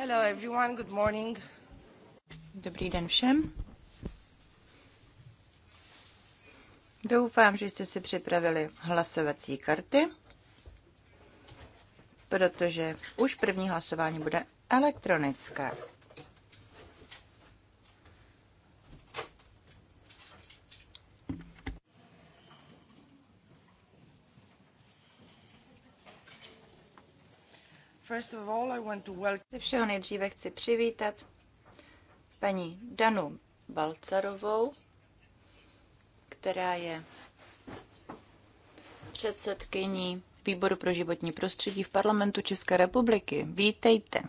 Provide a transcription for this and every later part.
Hello everyone, good morning. Dobrý den všem. Doufám, že jste si připravili hlasovací karty, protože už první hlasování bude elektronické. Ze všeho nejdříve chci přivítat paní Danu Balcarovou, která je předsedkyní Výboru pro životní prostředí v parlamentu České republiky. Vítejte.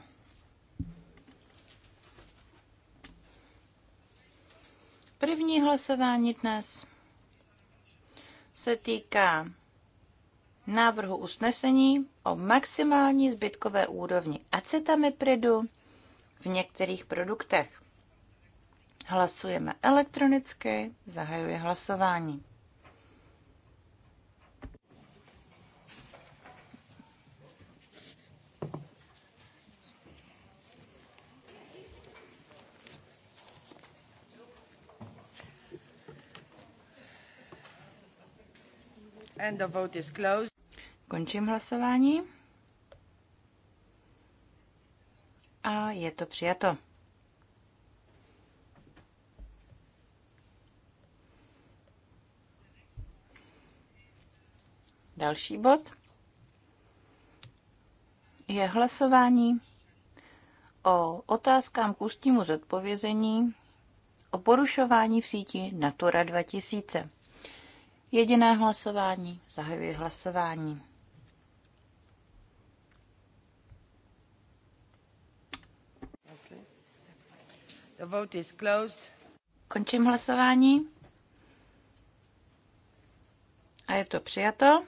První hlasování dnes se týká návrhu usnesení o maximální zbytkové úrovni acetamipridu v některých produktech. Hlasujeme elektronicky, zahajuje hlasování. And the vote is closed. Končím hlasování. A je to přijato. Další bod je hlasování o otázkám k ústnímu zodpovězení o porušování v síti Natura 2000. Jediné hlasování, zahajuji hlasování. The vote is closed. Končím hlasování. A je to přijato.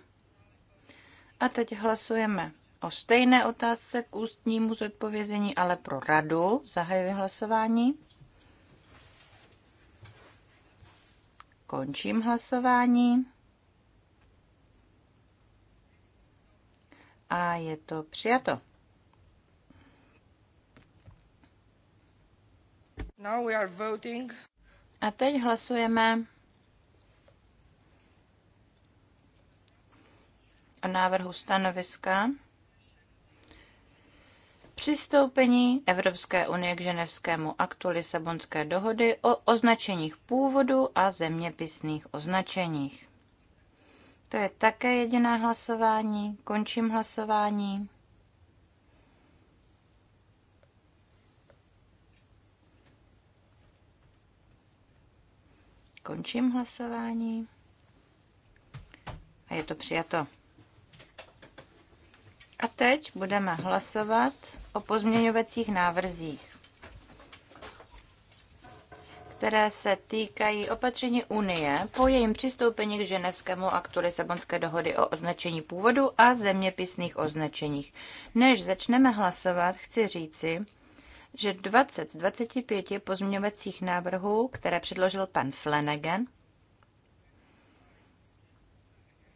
A teď hlasujeme o stejné otázce k ústnímu zodpovězení, ale pro radu. Zahajuji hlasování. Končím hlasování. A je to přijato. Now we are voting. A teď hlasujeme o návrhu stanoviska přistoupení Evropské unie k ženevskému aktu Lisabonské dohody o označeních původu a zeměpisných označeních. To je také jediné hlasování. Končím hlasování. Končím hlasování. A je to přijato. A teď budeme hlasovat o pozměňovacích návrzích, které se týkají opatření Unie po jejím přistoupení k ženevskému aktu Lisabonské dohody o označení původu a zeměpisných označeních. Než začneme hlasovat, chci říci, že 20 z 25 pozměňovacích návrhů, které předložil pan Flanagan,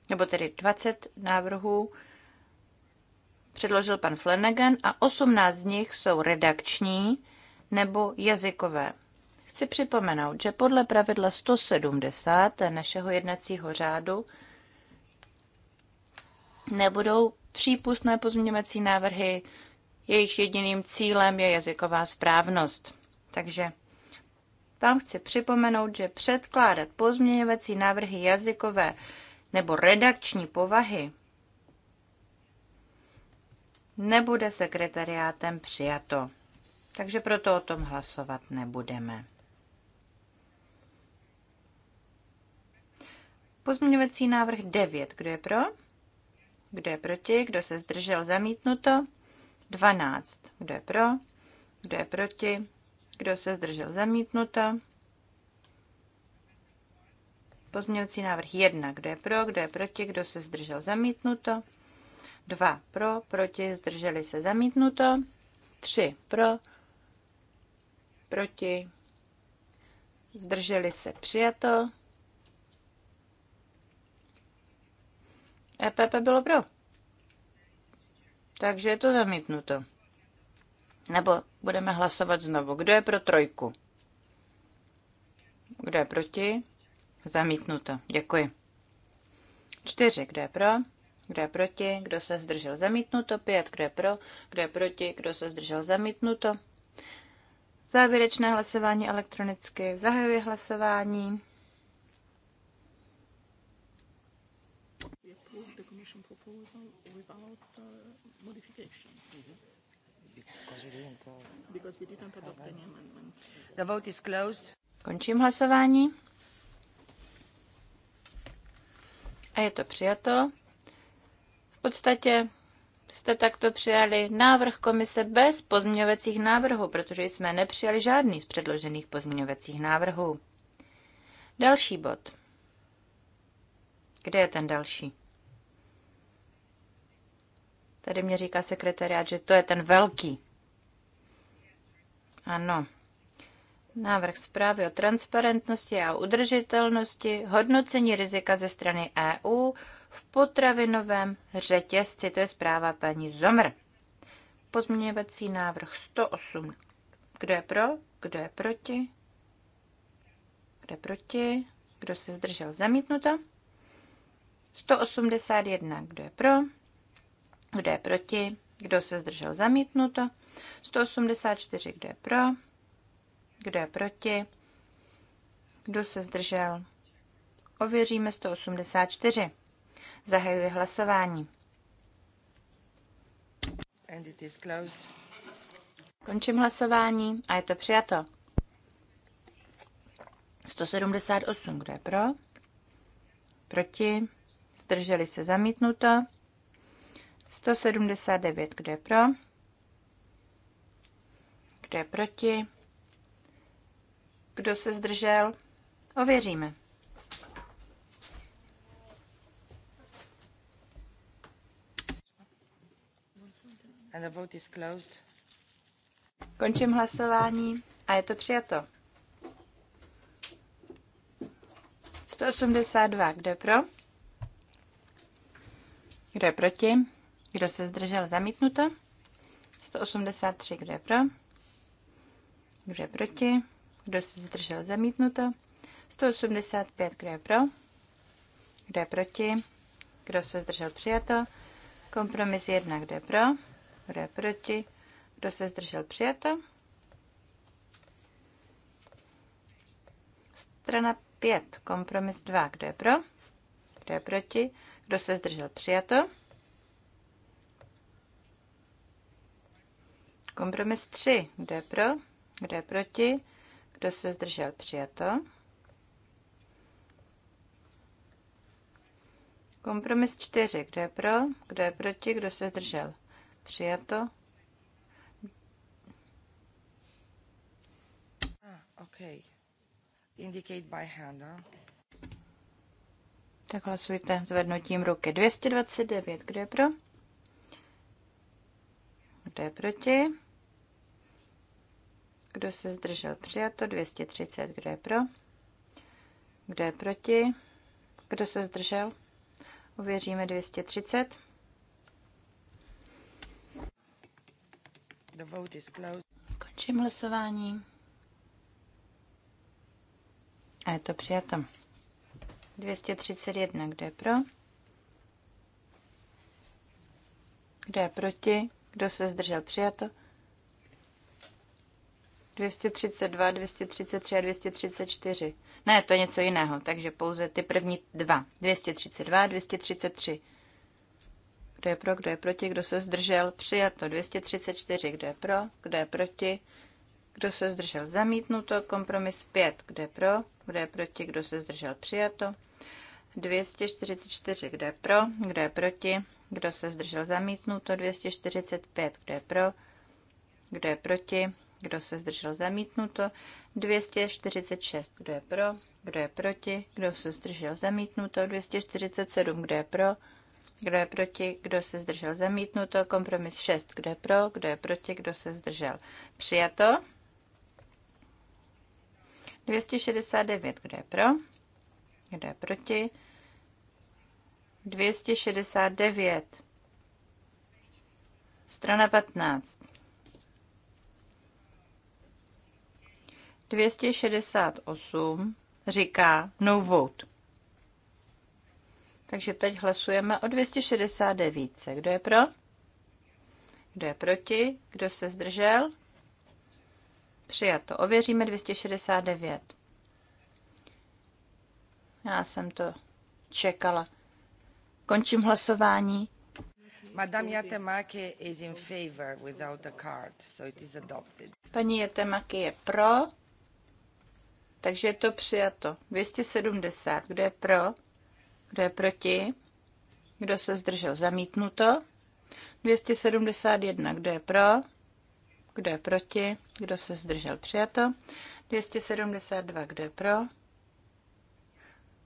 nebo tedy 20 návrhů předložil pan Flanagan a 18 z nich jsou redakční nebo jazykové. Chci připomenout, že podle pravidla 170 našeho jednacího řádu nebudou přípustné pozměňovací návrhy jejich jediným cílem je jazyková správnost. Takže tam chci připomenout, že předkládat pozměňovací návrhy jazykové nebo redakční povahy nebude sekretariátem přijato. Takže proto o tom hlasovat nebudeme. Pozměňovací návrh 9. Kdo je pro? Kdo je proti? Kdo se zdržel zamítnuto? 12. Kdo je pro? Kdo je proti? Kdo se zdržel zamítnuto? Pozměňovací návrh 1. Kdo je pro? Kdo je proti? Kdo se zdržel zamítnuto? 2. Pro, proti, zdrželi se zamítnuto. 3. Pro, proti, zdrželi se přijato. EPP bylo pro. Takže je to zamítnuto. Nebo budeme hlasovat znovu. Kdo je pro trojku? Kdo je proti? Zamítnuto. Děkuji. Čtyři. Kdo je pro? Kdo je proti? Kdo se zdržel? Zamítnuto. Pět. Kdo je pro? Kdo je proti? Kdo se zdržel? Zamítnuto. Závěrečné hlasování elektronicky. Zahajuji hlasování. without uh, modifications. Because we didn't adopt any amendment. The vote is closed. Končím hlasování. A je to přijato. V podstatě jste takto přijali návrh komise bez pozměňovacích návrhů, protože jsme nepřijali žádný z předložených pozměňovacích návrhů. Další bod. Kde je ten další? Tady mě říká sekretariát, že to je ten velký. Ano. Návrh zprávy o transparentnosti a udržitelnosti, hodnocení rizika ze strany EU v potravinovém řetězci, to je zpráva paní Zomr. Pozměňovací návrh 108. Kdo je pro? Kdo je proti? Kdo je proti? Kdo se zdržel zamítnuto? 181. Kdo je pro? Kdo je proti? Kdo se zdržel zamítnuto? 184. Kdo je pro? Kdo je proti? Kdo se zdržel? Ověříme 184. Zahajuji hlasování. And it is closed. Končím hlasování a je to přijato. 178, kdo je pro? Proti? Zdrželi se zamítnuto. 179, kdo je pro? Kdo je proti? Kdo se zdržel? Ověříme. And the vote is closed. Končím hlasování a je to přijato. 182, kdo je pro? Kdo je proti? Kdo se zdržel? Zamítnuto. 183. Kdo je pro? Kdo je proti? Kdo se zdržel? Zamítnuto. 185. Kdo je pro? Kdo je proti? Kdo se zdržel? Přijato. Kompromis 1. Kdo je pro? Kdo je proti? Kdo se zdržel? Přijato. Strana 5. Kompromis 2. Kdo je pro? Kdo je proti? Kdo se zdržel? Přijato. Kompromis 3. Kdo je pro? Kdo je proti? Kdo se zdržel? Přijato. Kompromis 4. Kdo je pro? Kdo je proti? Kdo se zdržel? Přijato. Ah, okay. Indicate by hand, huh? Tak hlasujte zvednutím ruky. 229. Kdo je pro? Kdo je proti? Kdo se zdržel? Přijato 230. Kdo je pro? Kdo je proti? Kdo se zdržel? Ověříme 230. The vote is closed. Končím hlasování. A je to přijato. 231. Kdo je pro? Kdo je proti? Kdo se zdržel? Přijato. 232, 233 a 234. Ne, to je něco jiného, takže pouze ty první dva. 232, 233. Kdo je pro, kdo je proti, kdo se zdržel? Přijato 234. Kdo je pro, kdo je proti, kdo se zdržel? Zamítnuto. Kompromis 5. Kdo je pro, kdo je proti, kdo se zdržel? Přijato. 244. Kdo je pro, kdo je proti, kdo se zdržel? Zamítnuto. 245. Kdo je pro, kdo je proti, kdo se zdržel zamítnuto? 246. Kdo je pro? Kdo je proti? Kdo se zdržel zamítnuto? 247. Kdo je pro? Kdo je proti? Kdo se zdržel zamítnuto? Kompromis 6. Kdo je pro? Kdo je proti? Kdo se zdržel? Přijato. 269. Kdo je pro? Kdo je proti? 269. Strana 15. 268 říká no vote. Takže teď hlasujeme o 269. Kdo je pro? Kdo je proti? Kdo se zdržel? Přijato. Ověříme 269. Já jsem to čekala. Končím hlasování. Madame Yatemaki is in favor without a card, so it is adopted. Paní Yatemaki je pro, takže je to přijato. 270. Kdo je pro? Kdo je proti? Kdo se zdržel? Zamítnuto. 271. Kdo je pro? Kdo je proti? Kdo se zdržel? Přijato. 272. Kdo je pro?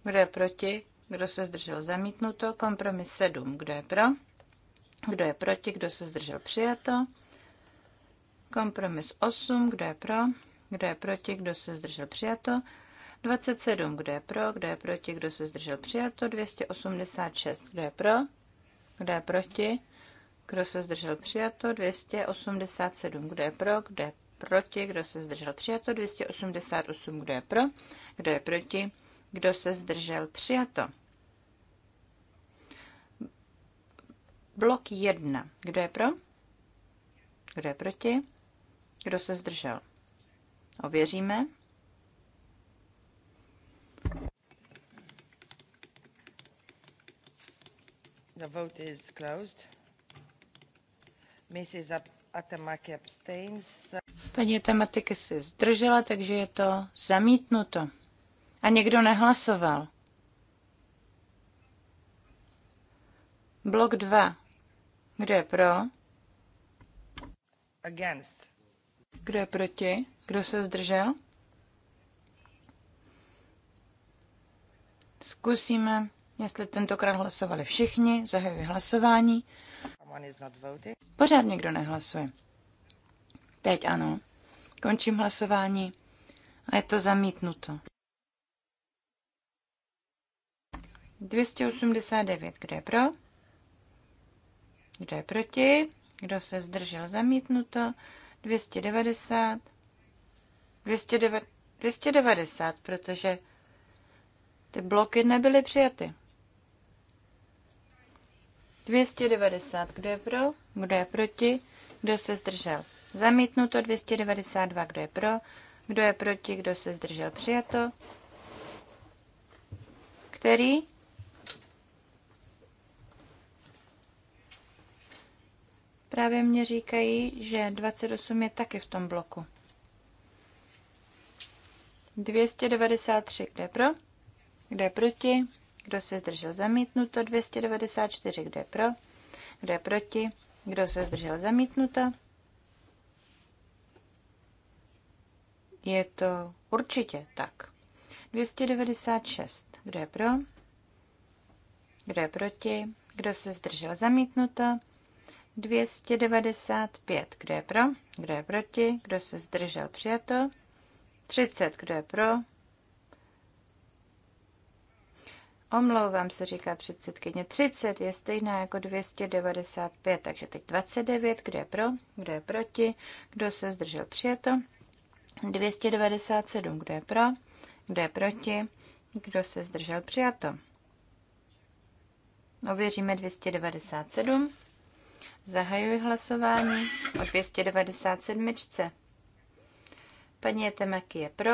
Kdo je proti? Kdo se zdržel? Zamítnuto. Kompromis 7. Kdo je pro? Kdo je proti? Kdo se zdržel? Přijato. Kompromis 8. Kdo je pro? kdo je proti, kdo se zdržel přijato. 27, kdo je pro, kdo je proti, kdo se zdržel přijato. 286, kdo je pro, kdo je proti, kdo se zdržel přijato. 287, kdo je pro, kdo je proti, kdo se zdržel přijato. 288, kdo je pro, kdo je proti, kdo se zdržel přijato. Blok 1, kdo je pro, kdo je proti, kdo se zdržel. Ověříme. No, The vote is closed. Mrs. Atamaki abstains. Paní Atamatiky se zdržela, takže je to zamítnuto. A někdo nehlasoval. Blok 2. Kdo je pro? Against. Kdo je proti? Kdo se zdržel? Zkusíme, jestli tentokrát hlasovali všichni, zahajuji hlasování. Pořád někdo nehlasuje. Teď ano. Končím hlasování a je to zamítnuto. 289, kdo je pro? Kdo je proti? Kdo se zdržel zamítnuto? 290. 290, protože ty bloky nebyly přijaty. 290, kdo je pro, kdo je proti, kdo se zdržel. Zamítnuto 292, kdo je pro, kdo je proti, kdo se zdržel. Přijato. Který? Právě mě říkají, že 28 je taky v tom bloku. 293, kde pro, kde proti, kdo se zdržel zamítnuto, 294, kde pro, kde proti, kdo se zdržel zamítnuto. Je to určitě tak. 296, kdo je pro, kdo je proti, kdo se zdržel zamítnuto. 295, kdo je pro, kdo je proti, kdo se zdržel přijato. 30, kdo je pro? Omlouvám se, říká předsedkyně. 30 je stejná jako 295, takže teď 29, kdo je pro, kdo je proti, kdo se zdržel přijeto. 297, kdo je pro, kdo je proti, kdo se zdržel přijato. Ověříme 297. Zahajuji hlasování o 297. Paní Jetemaky je pro.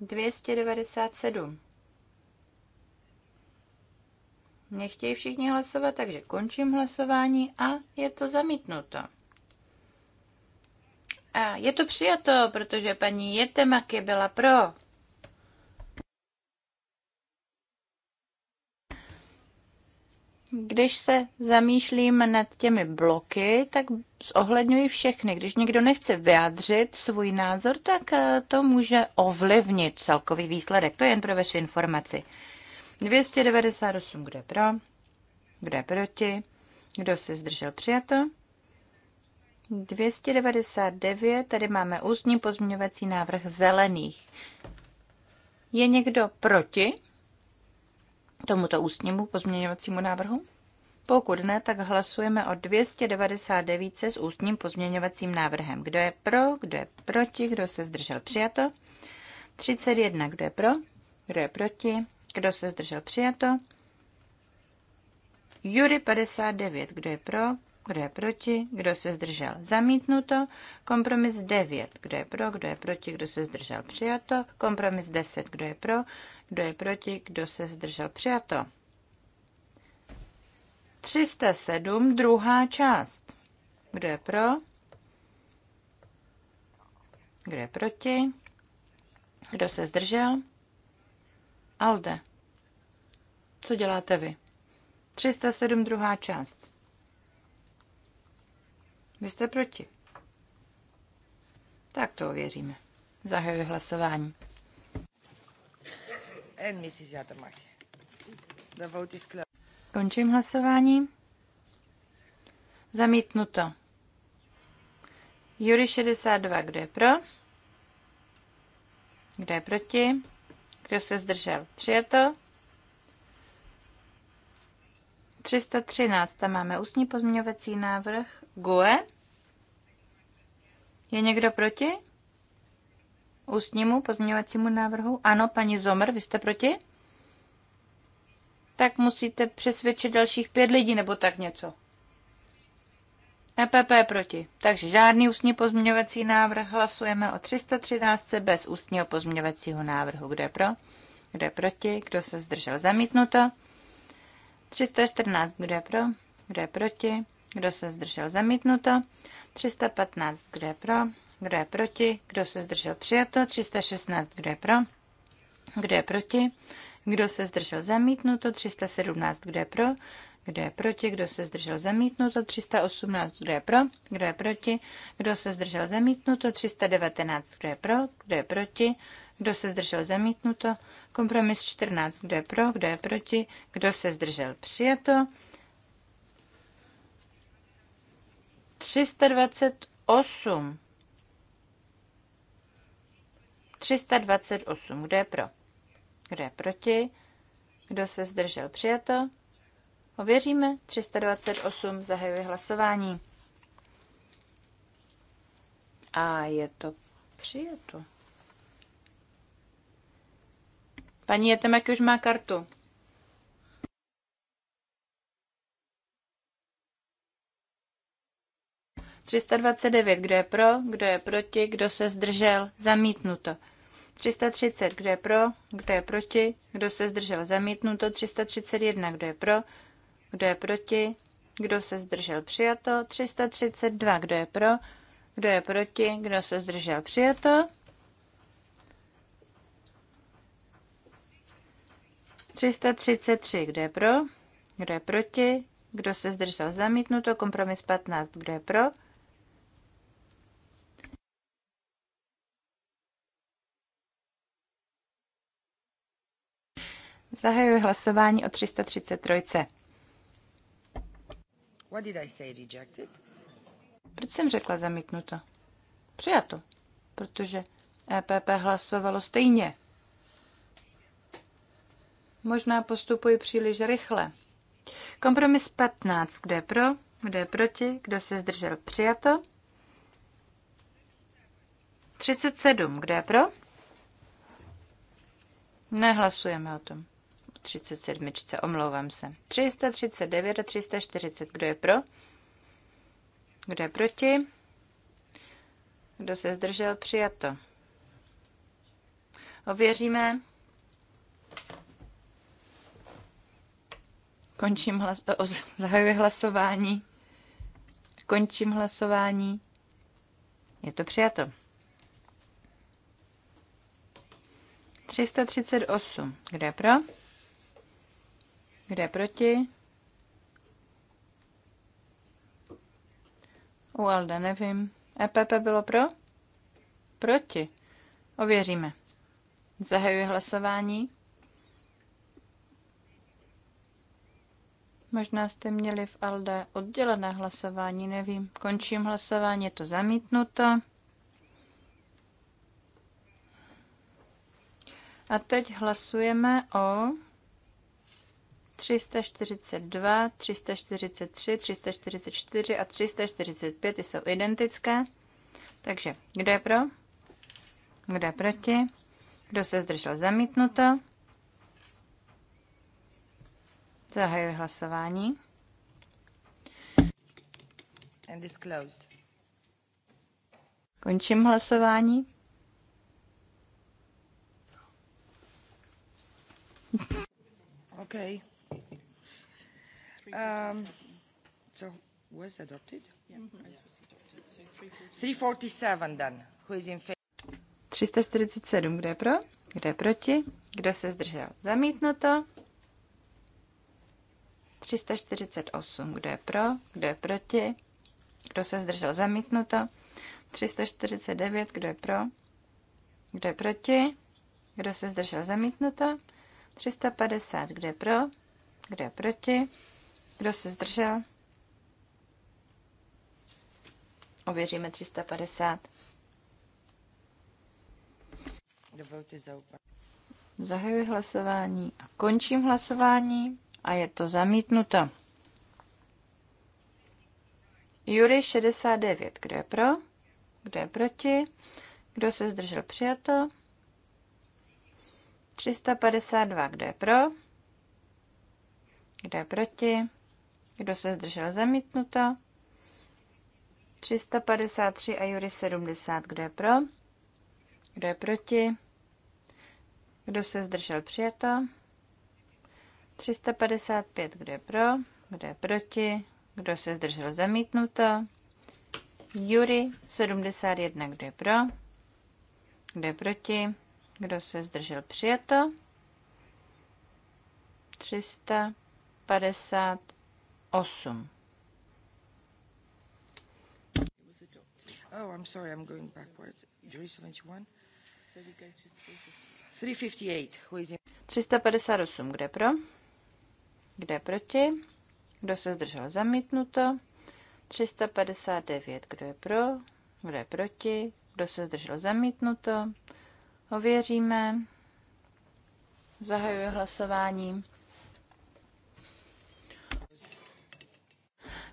297. Nechtějí všichni hlasovat, takže končím hlasování a je to zamítnuto. A je to přijato, protože paní Jetemaky byla pro. když se zamýšlíme nad těmi bloky, tak zohledňuji všechny. Když někdo nechce vyjádřit svůj názor, tak eh, to může ovlivnit celkový výsledek. To je jen pro vaši informaci. 298, je pro, je proti, kdo se zdržel přijato. 299, tady máme ústní pozměňovací návrh zelených. Je někdo proti? tomuto ústnímu pozměňovacímu návrhu? Pokud ne, tak hlasujeme o 299 s ústním pozměňovacím návrhem. Kdo je pro, kdo je proti, kdo se zdržel přijato? 31, kdo je pro, kdo je proti, kdo se zdržel přijato? Jury 59, kdo je pro, kdo je proti, kdo se zdržel zamítnuto, kompromis 9, kdo je pro, kdo je proti, kdo se zdržel přijato, kompromis 10, kdo je pro, kdo je proti? Kdo se zdržel? Přijato. 307, druhá část. Kdo je pro? Kdo je proti? Kdo se zdržel? Alde. Co děláte vy? 307, druhá část. Vy jste proti. Tak to ověříme. Zahajuji hlasování. Končím hlasování. Zamítnuto. Jury 62, kdo je pro? Kdo je proti? Kdo se zdržel? Přijeto. 313, tam máme ústní pozměňovací návrh. GUE. Je někdo proti? ústnímu pozměňovacímu návrhu? Ano, paní Zomr, vy jste proti? Tak musíte přesvědčit dalších pět lidí nebo tak něco. EPP proti. Takže žádný ústní pozměňovací návrh. Hlasujeme o 313 bez ústního pozměňovacího návrhu. Kdo je pro? Kdo je proti? Kdo se zdržel? Zamítnuto. 314. Kdo je pro? Kdo je proti? Kdo se zdržel? Zamítnuto. 315. Kdo je pro? kdo je proti, kdo se zdržel přijato, 316, kdo je pro, kdo je proti, kdo se zdržel zamítnuto, 317, kdo je pro, kdo je proti, kdo se zdržel zamítnuto, 318, kdo je pro, kdo je proti, kdo se zdržel zamítnuto, 319, kdo je pro, kdo je proti, kdo se zdržel zamítnuto, kompromis 14, kdo je pro, kdo je proti, kdo se zdržel přijato, 328, 328. Kdo je pro? Kdo je proti? Kdo se zdržel? Přijato. Ověříme. 328. Zahajuje hlasování. A je to přijato. Paní Jetemek už má kartu. 329, kdo je pro, kdo je proti, kdo se zdržel, zamítnuto. 330, kdo je pro, kdo je proti, kdo se zdržel, zamítnuto. 331, kdo je pro, kdo je proti, kdo se zdržel, přijato. 332, kdo je pro, kdo je proti, kdo se zdržel, přijato. 333, kdo je pro, kdo je proti, kdo se zdržel, zamítnuto. Kompromis 15, kdo je pro, Zahajuji hlasování o 333. Proč jsem řekla zamítnuto? Přijato, protože EPP hlasovalo stejně. Možná postupuji příliš rychle. Kompromis 15. Kdo je pro? Kdo je proti? Kdo se zdržel? Přijato. 37. Kdo je pro? Nehlasujeme o tom. 337, omlouvám se. 339 a 340, kdo je pro? Kdo je proti? Kdo se zdržel? Přijato. Ověříme. Končím hlas- o, zahajuji hlasování. Končím hlasování. Je to přijato. 338. kde je pro? Kde proti? U Alda nevím. EPP bylo pro? Proti. Ověříme. Zahajuji hlasování. Možná jste měli v ALDE oddělené hlasování, nevím. Končím hlasování, je to zamítnuto. A teď hlasujeme o 342, 343, 344 a 345 ty jsou identické. Takže kdo je pro? Kdo je proti? Kdo se zdržel zamítnuto? Zahajuji hlasování. And is closed. Končím hlasování. Okay. Um, so was adopted? Yeah, mm-hmm. yeah. 347 then. Who is in favor? 347, kdo je pro? Kdo je proti? Kdo se zdržel? Zamítnuto. 348, kdo je pro? Kdo je proti? Kdo se zdržel? Zamítnuto. 349, kdo je pro? Kdo je proti? Kdo se zdržel? Zamítnuto. 350, kdo je pro? Kdo je proti? Kdo se zdržel? Ověříme 350. Zahajuji hlasování a končím hlasování a je to zamítnuto. Jury 69. Kdo je pro? Kdo je proti? Kdo se zdržel přijato? 352. Kdo je pro? Kdo je proti? Kdo se zdržel zamítnuto? 353 a Jury 70. Kdo je pro? Kdo je proti? Kdo se zdržel přijato? 355. Kdo je pro? Kdo je proti? Kdo se zdržel zamítnuto? Jury 71. Kdo je pro? Kdo je proti? Kdo se zdržel přijato? 350 8. Oh, I'm sorry, I'm going backwards. There 71. 358. 358. Kde pro? Kde proti? Kdo se zdržel zamítnuto? 359. Kdo je pro? Kdo je proti? Kdo se zdržel zamítnuto? Ověříme. Zahajuji hlasování.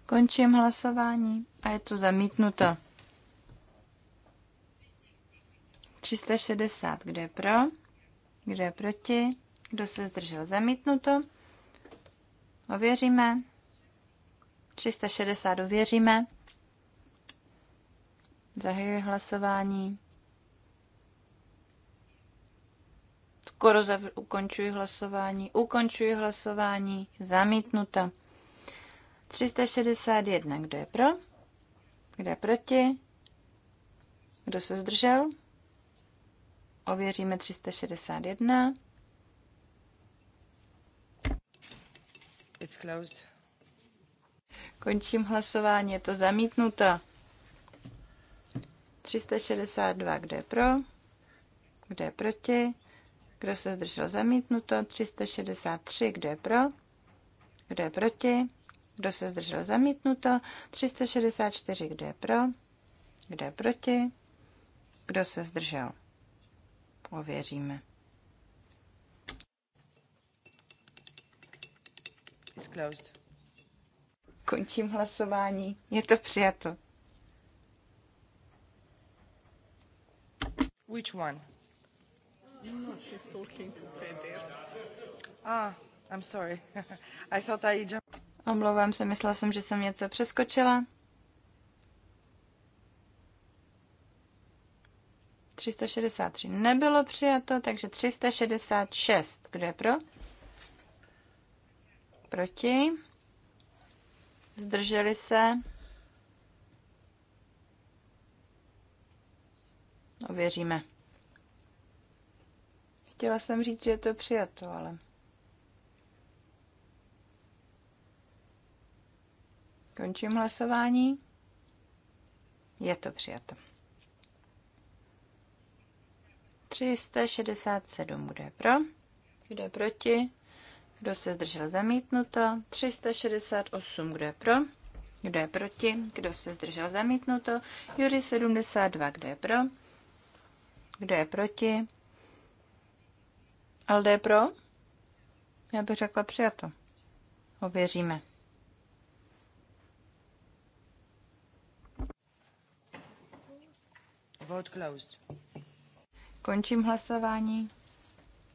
Končím hlasování a je to zamítnuto. 360, kdo je pro, kdo je proti, kdo se zdržel zamítnuto. Ověříme. 360 ověříme. Zahajuji hlasování. Skoro ukončuji hlasování. Ukončuji hlasování. Zamítnuto. 361. Kdo je pro? Kdo je proti? Kdo se zdržel? Ověříme 361. It's closed. Končím hlasování, je to zamítnuto. 362, kdo je pro, kdo je proti, kdo se zdržel zamítnuto, 363, kdo je pro, kdo je proti, kdo se zdržel zamítnuto? 364. Kdo je pro? Kdo je proti? Kdo se zdržel? Ověříme. It's closed. Končím hlasování. Je to přijato. Which one? No, she's talking to Peter. Ah, I'm sorry. I thought I jumped. Omlouvám se, myslela jsem, že jsem něco přeskočila. 363 nebylo přijato, takže 366. Kdo je pro? Proti? Zdrželi se? Ověříme. No, Chtěla jsem říct, že je to přijato, ale... Končím hlasování. Je to přijato. 367 bude pro, kdo je proti, kdo se zdržel zamítnuto, 368 kdo je pro, kdo je proti, kdo se zdržel zamítnuto, Jury 72 kdo je pro, kdo je proti, je pro, já bych řekla přijato. Ověříme. Vote closed. Končím hlasování.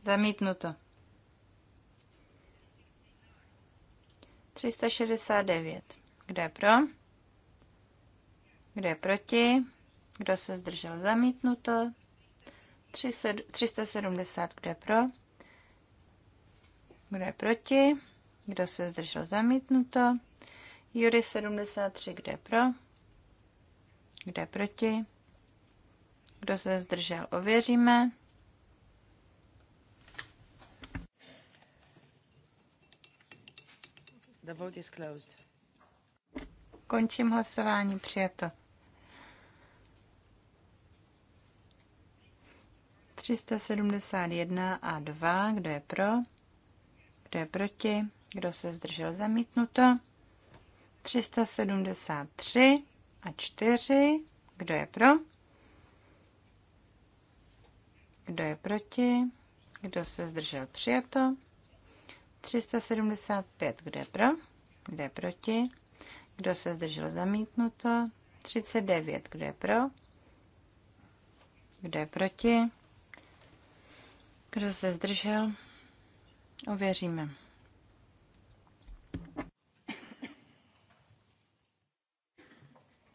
Zamítnuto. 369. Kdo je pro? Kdo je proti? Kdo se zdržel zamítnuto? 370. Kdo je pro? Kdo je proti? Kdo se zdržel zamítnuto? Jury 73. Kdo je pro? Kdo je proti? Kdo se zdržel? Ověříme. The vote is closed. Končím hlasování, přijato. 371 a 2, kdo je pro, kdo je proti, kdo se zdržel zamítnuto. 373 a 4, kdo je pro, kdo je proti? Kdo se zdržel? Přijato. 375. Kdo je pro? Kdo je proti? Kdo se zdržel? Zamítnuto. 39. Kdo je pro? Kdo je proti? Kdo se zdržel? Ověříme.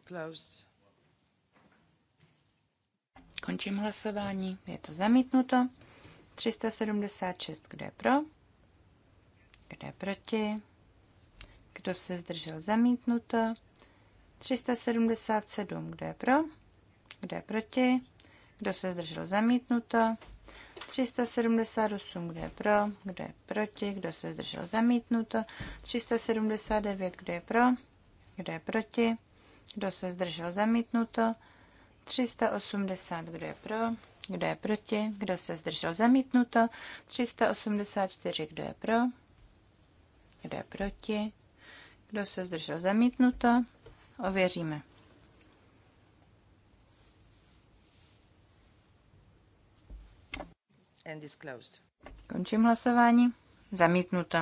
Closed. Končím hlasování. Je to zamítnuto. 376, kdo je pro? Kdo je proti? Kdo se zdržel zamítnuto? 377, kdo je pro? Kdo je proti? Kdo se zdržel zamítnuto? 378, kdo je pro, kdo je proti, kdo se zdržel zamítnuto. 379, kdo je pro, kdo je proti, kdo se zdržel zamítnuto. 380, kdo je pro, kdo je proti, kdo se zdržel zamítnuto, 384, kdo je pro, kdo je proti, kdo se zdržel zamítnuto, ověříme. And is closed. Končím hlasování. Zamítnuto.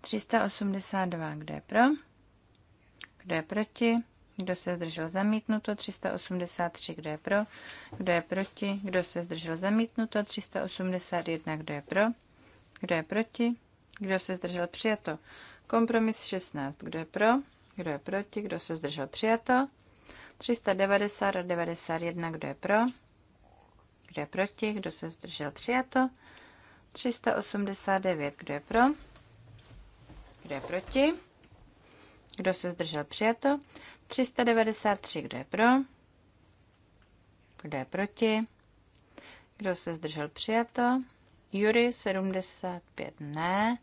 382, kdo je pro, kdo je proti, kdo se zdržel zamítnuto? 383. Kdo je pro? Kdo je proti? Kdo se zdržel zamítnuto? 381. Kdo je pro? Kdo je proti? Kdo se zdržel přijato? Kompromis 16. Kdo je pro? Kdo je proti? Kdo se zdržel přijato? 390 a 91. Kdo je pro? Kdo je proti? Kdo se zdržel přijato? 389. Kdo je pro? Kdo je proti? Kdo se zdržel? Přijato. 393. Kdo je pro? Kdo je proti? Kdo se zdržel? Přijato. Jury 75. Ne.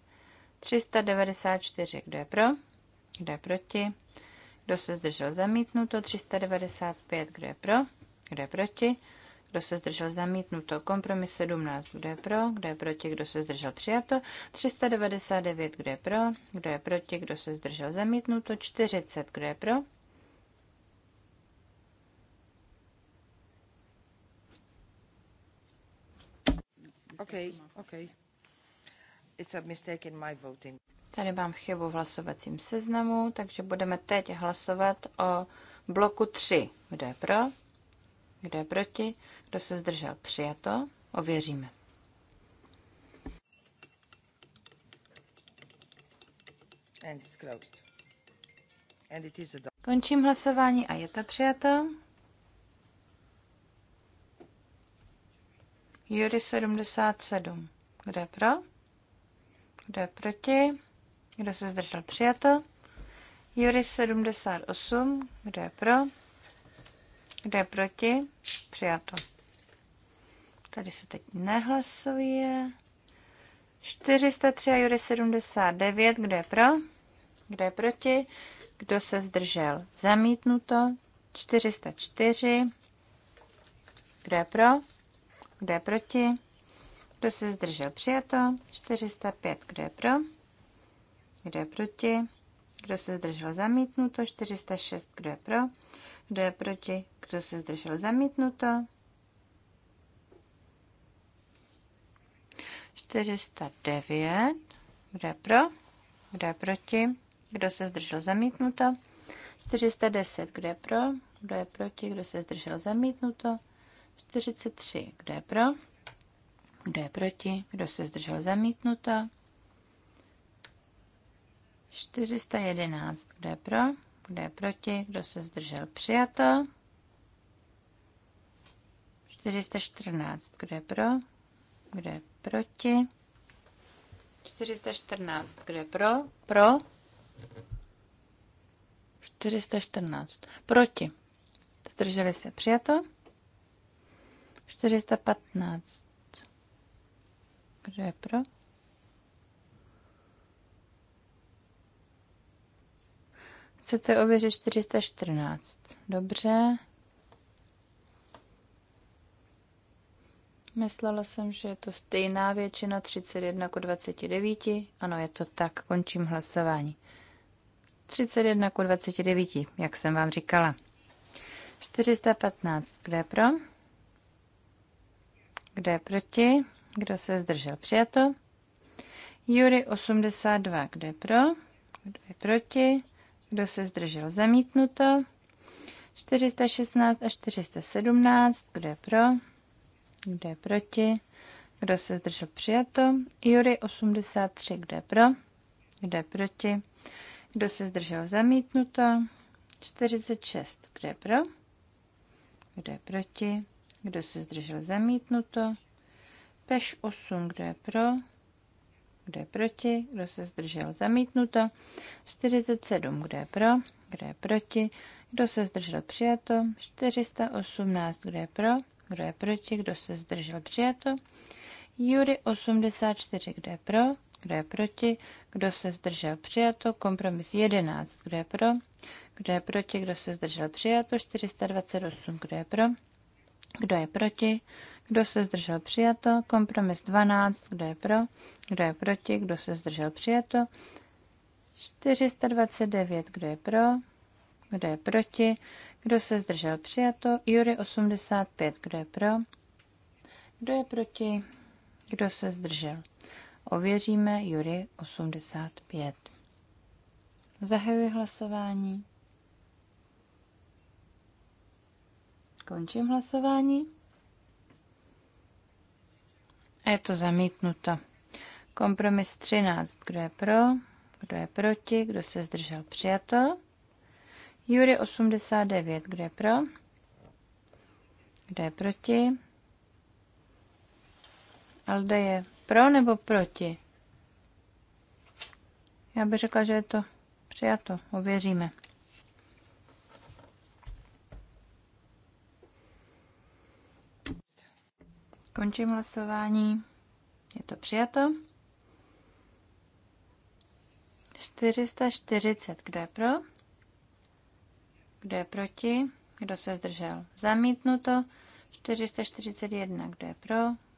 394. Kdo je pro? Kdo je proti? Kdo se zdržel? Zamítnuto. 395. Kdo je pro? Kdo je proti? kdo se zdržel zamítnuto. Kompromis 17, kdo je pro, kdo je proti, kdo se zdržel přijato. 399, kdo je pro, kdo je proti, kdo se zdržel zamítnuto. 40, kdo je pro. OK, OK. It's a mistake in my voting. Tady mám chybu v hlasovacím seznamu, takže budeme teď hlasovat o bloku 3. Kdo je pro? Kdo je proti? Kdo se zdržel? Přijato. Ověříme. And it's closed. And it is a... Končím hlasování a je to přijato. Jury 77. Kdo je pro? Kdo je proti? Kdo se zdržel přijato? Jury 78. Kdo je pro? Kdo je proti? Přijato. Tady se teď nehlasuje. 403 a Jury 79. Kdo je pro? Kdo je proti? Kdo se zdržel? Zamítnuto. 404. Kdo je pro? Kdo je proti? Kdo se zdržel? Přijato. 405. Kdo je pro? Kdo je proti? Kdo se zdržel? Zamítnuto. 406. Kdo je pro? Kdo je proti? kdo se zdržel zamítnuto. 409, kdo je pro, kdo je proti, kdo se zdržel zamítnuto. 410, kdo je pro, kdo je proti, kdo se zdržel zamítnuto. 43, kdo je pro, kdo je proti, kdo se zdržel zamítnuto. 411, kdo je pro, kdo je proti, kdo se zdržel přijato. 414. Kdo je pro? Kdo je proti? 414. Kdo je pro? Pro? 414. Proti. Zdrželi se. Přijato. 415. Kdo je pro? Chcete ověřit 414. Dobře. Myslela jsem, že je to stejná většina 31 k 29. Ano, je to tak. Končím hlasování. 31 k 29, jak jsem vám říkala. 415. Kdo je pro? Kdo je proti? Kdo se zdržel? Přijato. Jury 82. Kdo je pro? Kdo je proti? Kdo se zdržel? Zamítnuto. 416 a 417. Kdo je pro? kdo je proti, kdo se zdržel přijato, Jury 83, kdo je pro, kdo je proti, kdo se zdržel zamítnuto, 46, kdo je pro, kdo je proti, kdo se zdržel zamítnuto, Peš 8, kdo je pro, kdo je proti, kdo se zdržel zamítnuto, 47, kdo je pro, kdo je proti, kdo se zdržel přijato, 418, kdo je pro, kdo je proti, kdo se zdržel přijato. Jury 84, kdo je pro, kdo je proti, kdo se zdržel přijato. Kompromis 11, kdo je pro, kdo je proti, kdo se zdržel přijato. 428, kdo je pro, kdo je proti, kdo se zdržel přijato. Kompromis 12, kdo je pro, kdo je proti, kdo se zdržel přijato. 429, kdo je pro, kdo je proti, kdo se zdržel? Přijato. Jury 85. Kdo je pro? Kdo je proti? Kdo se zdržel? Ověříme Jury 85. Zahajuji hlasování. Končím hlasování. A je to zamítnuto. Kompromis 13. Kdo je pro? Kdo je proti? Kdo se zdržel? Přijato. Jury 89, kdo je pro? Kdo je proti? Alde je pro nebo proti? Já bych řekla, že je to přijato. Ověříme. Končím hlasování. Je to přijato. 440, kdo je pro? Kdo je proti? Kdo se zdržel? Zamítnuto. 441. Kdo je pro?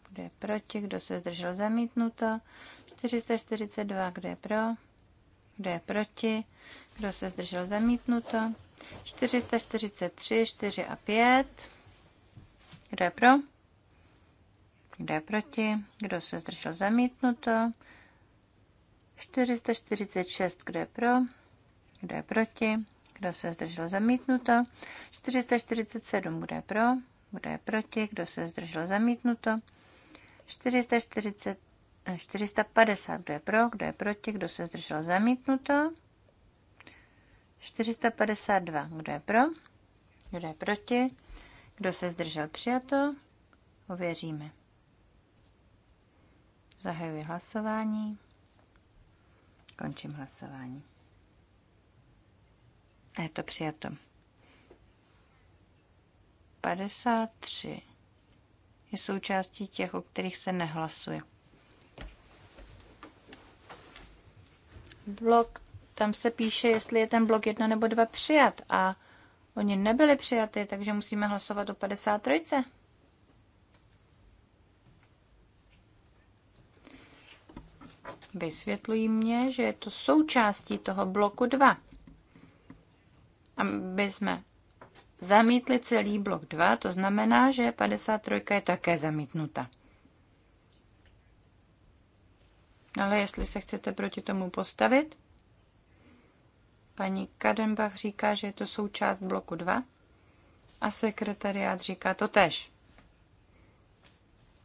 Kdo je proti? Kdo se zdržel? Zamítnuto. 442. Kdo je pro? Kdo je proti? Kdo se zdržel? Zamítnuto. 443, 4 a 5. Kdo je pro? Kdo je proti? Kdo se zdržel? Zamítnuto. 446. Kdo je pro? Kdo je proti? kdo se zdržel zamítnuto, 447, bude je pro, kdo je proti, kdo se zdržel zamítnuto, 440, 450, kdo je pro, kdo je proti, kdo se zdržel zamítnuto, 452, eh, kdo je pro, kdo je proti, kdo se zdržel přijato, ověříme. Zahajuji hlasování. Končím hlasování. A je to přijato. 53 je součástí těch, o kterých se nehlasuje. Blok, tam se píše, jestli je ten blok 1 nebo 2 přijat a oni nebyli přijaty, takže musíme hlasovat o 53. Vysvětlují mě, že je to součástí toho bloku 2 aby jsme zamítli celý blok 2, to znamená, že 53 je také zamítnuta. Ale jestli se chcete proti tomu postavit, paní Kadenbach říká, že je to součást bloku 2 a sekretariát říká to tež.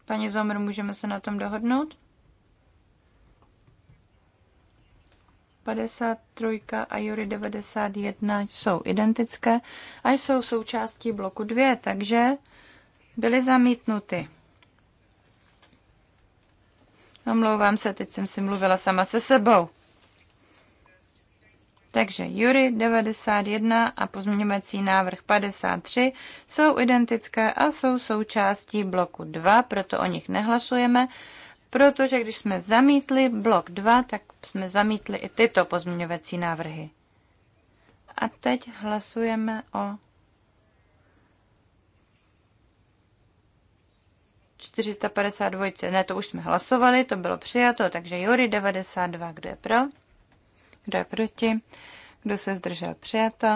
Paní Zomr, můžeme se na tom dohodnout? 53 a Jury 91 jsou identické a jsou součástí bloku 2, takže byly zamítnuty. Omlouvám se, teď jsem si mluvila sama se sebou. Takže Jury 91 a pozměňovací návrh 53 jsou identické a jsou součástí bloku 2, proto o nich nehlasujeme protože když jsme zamítli blok 2, tak jsme zamítli i tyto pozměňovací návrhy. A teď hlasujeme o 452. Ne, to už jsme hlasovali, to bylo přijato, takže Jury 92, kdo je pro? Kdo je proti? Kdo se zdržel přijato?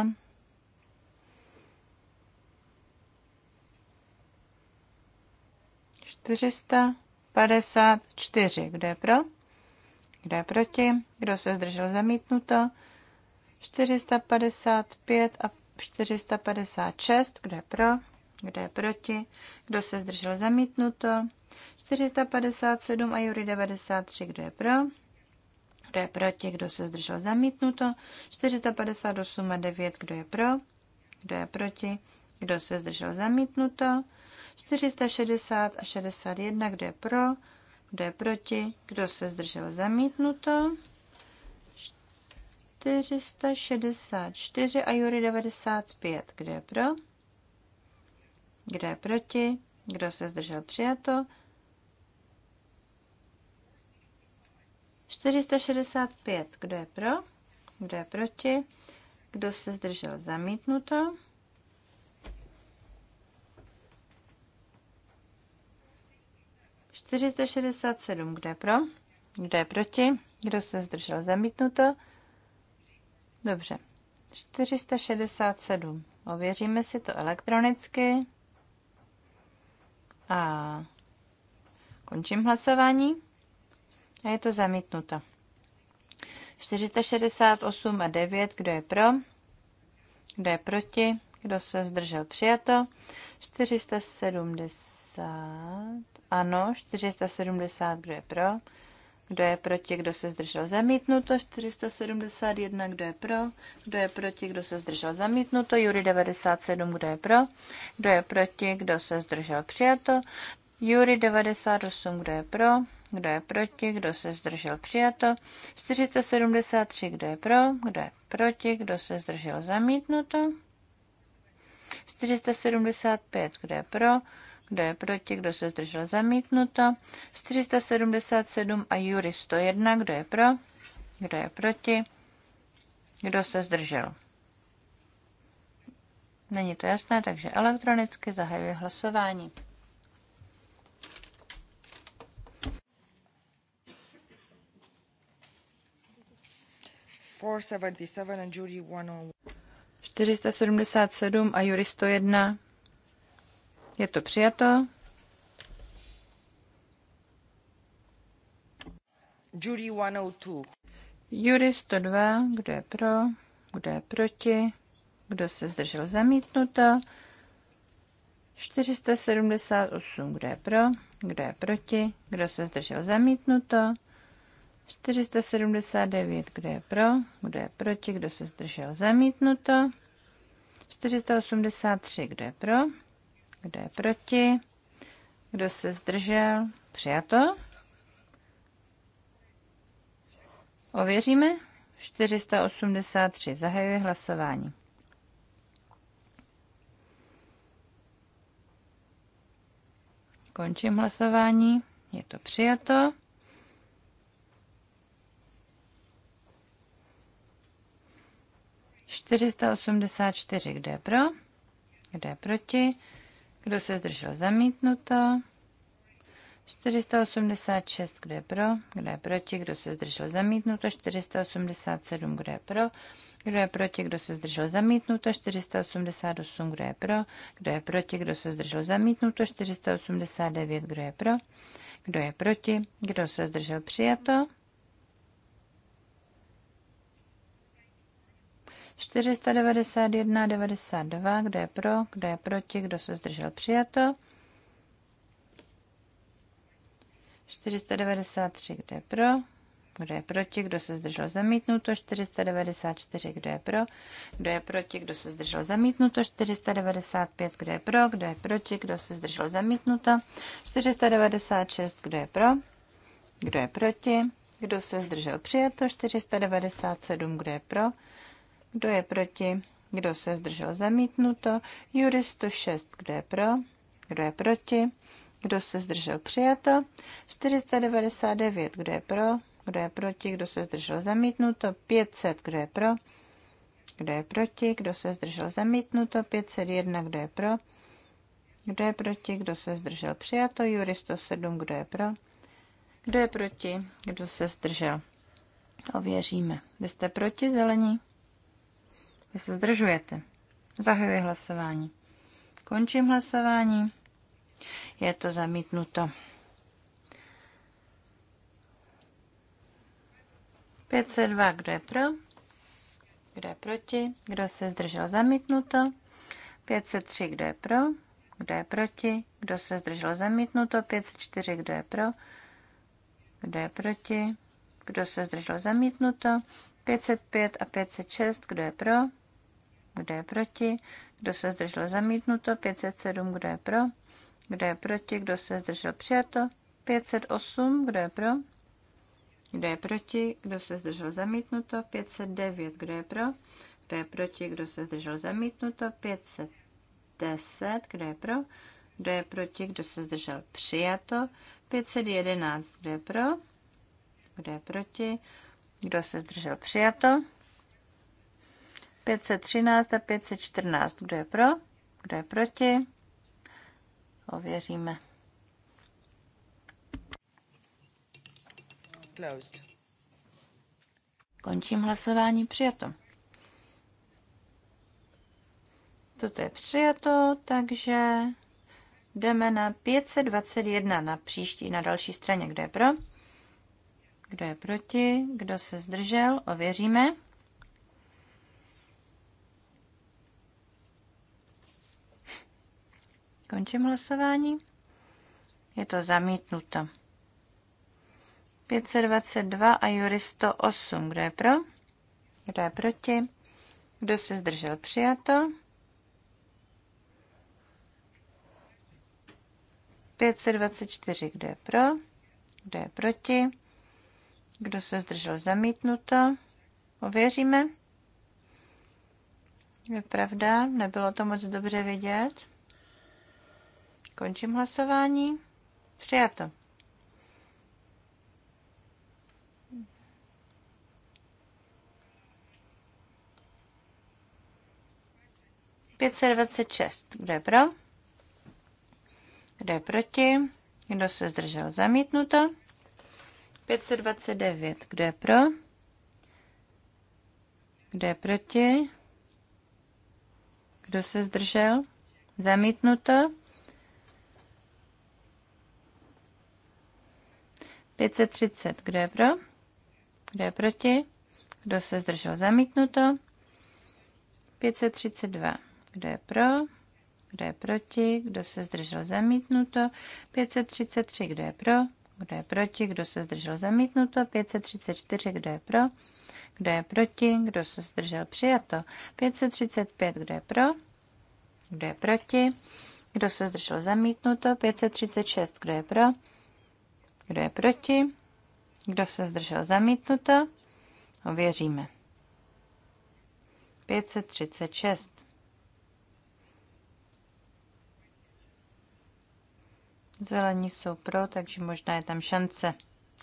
Čtyřista 54. Kdo je pro? Kdo je proti? Kdo se zdržel zamítnuto? 455 a 456. Kdo je pro? Kdo je proti? Kdo se zdržel zamítnuto? 457 a Jury 93. Kdo je pro? Kdo je proti? Kdo se zdržel zamítnuto? 458 a 9. Kdo je pro? Kdo je proti? Kdo se zdržel zamítnuto? 460 a 61, kdo je pro, kdo je proti, kdo se zdržel zamítnuto. 464 a Jury 95, kdo je pro, kdo je proti, kdo se zdržel přijato. 465, kdo je pro, kdo je proti, kdo se zdržel zamítnuto. 467, kdo je pro? Kdo je proti? Kdo se zdržel zamítnuto? Dobře. 467. Ověříme si to elektronicky. A končím hlasování. A je to zamítnuto. 468 a 9, kdo je pro? Kdo je proti? Kdo se zdržel přijato? 470. Ano, 470, kdo je pro, kdo je proti, kdo se zdržel zamítnuto, 471, kdo je pro, kdo je proti, kdo se zdržel zamítnuto, Jury 97, kdo je pro, kdo je proti, kdo se zdržel přijato, Jury 98, kdo je pro, kdo je proti, kdo se zdržel přijato, 473, kdo je pro, kdo je proti, kdo se zdržel zamítnuto, 475, kdo je pro, kdo je proti, kdo se zdržel zamítnuto, 477 a Jury 101, kdo je pro, kdo je proti, kdo se zdržel. Není to jasné, takže elektronicky zahajuje hlasování. Four seventy seven and jury one 477 a Jury 101 je to přijato. Jury 102. Jury 102, kdo je pro, kdo je proti, kdo se zdržel zamítnuto. 478, kdo je pro, kdo je proti, kdo se zdržel zamítnuto. 479, kdo je pro, kdo je proti, kdo se zdržel zamítnuto. 483, kdo je pro, kdo je proti? Kdo se zdržel? Přijato. Ověříme. 483. Zahajuje hlasování. Končím hlasování. Je to přijato. Čtyřista osmdesát čtyři. Kde je pro? Kde je proti? Kdo se zdržel zamítnuto? 486, kdo je pro, kdo je proti, kdo se zdržel zamítnuto, 487, kdo je pro, kdo je proti, kdo se zdržel zamítnuto, 488, kdo je pro, kdo je proti, kdo se zdržel zamítnuto, 489, kdo je pro, kdo je proti, kdo se zdržel přijato, 491, 92, kdo je pro, kdo je proti, kdo se zdržel přijato. 493, kdo je pro, kdo je proti, kdo se zdržel zamítnuto, 494, kdo je pro, kdo je proti, kdo se zdržel zamítnuto, 495, kdo je pro, kdo je proti, kdo se zdržel zamítnuto, 496, kdo je pro, kdo je proti, kdo se zdržel přijato, 497, kdo je pro, kdo je proti? Kdo se zdržel zamítnuto? Jury 106. Kdo je pro? Kdo je proti? Kdo se zdržel přijato? 499. Kdo je pro? Kdo je proti? Kdo se zdržel zamítnuto? 500. Kdo je pro? Kdo je proti? Kdo se zdržel zamítnuto? 501. Kdo je pro? Kdo je proti? Kdo se zdržel přijato? Jury 107. Kdo je pro? Kdo je proti? Kdo se zdržel? Ověříme. Vy jste proti zelení? Vy se zdržujete. Zahajuji hlasování. Končím hlasování. Je to zamítnuto. 502, kdo je pro? Kdo je proti? Kdo se zdržel zamítnuto? 503, kdo je pro? Kdo je proti? Kdo se zdržel zamítnuto? 504, kdo je pro? Kdo je proti? Kdo se zdržel zamítnuto? 505 a 506, kdo je pro? kdo je proti, kdo se zdržel zamítnuto, 507, kdo je pro, kdo je proti, kdo se zdržel přijato, 508, kdo je pro, kdo je proti, kdo se zdržel zamítnuto, 509, kdo je pro, kdo je proti, kdo se zdržel zamítnuto, 510, kdo je pro, kdo je proti, kdo se zdržel přijato, 511, kdo je pro, kdo je proti, kdo se zdržel přijato. 513 a 514. Kdo je pro? Kdo je proti? Ověříme. Closed. Končím hlasování. Přijato. Toto je přijato, takže jdeme na 521 na příští, na další straně. Kdo je pro? Kdo je proti? Kdo se zdržel? Ověříme. Končím hlasování. Je to zamítnuto. 522 a Jury 108. Kdo je pro? Kdo je proti? Kdo se zdržel? Přijato. 524. Kdo je pro? Kdo je proti? Kdo se zdržel? Zamítnuto. Ověříme. Je pravda, nebylo to moc dobře vidět. Končím hlasování. Přijato. Pětset dvacet šest. Kdo je pro? Kdo je proti? Kdo se zdržel? Zamítnuto. 529. Kdo je pro? Kdo je proti? Kdo se zdržel? Zamítnuto. 530. Kdo je pro? Kdo je proti? Kdo se zdržel zamítnuto? 532. Kdo je pro? Kdo je proti? Kdo se zdržel zamítnuto? 533. Kdo je pro? Kdo je proti? Kdo se zdržel zamítnuto? 534. Kdo je pro? Kdo je proti? Kdo se zdržel přijato? 535. Kdo je pro? Kdo je proti? Kdo se zdržel zamítnuto? 536. Kdo je pro? Kdo je proti? Kdo se zdržel zamítnuto? Ověříme. 536. Zelení jsou pro, takže možná je tam šance.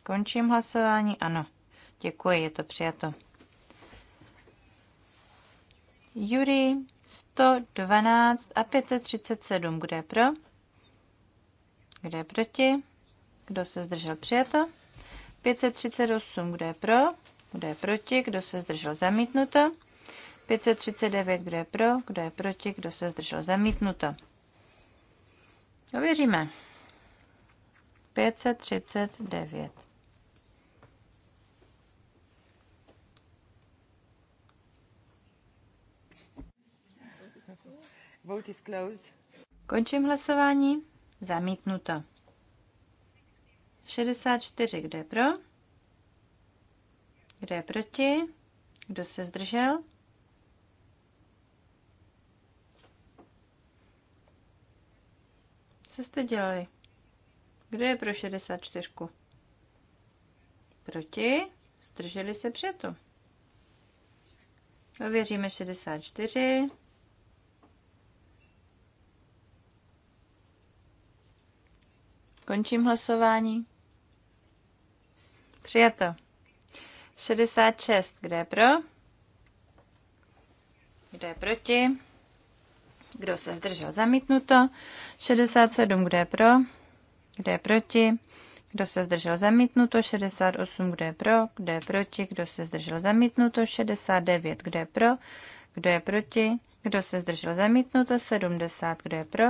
Končím hlasování? Ano. Děkuji, je to přijato. Jury 112 a 537. Kdo je pro? Kdo je proti? kdo se zdržel přijato. 538, kdo je pro, kdo je proti, kdo se zdržel zamítnuto. 539, kdo je pro, kdo je proti, kdo se zdržel zamítnuto. Ověříme. 539. Vote is closed. Končím hlasování. Zamítnuto. 64, kdo je pro? Kdo je proti? Kdo se zdržel? Co jste dělali? Kdo je pro 64? Proti? Zdrželi se přijetu. Ověříme 64. Končím hlasování. Přijato. 66. Kdo je pro? Kdo je proti? Kdo se zdržel? Zamítnuto. 67. Kdo je pro? Kdo je proti? Kdo se zdržel? Zamítnuto. 68. Kdo je pro? Kdo je proti? Kdo se zdržel? Zamítnuto. 69. Kdo je pro? Kdo je proti? Kdo se zdržel? Zamítnuto. 70. Kdo je pro?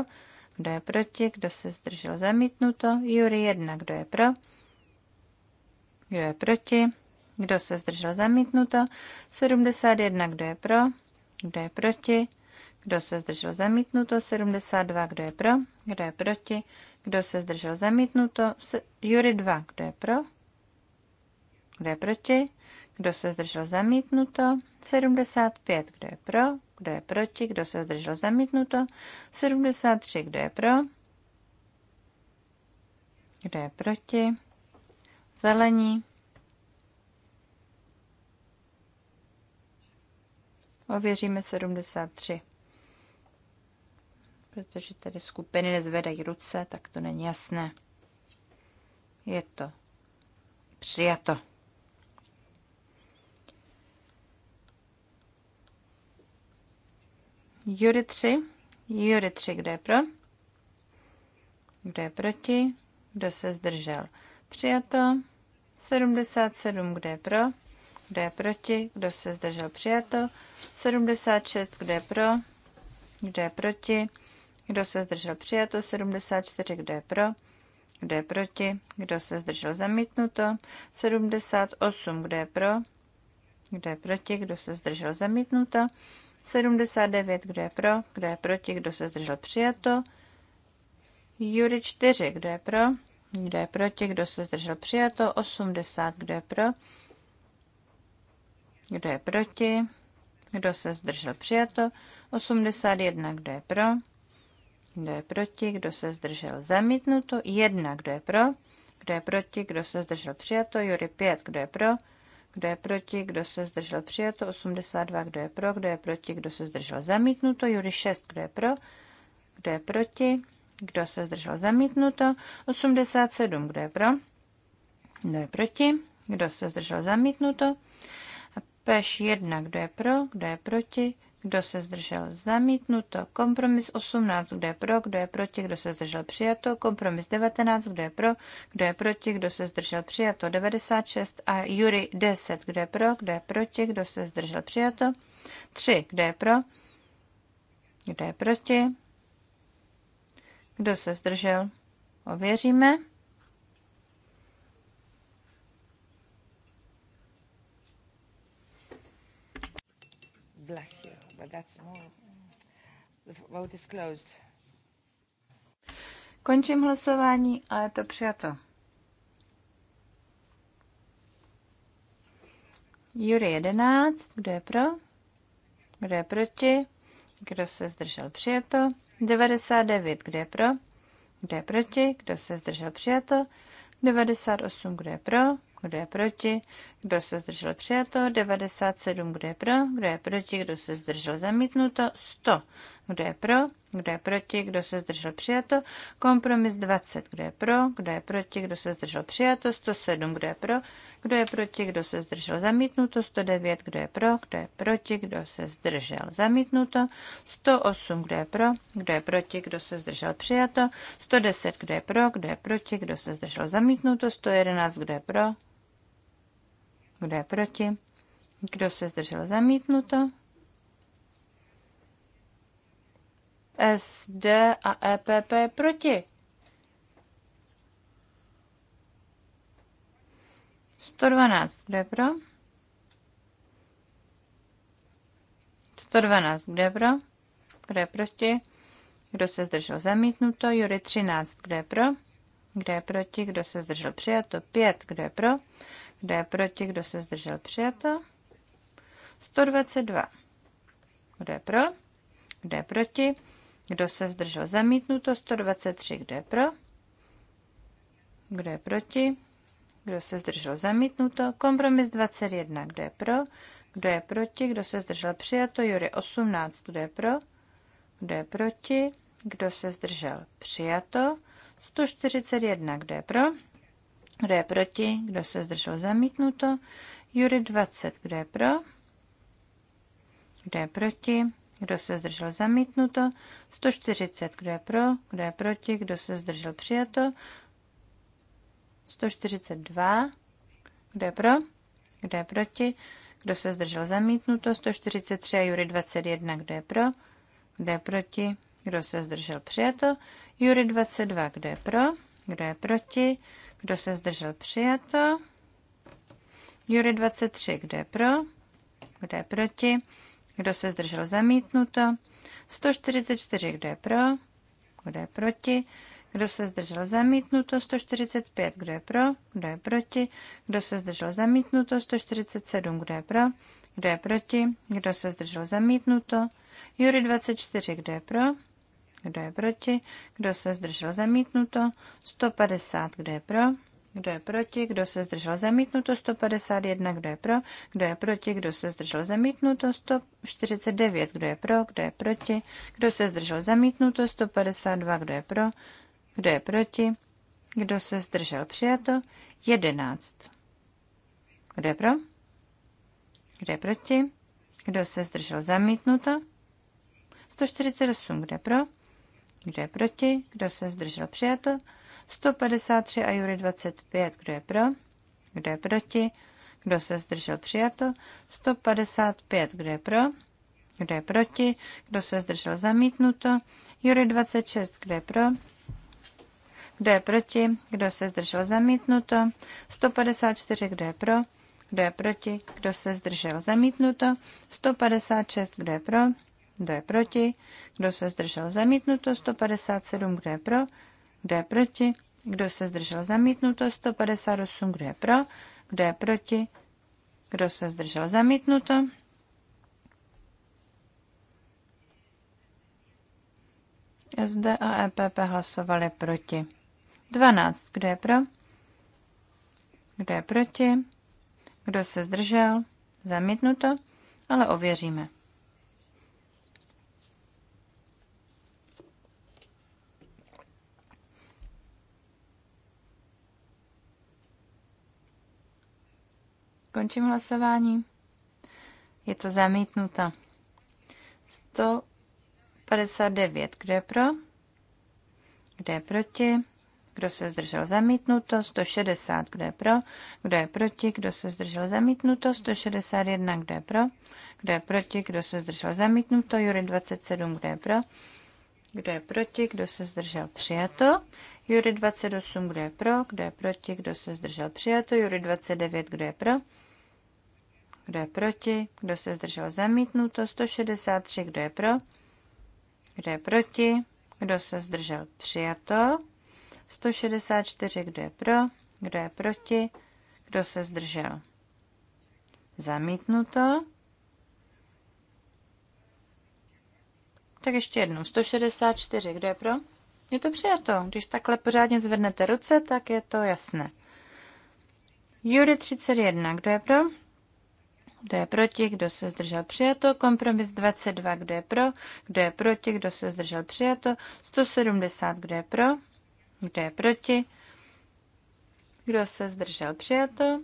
Kdo je proti? Kdo se zdržel? Zamítnuto. Jury 1. Kdo je pro? Kdo je proti? Kdo se zdržel zamítnuto? 71. Kdo je pro? Kdo je proti? Kdo se zdržel zamítnuto? 72. Kdo je pro? Kdo je proti? Kdo se zdržel zamítnuto? Jury 2. Kdo je pro? Kdo je proti? Kdo se zdržel zamítnuto? 75. Kdo je pro? Kdo je proti? Kdo se zdržel zamítnuto? 73. Kdo je pro? Kdo je proti? zelení. Ověříme 73. Protože tady skupiny nezvedají ruce, tak to není jasné. Je to přijato. Jury 3. Jury 3, kde je pro? Kdo je proti? Kdo se zdržel? přijato. 77, kdo je pro, kdo je proti, kdo se zdržel, přijato. 76, kdo je pro, kdo je proti, kdo se zdržel, přijato. 74, kdo je pro, kdo je proti, kdo se zdržel, zamítnuto. 78, kdo je pro, kdo je proti, kdo se zdržel, zamítnuto. 79, kdo je pro, kdo je proti, kdo se zdržel, přijato. Jury 4, kdo je pro, kdo je proti, kdo se zdržel přijato, 80, kdo je pro, kdo je proti, kdo se zdržel přijato, 81, kdo je pro, kdo je proti, kdo se zdržel zamítnuto, 1, kdo je pro, kdo je proti, kdo se zdržel přijato, Jury 5, kdo je pro, kdo je proti, kdo se zdržel přijato, 82, kdo je pro, kdo je proti, kdo se zdržel zamítnuto, Jury 6, kdo je pro, kdo je proti, kdo se zdržel zamítnuto? 87. Kdo je pro? Kdo je proti? Kdo se zdržel zamítnuto? Peš 1. Kdo je pro? Kdo je proti? Kdo se zdržel? Zamítnuto. Kompromis 18. Kdo je pro? Kdo je proti? Kdo se zdržel? Přijato. Kompromis 19. Kdo je pro? Kdo je proti? Kdo se zdržel? Přijato. 96 a Jury 10. Kdo je pro? Kdo je proti? Kdo se zdržel? Přijato. 3. Kdo je pro? Kdo je proti? Kdo se zdržel? Ověříme. Bless you, but that's more. The vote is closed. Končím hlasování a je to přijato. Jury 11, kdo je pro? Kdo je proti? Kdo se zdržel přijeto? 99, kdo je pro, kdo je proti, kdo se zdržel přijato, 98, kdo je pro, kdo je proti, kdo se zdržel přijato, 97, kdo je pro, kdo je proti, kdo se zdržel zamítnuto, 100, kdo je pro? Kdo je proti? Kdo se zdržel přijato? Kompromis 20. Kdo je pro? Kdo je proti? Kdo se zdržel přijato? 107. Kdo je pro? Kdo je proti? Kdo se zdržel zamítnuto? 109. Kdo je pro? Kdo je proti? Kdo se zdržel zamítnuto? 108. Kdo je pro? Kdo je proti? Kdo se zdržel přijato? 110. Kdo je pro? Kdo je proti? Kdo se zdržel zamítnuto? 111. Kdo je pro? Kdo je proti? Kdo se zdržel zamítnuto? SD a EPP proti. Sto dvanáct kde pro? Sto dvanáct kde pro? Kde je proti? Kdo se zdržel zamítnuto? Jury třináct kde pro? Kde je proti? Kdo se zdržel přijato? pět kde je pro? Kde je proti? Kdo se zdržel přijato? dva, kde je pro? Kde je proti? Kdo se zdržel zamítnuto? 123. Kdo je pro? Kdo je proti? Kdo se zdržel zamítnuto? Kompromis 21. Kdo je pro? Kdo je proti? Kdo se zdržel přijato? Jury 18. Kdo je pro? Kdo je proti? Kdo se zdržel přijato? 141. Kdo je pro? Kdo je proti? Kdo se zdržel zamítnuto? Jury 20. Kdo je pro? Kdo je proti? Kdo se zdržel zamítnuto? 140. Kdo je pro? Kdo je proti? Kdo se zdržel přijato? 142. Kdo je pro? Kdo je proti? Kdo se zdržel zamítnuto? 143 a Jury 21. Kdo je pro? Kdo je proti? Kdo se zdržel přijato? Jury 22. Kdo je pro? Kdo je proti? Kdo se zdržel přijato? Jury 23. Kdo je pro? Kdo je proti? Kdo se zdržel zamítnuto? 144. Kdo je pro? Kdo je proti? Kdo se zdržel zamítnuto? 145. Kdo je pro? Kdo je proti? Kdo se zdržel zamítnuto? 147. Kdo je pro? Kdo je proti? Kdo se zdržel zamítnuto? Jury 24. Kdo je pro? Kdo je proti? Kdo se zdržel zamítnuto? 150. Kdo je pro? kdo je proti, kdo se zdržel zamítnuto, 151, kdo je pro, kdo je proti, kdo se zdržel zamítnuto, 149, kdo je pro, kdo je proti, kdo se zdržel zamítnuto, 152, kdo je pro, kdo je proti, kdo se zdržel přijato, 11. Kdo je pro? Kdo je proti? Kdo se zdržel zamítnuto? 148, kdo je pro? Kdo je proti? Kdo se zdržel přijato? 153 a Jury 25. Kdo je pro? Kdo je proti? Kdo se zdržel přijato? 155. Kdo je pro? Kdo je proti? Kdo se zdržel zamítnuto? Jury 26. Kdo je pro? Kdo je proti? Kdo se zdržel zamítnuto? 154. Kdo je pro? Kdo je proti? Kdo se zdržel zamítnuto? 156. Kdo je pro? Kdo je proti? Kdo se zdržel zamítnuto? 157. Kdo je pro? kdo je proti, kdo se zdržel zamítnuto, 158, kdo je pro, kdo je proti, kdo se zdržel zamítnuto. SD a EPP hlasovali proti. 12. Kdo je pro? Kdo je proti? Kdo se zdržel? Zamítnuto, ale ověříme. Končím hlasování. Je to zamítnuto. 159. Kdo je pro? Kdo je proti? Kdo se zdržel zamítnuto? 160. Kdo je pro? Kdo je proti? Kdo se zdržel zamítnuto? 161. Kdo je pro? Kdo je proti? Kdo se zdržel zamítnuto? Jury 27. Kdo je pro? Kdo je proti? Kdo se zdržel přijato? Jury 28. Kdo je pro? Kdo je proti? Kdo se zdržel přijato? Jury 29. Kdo je pro? Kdo je proti? Kdo se zdržel zamítnuto? 163. Kdo je pro? Kdo je proti? Kdo se zdržel přijato? 164. Kdo je pro? Kdo je proti? Kdo se zdržel? Zamítnuto. Tak ještě jednou. 164. Kdo je pro? Je to přijato. Když takhle pořádně zvednete ruce, tak je to jasné. Jury 31. Kdo je pro? kdo je proti, kdo se zdržel přijato, kompromis 22, kdo je pro, kdo je proti, kdo se zdržel přijato, 170, kdo je pro, kdo je proti, kdo se zdržel přijato,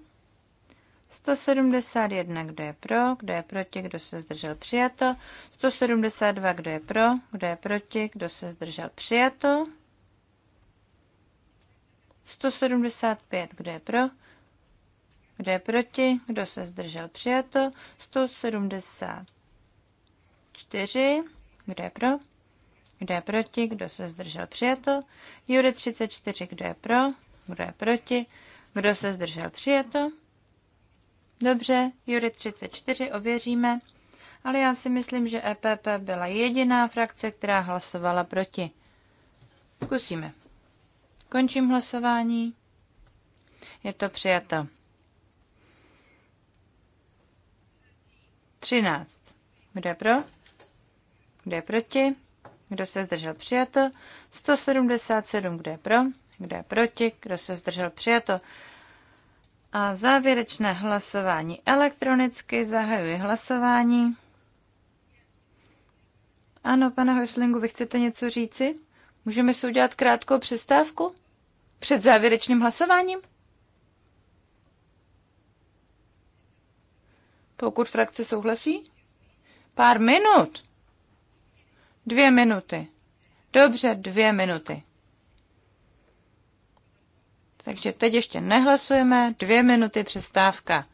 171, kdo je pro, kdo je proti, kdo se zdržel přijato, 172, kdo je pro, kdo je proti, kdo se zdržel přijato, 175, kdo je pro, kdo je proti? Kdo se zdržel? Přijato. 174. Kdo je pro? Kdo je proti? Kdo se zdržel? Přijato. Jury 34. Kdo je pro? Kdo je proti? Kdo se zdržel? Přijato. Dobře, Jury 34 ověříme, ale já si myslím, že EPP byla jediná frakce, která hlasovala proti. Zkusíme. Končím hlasování. Je to přijato. 13. Kdo je pro? Kdo je proti? Kdo se zdržel přijato? 177. Kdo je pro? Kdo je proti? Kdo se zdržel přijato? A závěrečné hlasování elektronicky. Zahajuji hlasování. Ano, pane Hojslingu, vy chcete něco říci? Můžeme si udělat krátkou přestávku? Před závěrečným hlasováním? Pokud frakce souhlasí? Pár minut. Dvě minuty. Dobře, dvě minuty. Takže teď ještě nehlasujeme, dvě minuty přestávka.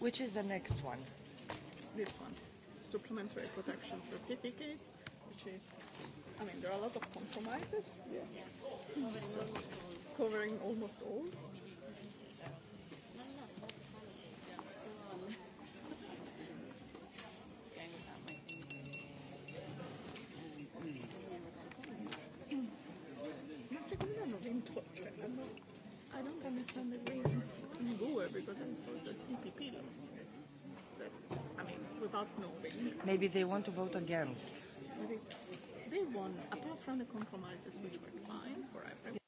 Which is the next one? This one. Supplementary protection certificate, which is i mean, there are a lot of compromises, yes, so, covering almost all. I don't understand the reasons in Goa because I'm for the TPP laws. That, I mean, without knowing. Maybe they want to vote against. Maybe they won, apart from the compromises which were fine for everyone.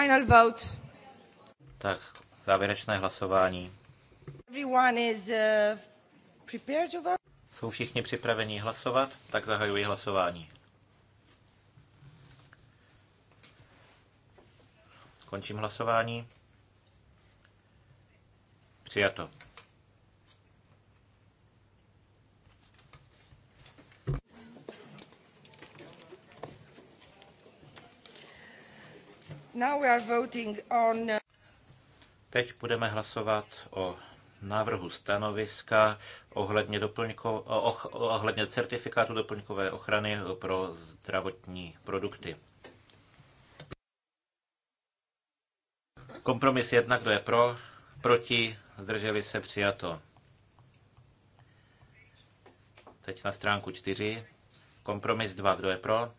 Final vote. Tak, závěrečné hlasování. Everyone is, uh, prepared to vote? Jsou všichni připraveni hlasovat, tak zahajuji hlasování. Končím hlasování. Přijato. Uh, Teď budeme hlasovat o návrhu stanoviska ohledně, doplňko, oh, ohledně certifikátu doplňkové ochrany pro zdravotní produkty. Kompromis jedna, kdo je pro, proti, zdrželi se, přijato. Teď na stránku 4. Kompromis 2, kdo je pro,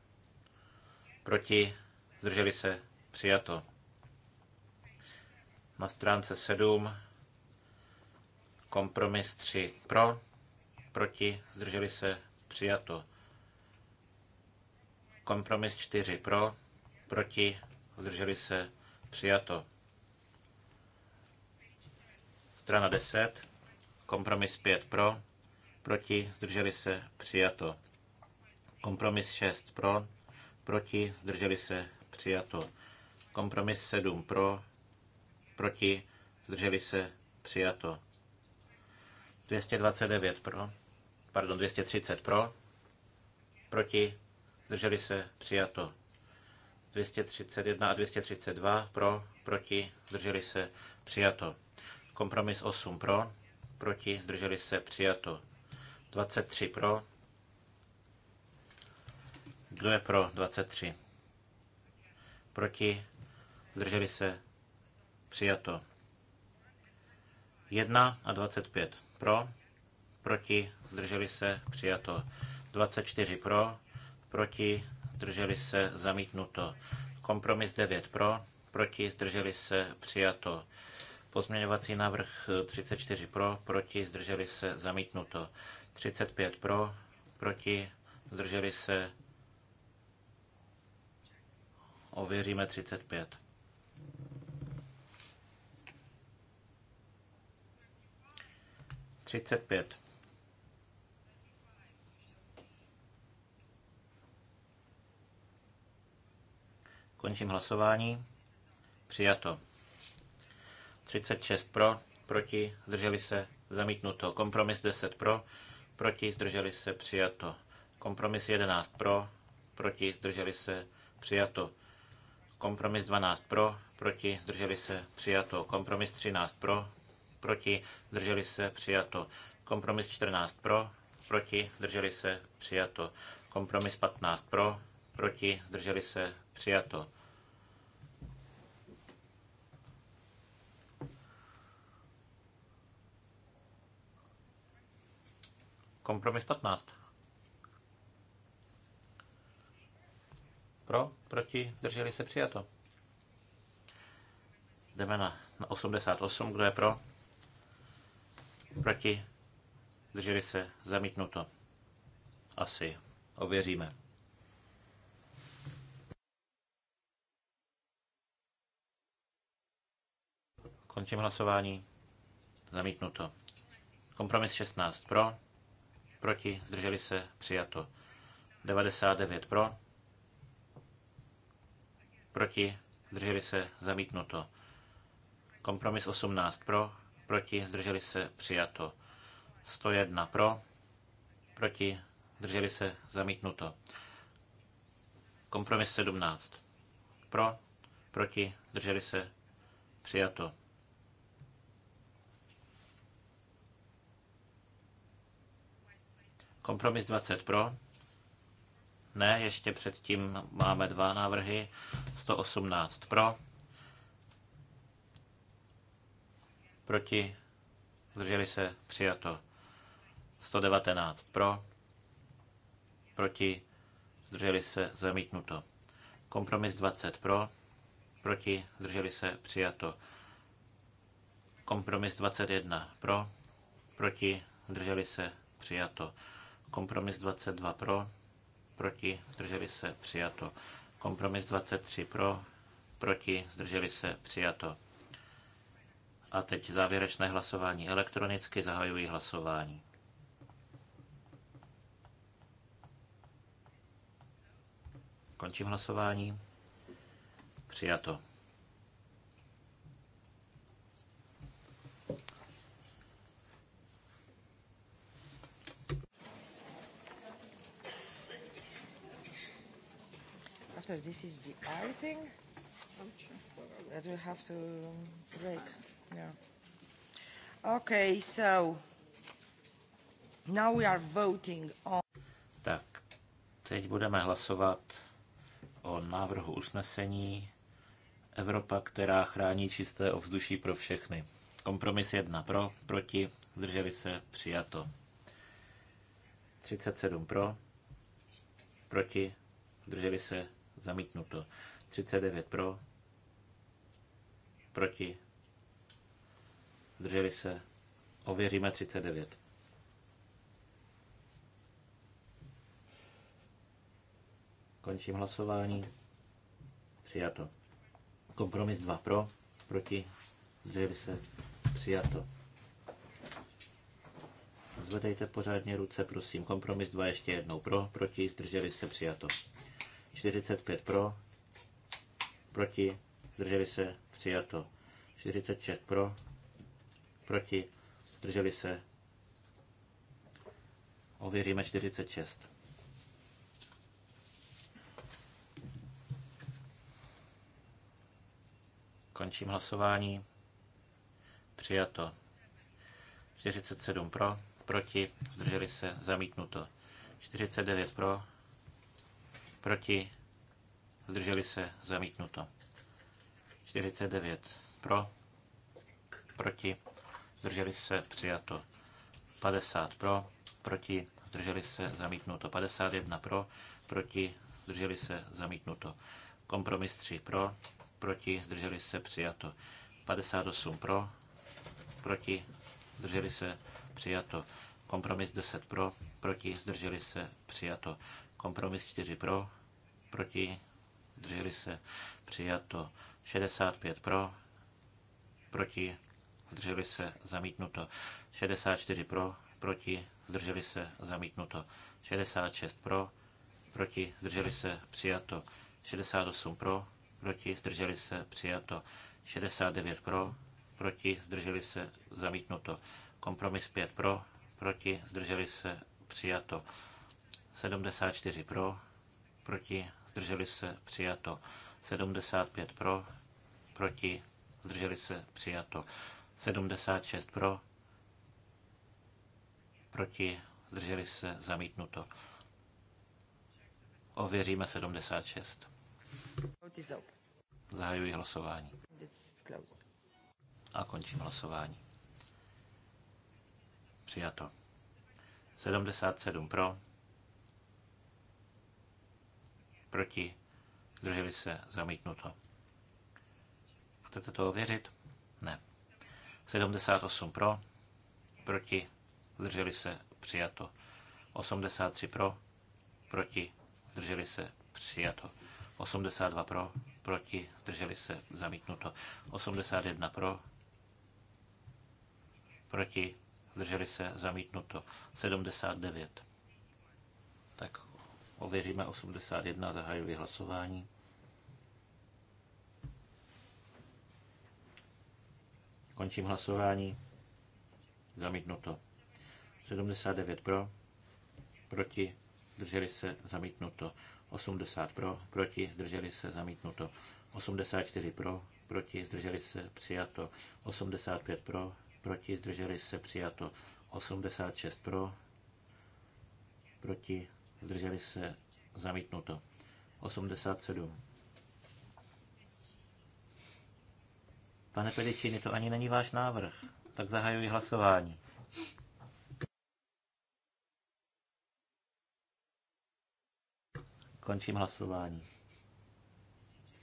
proti, zdrželi se, Přijato. Na stránce 7 kompromis 3 pro, proti, zdrželi se, přijato. Kompromis 4 pro, proti, zdrželi se, přijato. Strana 10, kompromis 5 pro, proti, zdrželi se, přijato. Kompromis 6 pro, proti, zdrželi se, přijato. Kompromis 7 pro, proti, zdrželi se, přijato. 229 pro, pardon, 230 pro, proti, zdrželi se, přijato. 231 a 232 pro, proti, zdrželi se, přijato. Kompromis 8 pro, proti, zdrželi se, přijato. 23 pro. Kdo je pro 23? Proti, zdrželi se, přijato. 1 a 25 pro, proti, zdrželi se, přijato. 24 pro, proti, zdrželi se, zamítnuto. Kompromis 9 pro, proti, zdrželi se, přijato. Pozměňovací návrh 34 pro, proti, zdrželi se, zamítnuto. 35 pro, proti, zdrželi se, ověříme 35. 35. Končím hlasování. Přijato. 36 pro, proti, zdrželi se, zamítnuto. Kompromis 10 pro, proti, zdrželi se, přijato. Kompromis 11 pro, proti, zdrželi se, přijato. Kompromis 12 pro, proti, zdrželi se, přijato. Kompromis 13 pro, proti, zdrželi se, přijato. Kompromis 14 pro, proti, zdrželi se, přijato. Kompromis 15 pro, proti, zdrželi se, přijato. Kompromis 15. Pro, proti, zdrželi se, přijato. Jdeme na 88, kdo je pro, Proti? Zdrželi se? Zamítnuto. Asi. Ověříme. Končím hlasování. Zamítnuto. Kompromis 16 pro, proti, zdrželi se, přijato. 99 pro, proti, zdrželi se, zamítnuto. Kompromis 18 pro, proti, zdrželi se, přijato. 101 pro, proti, zdrželi se, zamítnuto. Kompromis 17 pro, proti, zdrželi se, přijato. Kompromis 20 pro. Ne, ještě předtím máme dva návrhy. 118 pro proti, zdrželi se, přijato. 119 pro, proti, zdrželi se, zamítnuto. Kompromis 20 pro, proti, zdrželi se, přijato. Kompromis 21 pro, proti, zdrželi se, přijato. Kompromis 22 pro, proti, zdrželi se, přijato. Kompromis 23 pro, proti, zdrželi se, přijato. A teď závěrečné hlasování elektronicky. zahajují hlasování. Končím hlasování. Přijato. After this is the icing, thing that we have to break. Okay, so now we are voting on... Tak, teď budeme hlasovat o návrhu usnesení Evropa, která chrání čisté ovzduší pro všechny. Kompromis jedna pro, proti, zdrželi se, přijato. 37 pro, proti, zdrželi se, zamítnuto. 39 pro, proti, drželi se, ověříme 39. Končím hlasování. Přijato. Kompromis 2 pro, proti, Drželi se, přijato. Zvedejte pořádně ruce, prosím. Kompromis 2 ještě jednou pro, proti, zdrželi se, přijato. 45 pro, proti, zdrželi se, přijato. 46 pro, proti, zdrželi se. Ověříme 46. Končím hlasování. Přijato. 47 pro, proti, zdrželi se, zamítnuto. 49 pro, proti, zdrželi se, zamítnuto. 49 pro, proti, zdrželi se, přijato 50 pro, proti, zdrželi se, zamítnuto 51 pro, proti, zdrželi se, zamítnuto. Kompromis 3 pro, proti, zdrželi se, přijato 58 pro, proti, zdrželi se, přijato. Kompromis 10 pro, proti, zdrželi se, přijato. Kompromis 4 pro, proti, zdrželi se, přijato. 65 pro, proti, zdrželi se, zamítnuto. 64 pro, proti, zdrželi se, zamítnuto. 66 pro, proti, zdrželi se, přijato. 68 pro, proti, zdrželi se, přijato. 69 pro, proti, zdrželi se, zamítnuto. Kompromis 5 pro, proti, zdrželi se, přijato. 74 pro, proti, zdrželi se, přijato. 75 pro, proti, zdrželi se, přijato. 76 pro, proti, zdrželi se, zamítnuto. Ověříme 76. Zahajuji hlasování. A končím hlasování. Přijato. 77 pro, proti, zdrželi se, zamítnuto. Chcete to ověřit? Ne. 78 pro, proti, zdrželi se, přijato. 83 pro, proti, zdrželi se, přijato. 82 pro, proti, zdrželi se, zamítnuto. 81 pro, proti, zdrželi se, zamítnuto. 79. Tak ověříme 81, zahajuji hlasování. Končím hlasování. Zamítnuto. 79 pro, proti, zdrželi se, zamítnuto. 80 pro, proti, zdrželi se, zamítnuto. 84 pro, proti, zdrželi se, přijato. 85 pro, proti, zdrželi se, přijato. 86 pro, proti, zdrželi se, zamítnuto. 87 Pane Pedečiny, to ani není váš návrh. Tak zahajuji hlasování. Končím hlasování.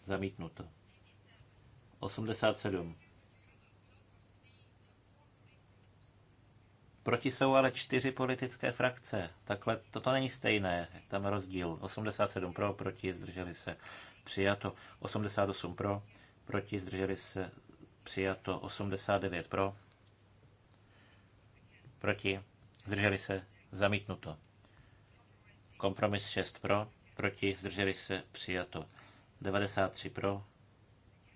Zamítnuto. 87. Proti jsou ale čtyři politické frakce. Takhle toto není stejné. Tam rozdíl. 87 pro, proti, zdrželi se. Přijato. 88 pro, proti, zdrželi se. Přijato 89 pro. Proti. Zdrželi se. Zamítnuto. Kompromis 6 pro. Proti. Zdrželi se. Přijato. 93 pro.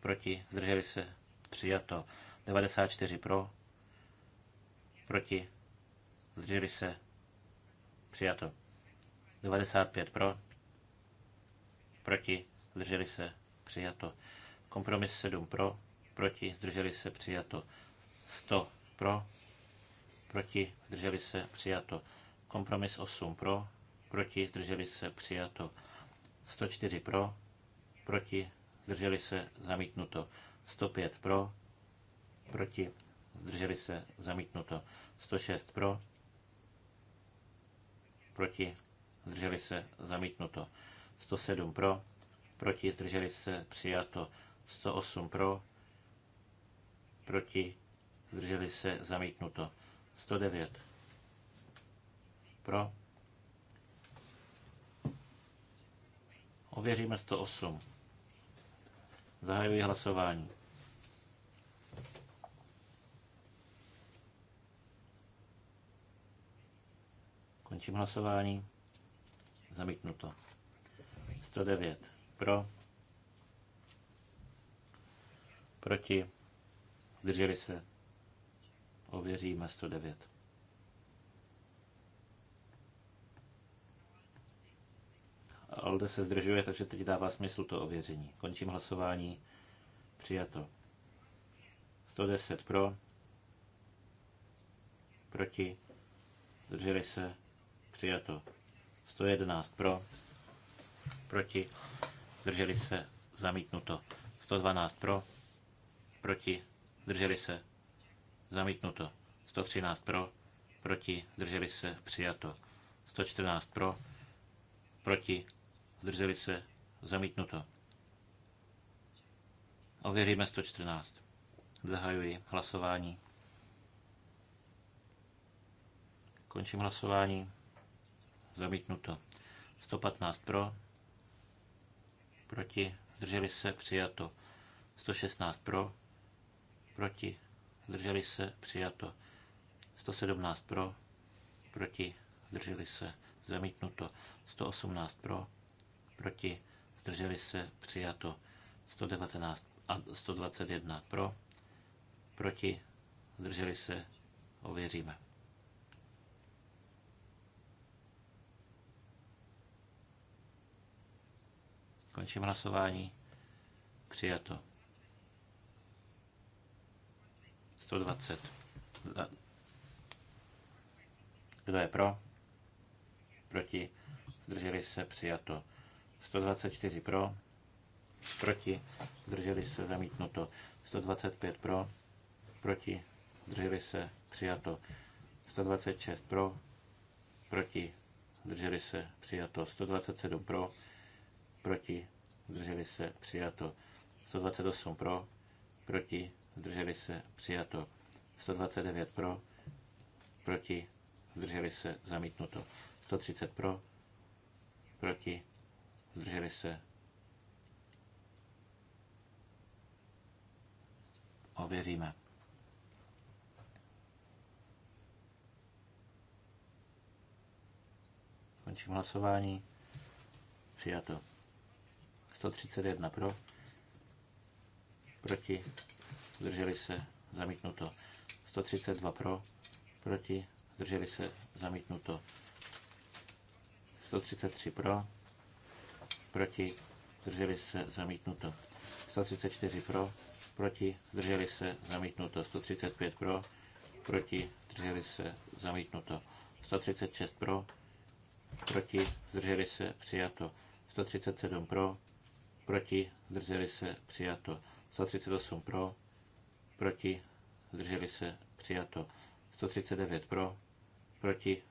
Proti. Zdrželi se. Přijato. 94 pro. Proti. Zdrželi se. Přijato. 95 pro. Proti. Zdrželi se. Přijato. Kompromis 7 pro proti, zdrželi se, přijato. 100 pro, proti, zdrželi se, přijato. Kompromis 8 pro, proti, zdrželi se, přijato. 104 pro, proti, zdrželi se, zamítnuto. 105 pro, proti, zdrželi se, zamítnuto. 106 pro, proti, zdrželi se, zamítnuto. 107 pro, proti, zdrželi se, přijato. 108 pro, proti, zdrželi se, zamítnuto. 109 pro. Ověříme 108. Zahajuji hlasování. Končím hlasování. Zamítnuto. 109 pro. Proti. Zdrželi se. Ověříme 109. Alde se zdržuje, takže teď dává smysl to ověření. Končím hlasování. Přijato. 110 pro. Proti. Zdrželi se. Přijato. 111 pro. Proti. Zdrželi se. Zamítnuto. 112 pro. Proti zdrželi se, zamítnuto. 113 pro, proti, zdrželi se, přijato. 114 pro, proti, zdrželi se, zamítnuto. Ověříme 114. Zahajuji hlasování. Končím hlasování. Zamítnuto. 115 pro, proti, zdrželi se, přijato. 116 pro, proti, zdrželi se, přijato. 117 pro, proti, zdrželi se, zamítnuto. 118 pro, proti, zdrželi se, přijato. 119 a 121 pro, proti, zdrželi se, ověříme. Končím hlasování. Přijato. 120. Kdo je pro? Proti? Zdrželi se? Přijato. 124 pro? Proti? Zdrželi se? Zamítnuto. 125 pro? Proti? Zdrželi se? Přijato. 126 pro? Proti? Zdrželi se? Přijato. 127 pro? Proti? Zdrželi se? Přijato. 128 pro? Proti? zdrželi se, přijato. 129 pro, proti, zdrželi se, zamítnuto. 130 pro, proti, zdrželi se. Ověříme. Končím hlasování. Přijato. 131 pro, proti, zdrželi se, zamítnuto. 132 pro, proti, zdrželi se, zamítnuto. 133 pro, proti, zdrželi se, zamítnuto. 134 pro, proti, zdrželi se, zamítnuto. 135 pro, proti, zdrželi se, zamítnuto. 136 pro, proti, zdrželi se, přijato. 137 pro, proti, zdrželi se, přijato. 138 pro, proti, zdrželi se, přijato. 139 pro, proti,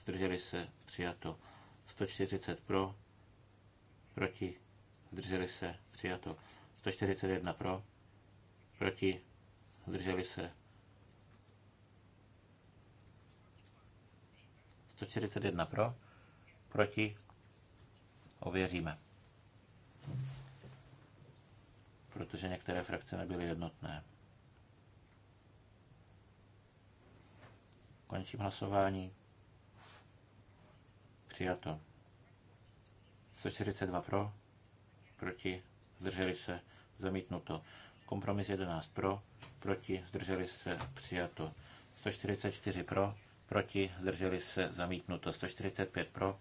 zdrželi se, přijato. 140 pro, proti, zdrželi se, přijato. 141 pro, proti, zdrželi se. 141 pro, proti, ověříme. Protože některé frakce nebyly jednotné. Končím hlasování. Přijato. 142 pro, proti, zdrželi se, zamítnuto. Kompromis 11 pro, proti, zdrželi se, přijato. 144 pro, proti, zdrželi se, zamítnuto. 145 pro,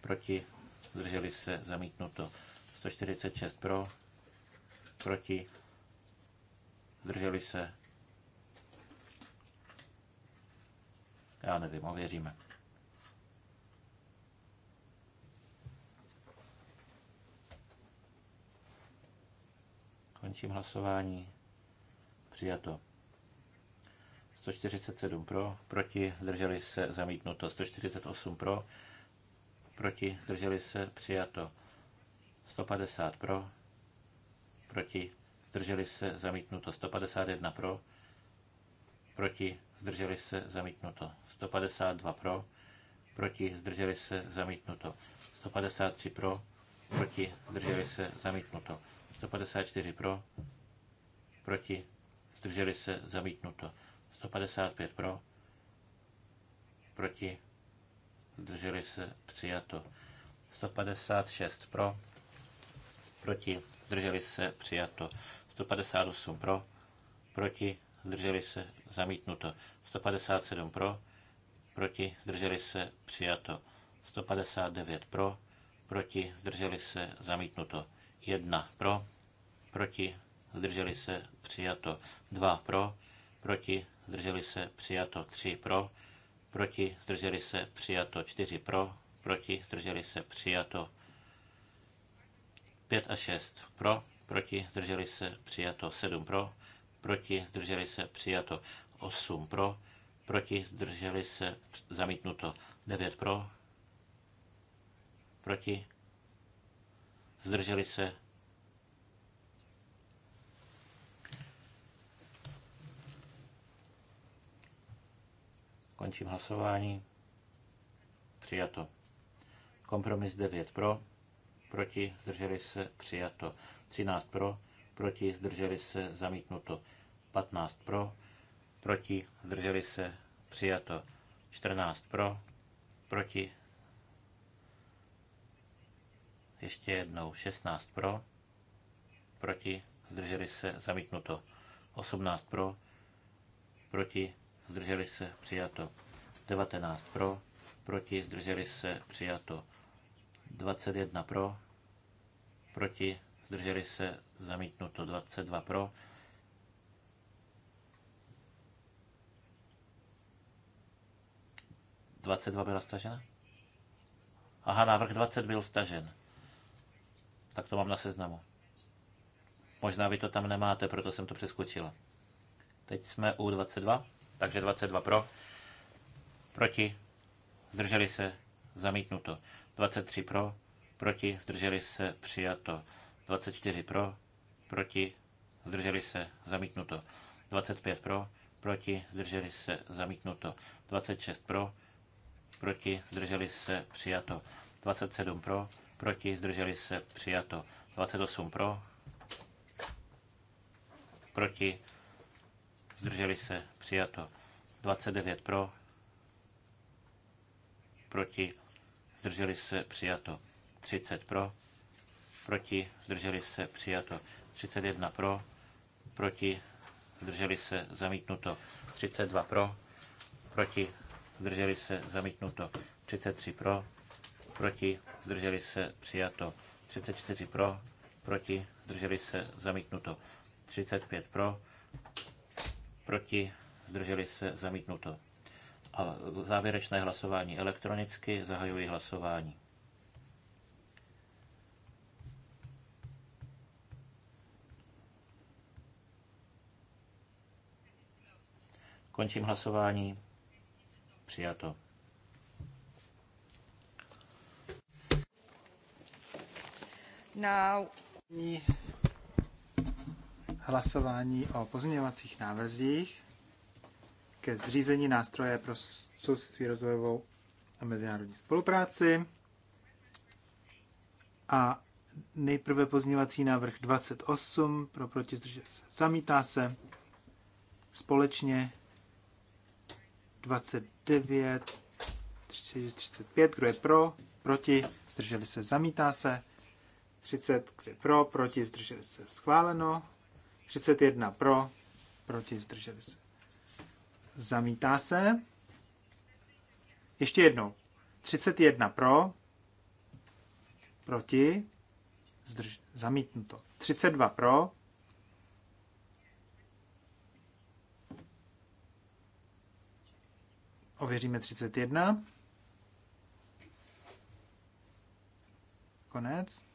proti, zdrželi se, zamítnuto. 146 pro, proti, zdrželi se, Já nevím, ověříme. Končím hlasování. Přijato. 147 pro, proti, zdrželi se, zamítnuto. 148 pro, proti, zdrželi se, přijato. 150 pro, proti, zdrželi se, zamítnuto. 151 pro, proti, zdrželi se, zamítnuto. 152 pro, proti, zdrželi se, zamítnuto. 153 pro, proti, zdrželi se, zamítnuto. 154 pro, proti, zdrželi se, zamítnuto. 155 pro, proti, zdrželi se, přijato. 156 pro, proti, zdrželi se, přijato. 158 pro, proti, zdrželi se, zamítnuto. 157 pro, proti, zdrželi se, přijato. 159 pro, proti, zdrželi se, zamítnuto. 1 pro, proti, zdrželi se, přijato. 2 pro, proti, zdrželi se, přijato. 3 pro, proti, zdrželi se, přijato. 4 pro, proti, zdrželi se, přijato. 5 a 6 pro, proti, zdrželi se, přijato. 7 pro, proti, zdrželi se, přijato. 8 pro, proti, zdrželi se, zamítnuto. 9 pro, proti, zdrželi se. Končím hlasování. Přijato. Kompromis 9 pro, proti, zdrželi se, přijato. 13 pro, proti, zdrželi se, zamítnuto. 15 pro, proti, zdrželi se, přijato. 14 pro, proti, ještě jednou 16 pro, proti, zdrželi se, zamítnuto. 18 pro, proti, zdrželi se, přijato. 19 pro, proti, zdrželi se, přijato. 21 pro, proti, zdrželi se, Zamítnuto 22 pro. Dvacet dva byla stažena? Aha, návrh 20 byl stažen. Tak to mám na seznamu. Možná vy to tam nemáte, proto jsem to přeskočila. Teď jsme u 22, takže 22 pro. Proti, zdrželi se, zamítnuto. 23 pro, proti, zdrželi se, přijato. 24 pro, proti, zdrželi se, zamítnuto. 25 pro, proti, zdrželi se, zamítnuto. 26 pro, proti, zdrželi se, přijato. 27 pro, proti, zdrželi se, přijato. 28 pro, proti, zdrželi se, přijato. 29 pro, proti, zdrželi se, přijato. 30 pro, proti, zdrželi se, přijato. 31 pro, proti, zdrželi se, zamítnuto. 32 pro, proti, zdrželi se, zamítnuto. 33 pro, proti, zdrželi se, přijato. 34 pro, proti, zdrželi se, zamítnuto. 35 pro, proti, zdrželi se, zamítnuto. A závěrečné hlasování elektronicky, zahajuji hlasování. Končím hlasování. Přijato. Now. Hlasování o pozměňovacích návrzích ke zřízení nástroje pro sousedství rozvojovou a mezinárodní spolupráci. A nejprve pozměňovací návrh 28 pro proti se. Zamítá se společně 29, 35, kdo je pro, proti, zdrželi se, zamítá se. 30, kdo je pro, proti, zdrželi se, schváleno. 31 pro, proti, zdrželi se. Zamítá se. Ještě jednou. 31 pro, proti, zdrž, zamítnuto. 32 pro, Ověříme 31. Konec.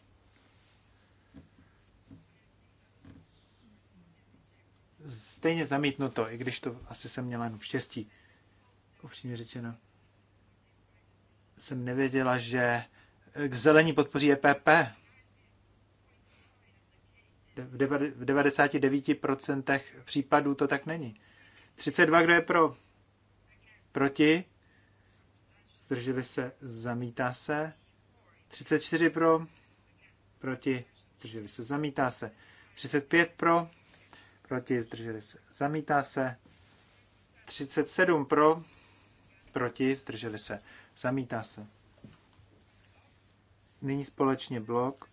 Stejně zamítnuto, i když to asi jsem měla jenom štěstí. Upřímně řečeno. Jsem nevěděla, že k zelení podpoří EPP. V 99% případů to tak není. 32, kdo je pro? Proti? Zdrželi se, zamítá se. 34 pro. Proti? Zdrželi se, zamítá se. 35 pro. Proti? Zdrželi se, zamítá se. 37 pro. Proti? Zdrželi se, zamítá se. Nyní společně blok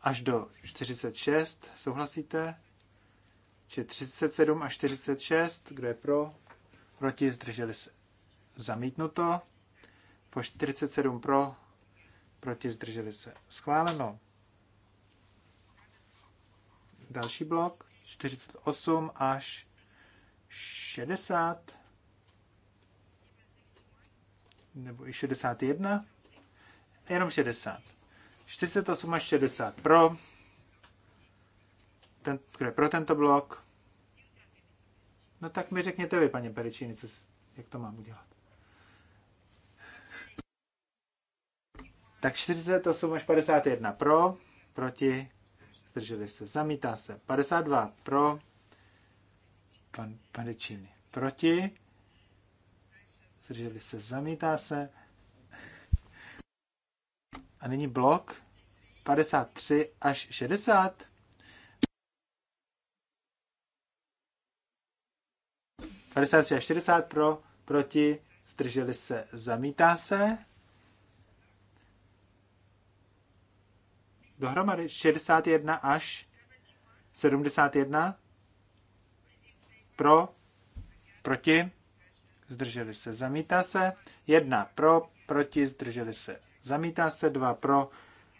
až do 46. Souhlasíte? Či 37 a 46. Kdo je pro? proti, zdrželi se zamítnuto. Po 47 pro, proti, zdrželi se schváleno. Další blok, 48 až 60 nebo i 61, jenom 60. 48 až 60 pro, ten, kdo je pro tento blok, No tak mi řekněte vy, paní Peričíny, co, jak to mám udělat. Tak 48 až 51 pro, proti, zdrželi se, zamítá se. 52 pro, pan Peričíny proti, zdrželi se, zamítá se. A nyní blok 53 až 60. 53 a 40 pro, proti, zdrželi se, zamítá se. Dohromady 61 až 71 pro, proti, zdrželi se, zamítá se. 1 pro, proti, zdrželi se, zamítá se. 2 pro,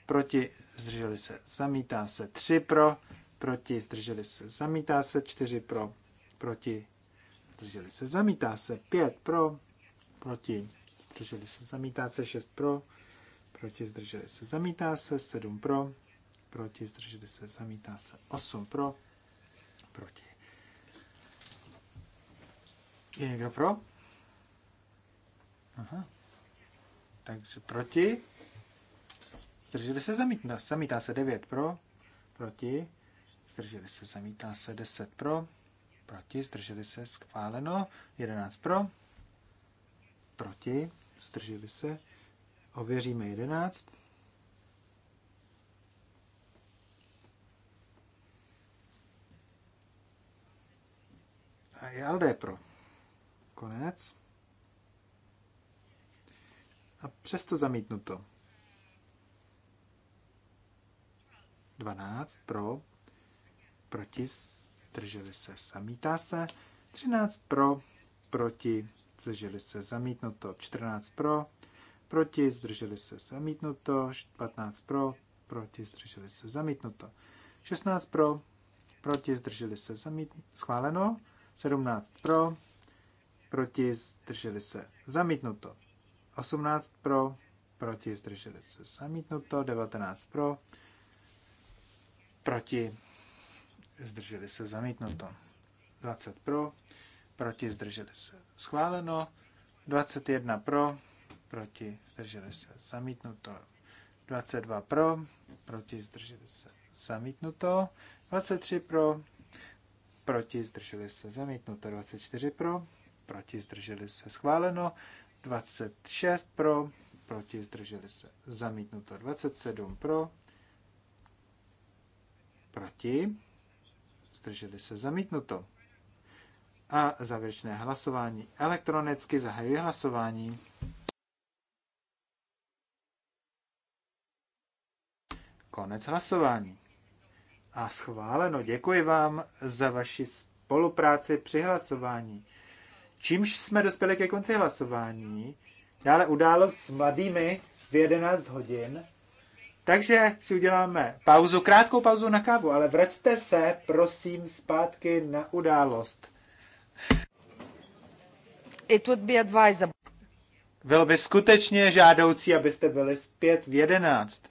proti, zdrželi se, zamítá se. 3 pro, proti, zdrželi se, zamítá se. 4 pro, proti, zdrželi se, zamítá se, 5 pro, proti, zdrželi se, zamítá se, 6 pro, proti, zdrželi se, zamítá se, 7 pro, proti, zdrželi se, zamítá se, 8 pro, proti. Je někdo pro? Aha. Takže proti. Zdrželi se, zamítá, zamítá se 9 pro, proti, zdrželi se, zamítá se 10 pro, proti, zdrželi se, schváleno. 11 pro, proti, zdrželi se, ověříme 11. A je LD pro. Konec. A přesto zamítnuto. 12 pro, proti, zdrželi se, zamítá se. 13 pro, proti, zdrželi se, zamítnuto. 14 pro, proti, zdrželi se, zamítnuto. 15 pro, proti, zdrželi se, zamítnuto. 16 pro, proti, zdrželi se, zamítnuto. Schváleno. 17 pro, proti, zdrželi se, zamítnuto. 18 pro, proti, zdrželi se, zamítnuto. 19 pro, proti, zdrželi se zamítnuto. 20 pro, proti zdrželi se schváleno. 21 pro, proti zdrželi se zamítnuto. 22 pro, proti zdrželi se zamítnuto. 23 pro, proti zdrželi se zamítnuto. 24 pro, proti zdrželi se schváleno. 26 pro, proti zdrželi se zamítnuto. 27 pro, proti zdrželi se zamítnuto. A závěrečné hlasování. Elektronicky zahajuji hlasování. Konec hlasování. A schváleno. Děkuji vám za vaši spolupráci při hlasování. Čímž jsme dospěli ke konci hlasování, dále událost s mladými v 11 hodin. Takže si uděláme pauzu, krátkou pauzu na kávu, ale vraťte se, prosím, zpátky na událost. It would be advisable. Bylo by skutečně žádoucí, abyste byli zpět v jedenáct.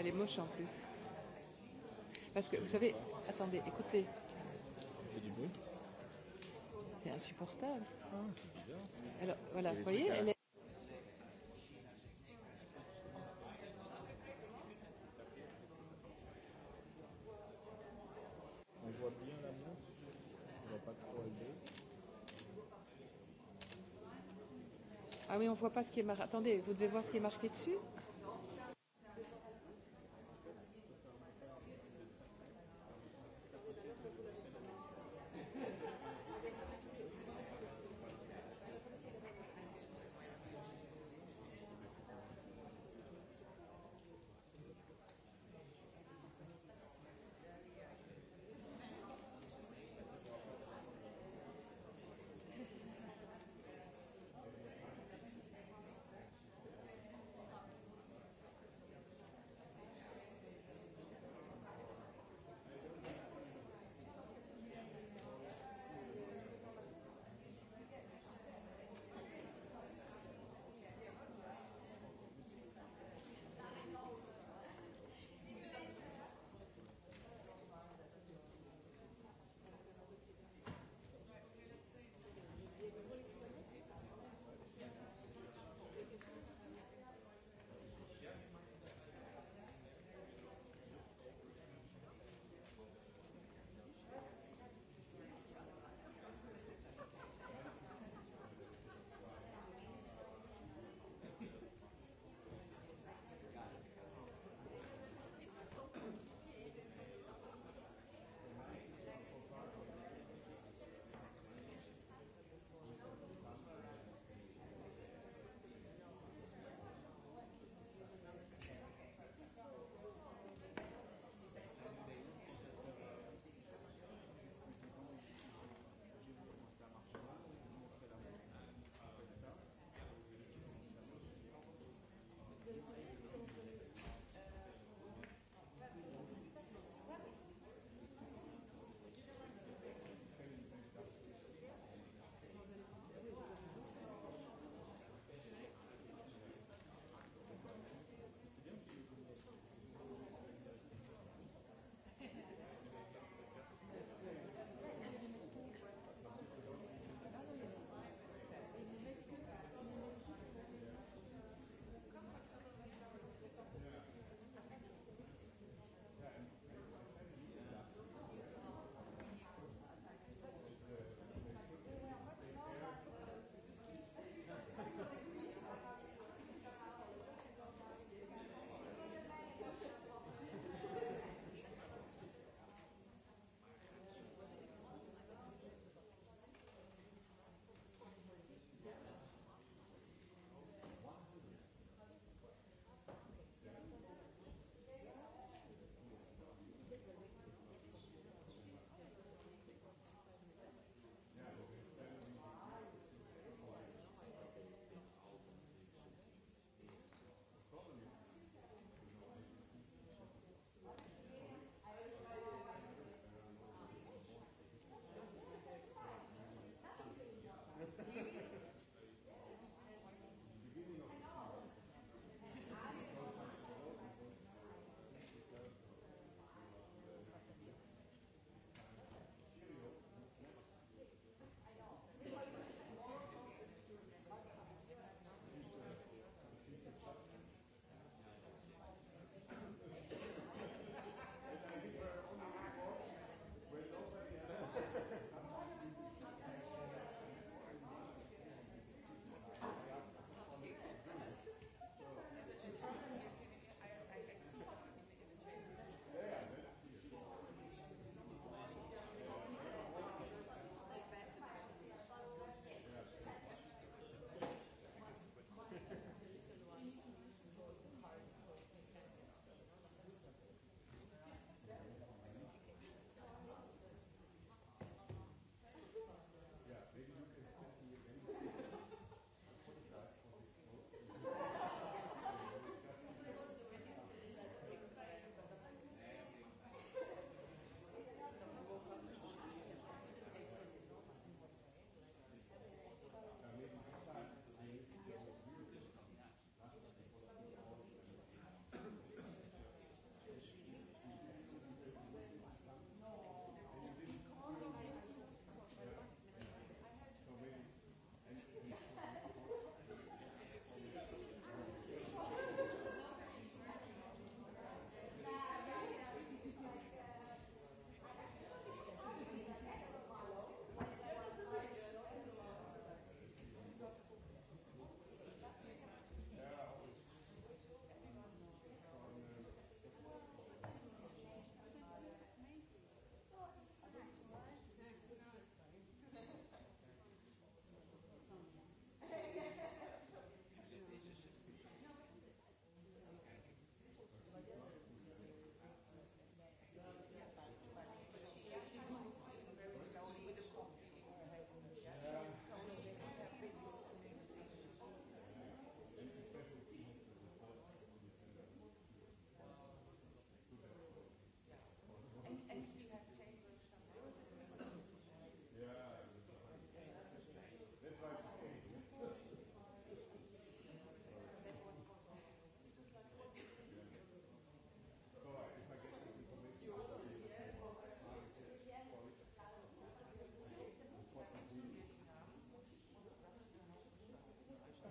Elle est moche en plus. Parce que vous savez, attendez, écoutez. Ça fait du bruit C'est insupportable. Ah, c'est bizarre. Alors voilà, vous voyez, elle est. Ah oui, on ne voit pas ce qui est marqué. Attendez, vous devez voir ce qui est marqué dessus.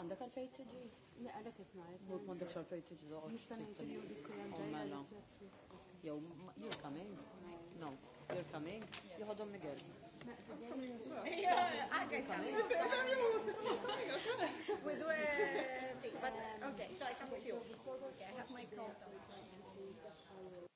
Għandek għalfej tiġi? Le, għalek jitnajt. Mut mandek għalfej tiġi doqqa. Nistan intervju dik Mela. Jow, you're coming. No, you're coming. You hold on oh, Miguel. We do euh, ah, a ah, thing, euh, but okay, so I come with you. Okay, I have my coat on.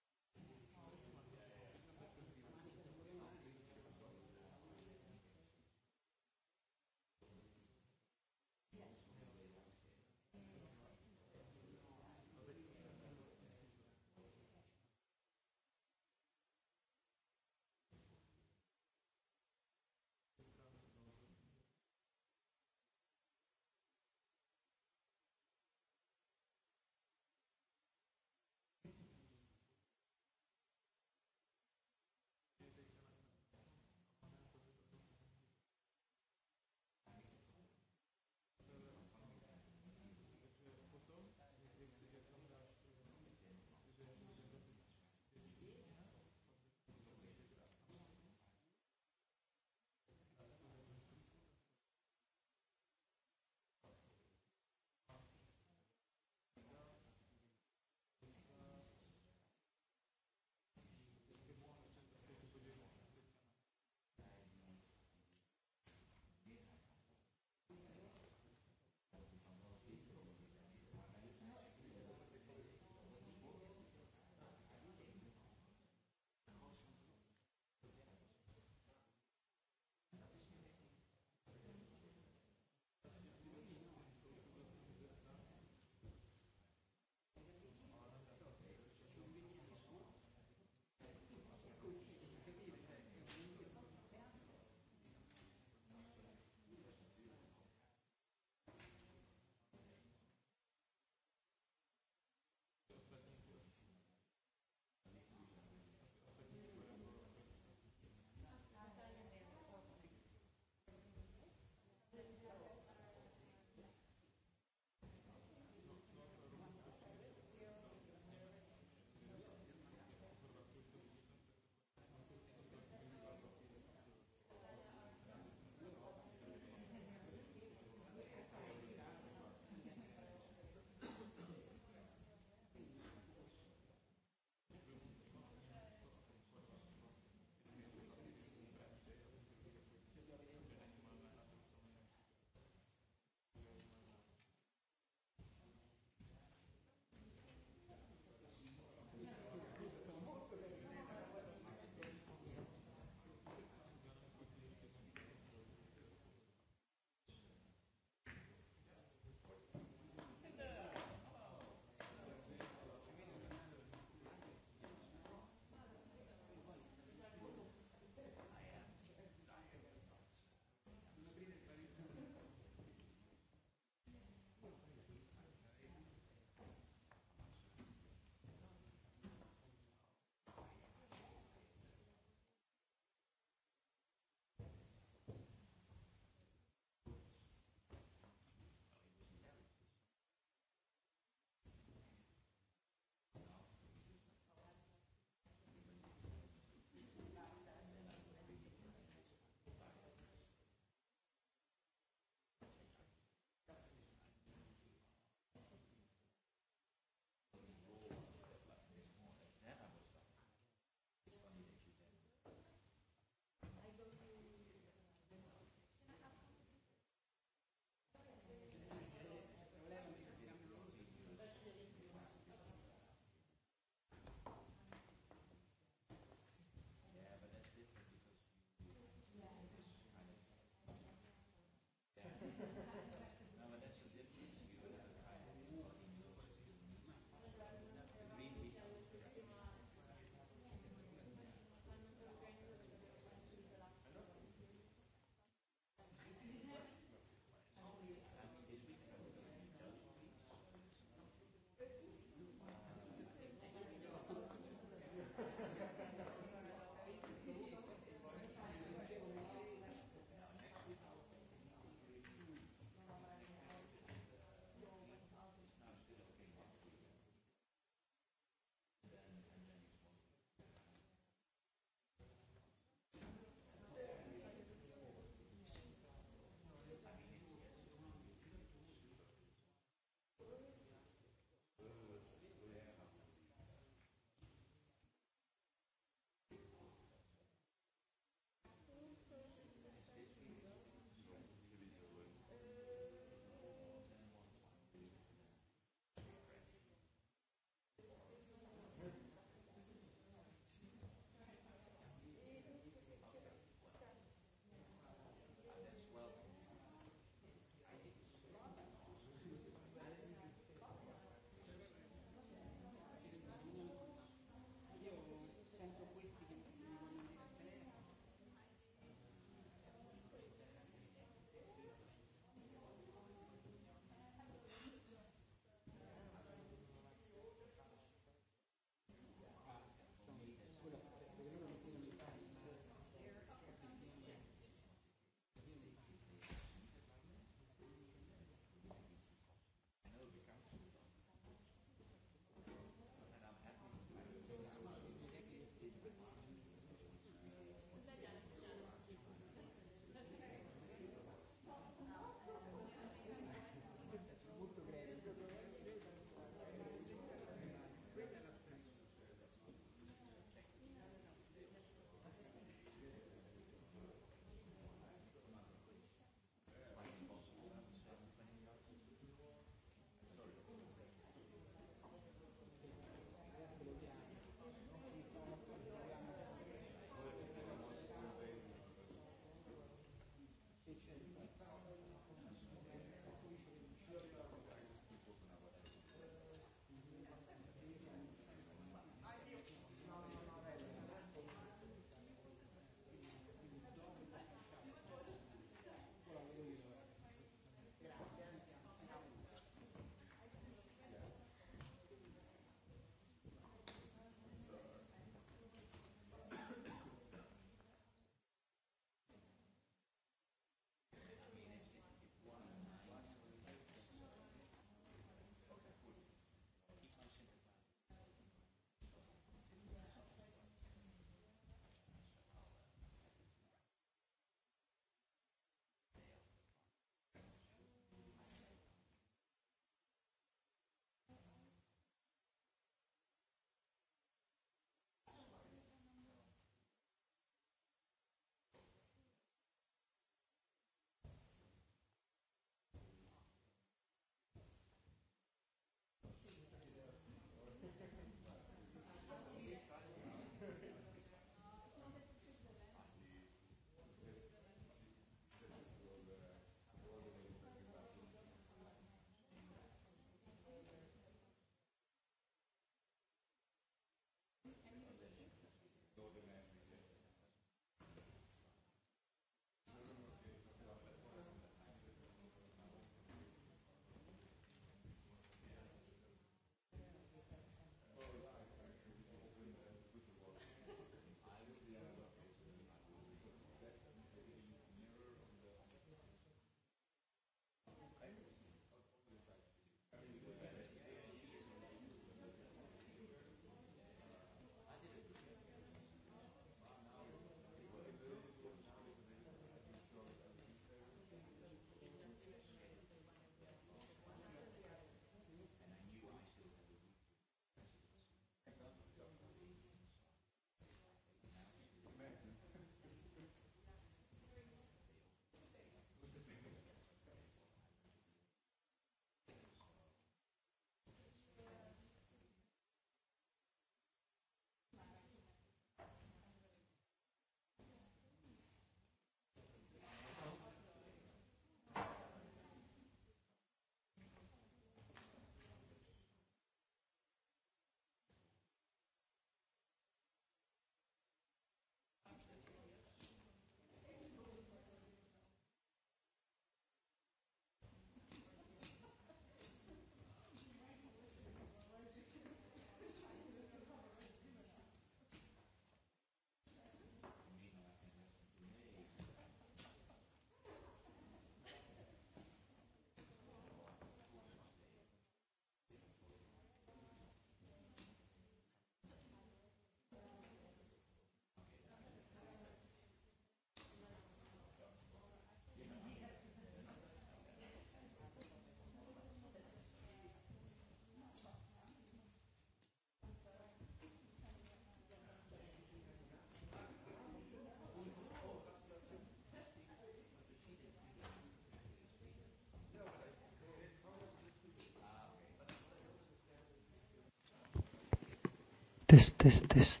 Test, test, test.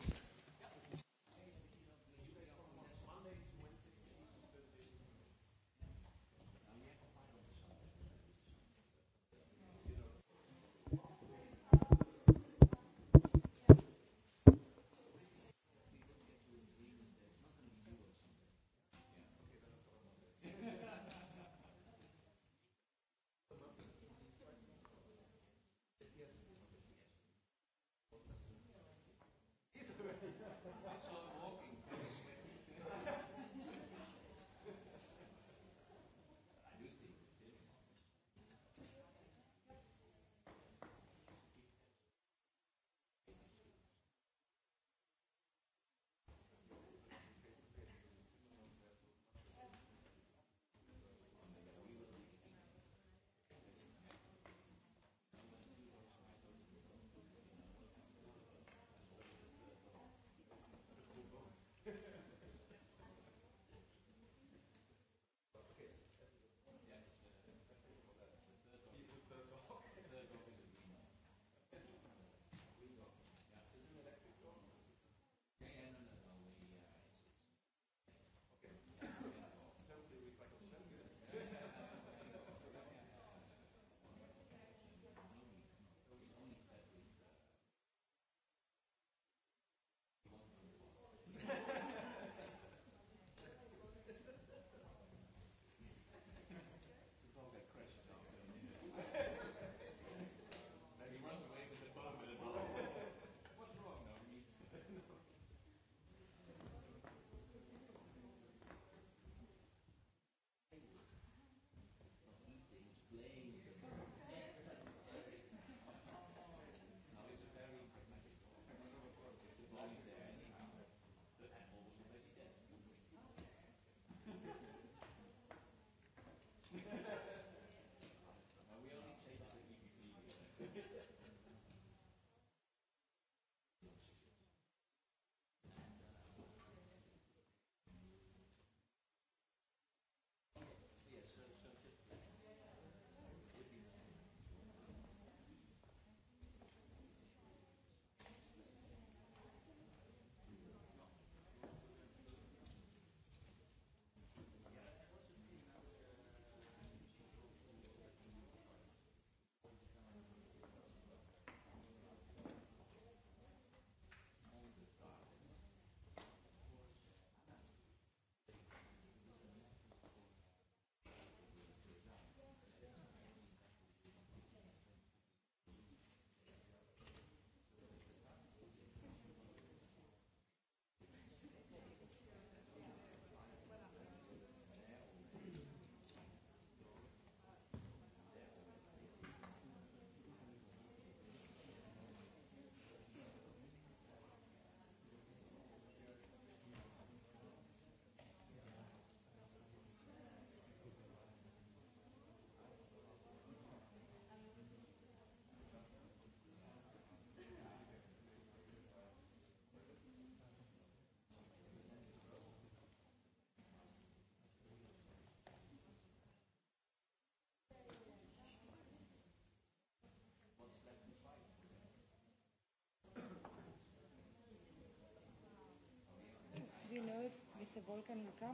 se Volkan někam?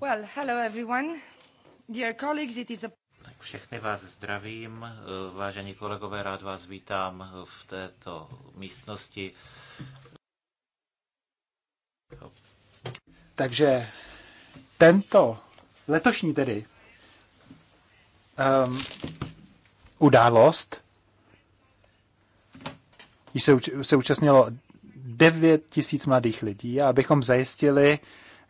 Well, hello everyone. Dear colleagues, it is a... Tak všechny vás zdravím, vážení kolegové, rád vás vítám v této místnosti. Takže tento letošní tedy um, událost když se, se účastnilo 9 tisíc mladých lidí a abychom zajistili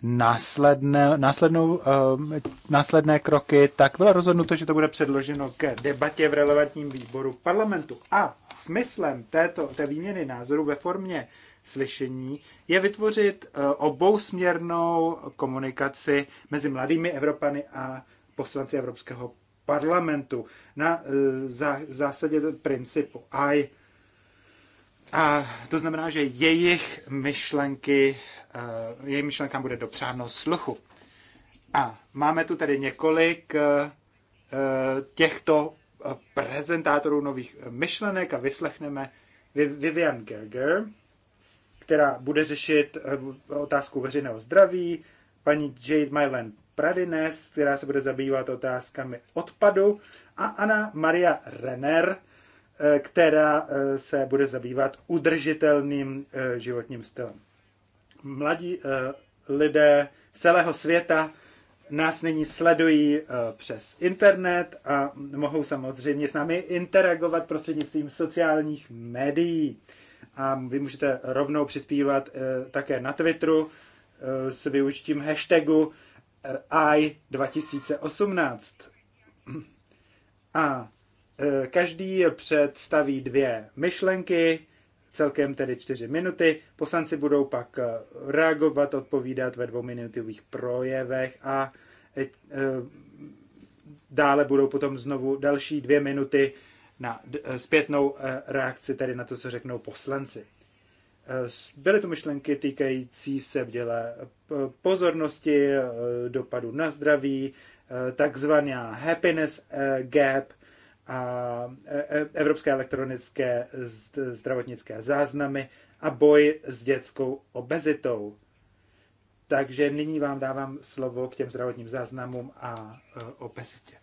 následné, následnou, ehm, následné kroky, tak bylo rozhodnuto, že to bude předloženo k debatě v relevantním výboru parlamentu. A smyslem této, té výměny názorů ve formě slyšení je vytvořit eh, obousměrnou komunikaci mezi mladými Evropany a poslanci Evropského parlamentu na eh, zásadě principu I a to znamená, že jejich myšlenky, eh, jejich myšlenkám bude dopřáno sluchu. A máme tu tedy několik eh, těchto eh, prezentátorů nových myšlenek a vyslechneme Vivian Gerger, která bude řešit otázku veřejného zdraví, paní Jade Mylan Pradines, která se bude zabývat otázkami odpadu a Anna Maria Renner, Eh, která eh, se bude zabývat udržitelným eh, životním stylem. Mladí lidé z celého světa nás nyní sledují přes internet a mohou samozřejmě s námi interagovat prostřednictvím sociálních médií. A vy můžete rovnou přispívat také na Twitteru s využitím hashtagu i2018. A Eh, každý představí dvě myšlenky, celkem tedy čtyři minuty. Poslanci budou pak eh, reagovat, odpovídat ve dvouminutových projevech a eh, dále budou potom znovu další dvě minuty na zpětnou reakci, tedy na to, co řeknou poslanci. Byly to myšlenky týkající se děle pozornosti, dopadu na zdraví, takzvaná happiness gap, a e, e, evropské elektronické zdravotnické záznamy a boj s dětskou obezitou. Takže nyní vám dávám slovo k těm zdravotním záznamům a e, obezitě.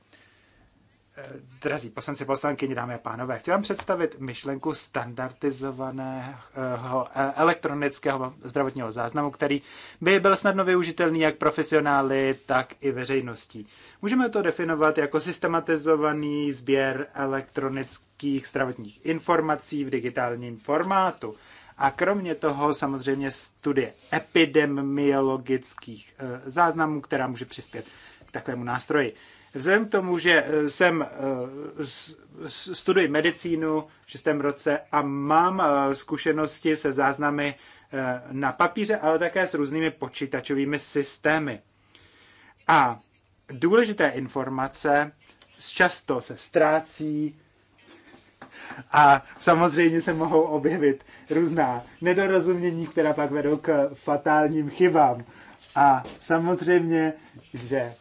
Drazí poslanci, poslankyně, dámy a pánové, chci vám představit myšlenku standardizovaného eh, elektronického zdravotního záznamu, který by byl snadno využitelný jak profesionály, tak i veřejností. Můžeme to definovat jako systematizovaný sběr elektronických zdravotních informací v digitálním formátu. A kromě toho samozřejmě studie epidemiologických eh, záznamů, která může přispět k takovému nástroji. Vzhledem k tomu, že eh, jsem eh, studuji medicínu v šestém roce a mám eh, zkušenosti se záznamy na papíře, ale také s různými počítačovými systémy. A důležité informace často se ztrácí a samozřejmě se mohou objevit různá nedorozumění, která pak vedou k fatálním chybám. A samozřejmě, že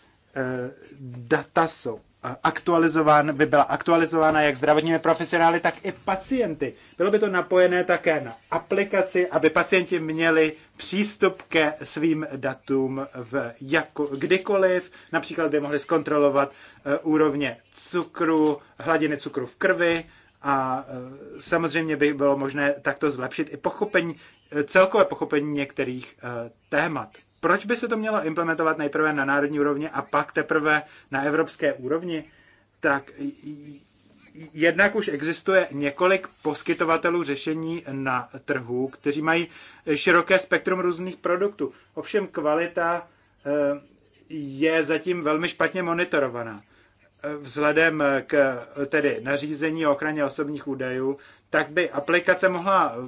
data jsou aktualizován, by byla aktualizována jak zdravotními profesionály, tak i pacienty. Bylo by to napojené také na aplikaci, aby pacienti měli přístup ke svým datům v jako, kdykoliv. Například by mohli zkontrolovat uh, úrovně cukru, hladiny cukru v krvi a uh, samozřejmě by bylo možné takto zlepšit i pochopení, eh, celkové pochopení některých uh, témat. Proč by se to mělo implementovat nejprve na národní úrovni a pak teprve na evropské úrovni? Tak jednak už existuje několik poskytovatelů řešení na trhu, kteří mají široké spektrum různých produktů. Ovšem kvalita eh, je zatím velmi špatně monitorovaná. Eh, vzhledem k tedy nařízení o ochraně osobních údajů, tak by aplikace mohla eh,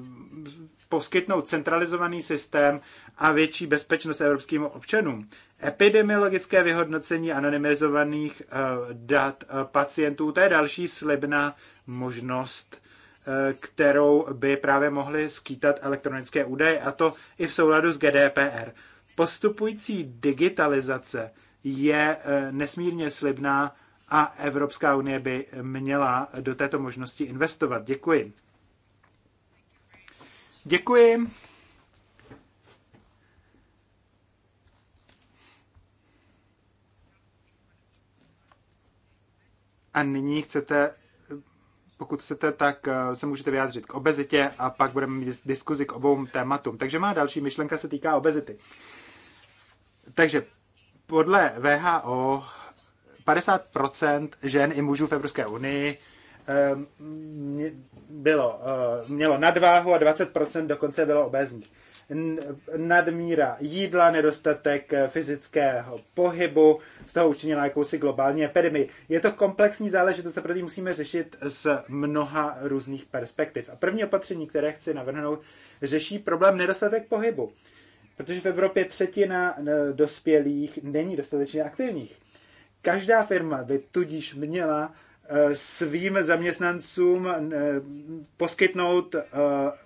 poskytnout centralizovaný systém a větší bezpečnost evropským občanům. Epidemiologické vyhodnocení anonymizovaných eh, dat eh, pacientů, to je další slibná možnost, eh, kterou by právě mohly skýtat elektronické údaje, a to i v souladu s GDPR. Postupující digitalizace je nesmírně slibná a Evropská unie by měla do této možnosti investovat. Děkuji. Děkuji. A nyní chcete, pokud chcete, tak eh, se můžete vyjádřit k obezitě a pak budeme mít diskuzi k obou tématům. Takže má další myšlenka se týká obezity. Takže podle VHO 50% žen i mužů v Evropské unii eh, bylo, eh, mělo nadváhu a 20% dokonce bylo obézních nadmíra jídla, nedostatek eh, fyzického pohybu, z toho učinila jakousi globální epidemii. Je to komplexní záležitost protože musíme řešit z mnoha různých perspektiv. A první opatření, které chci navrhnout, řeší problém nedostatek pohybu. Protože v Evropě třetina eh, dospělých není dostatečně aktivních. Každá firma by tudíž měla Eh, svým zaměstnancům eh, poskytnout eh,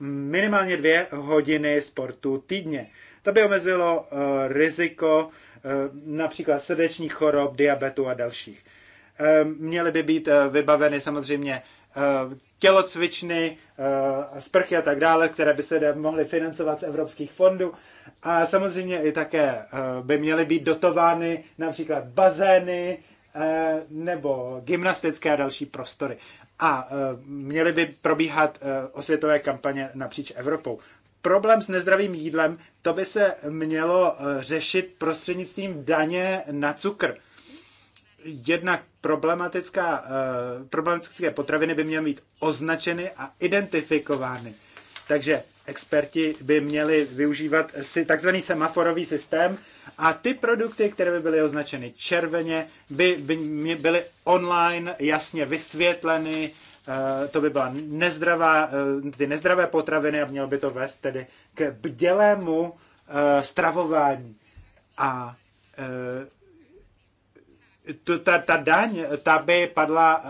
minimálně dvě hodiny sportu týdně. To by omezilo riziko například srdečních chorob, diabetu a dalších. Měly by být vybaveny samozřejmě tělocvičny, sprchy a tak dále, které by se mohly financovat z evropských fondů. A samozřejmě i také by měly být dotovány například bazény, Eh, nebo gymnastické a další prostory. A eh, měly by probíhat eh, osvětové kampaně napříč Evropou. Problém s nezdravým jídlem, to by se mělo řešit prostřednictvím daně na cukr. Jednak problematická, problematické potraviny by měly být označeny a identifikovány. Takže experti by měli využívat si takzvaný semaforový systém a ty produkty, které by byly označeny červeně, by, by byly online jasně vysvětleny, eh, to by byla nezdravá, eh, ty nezdravé potraviny a mělo by to vést tedy k bdělému eh, stravování. A to, ta, ta daň, ta by padla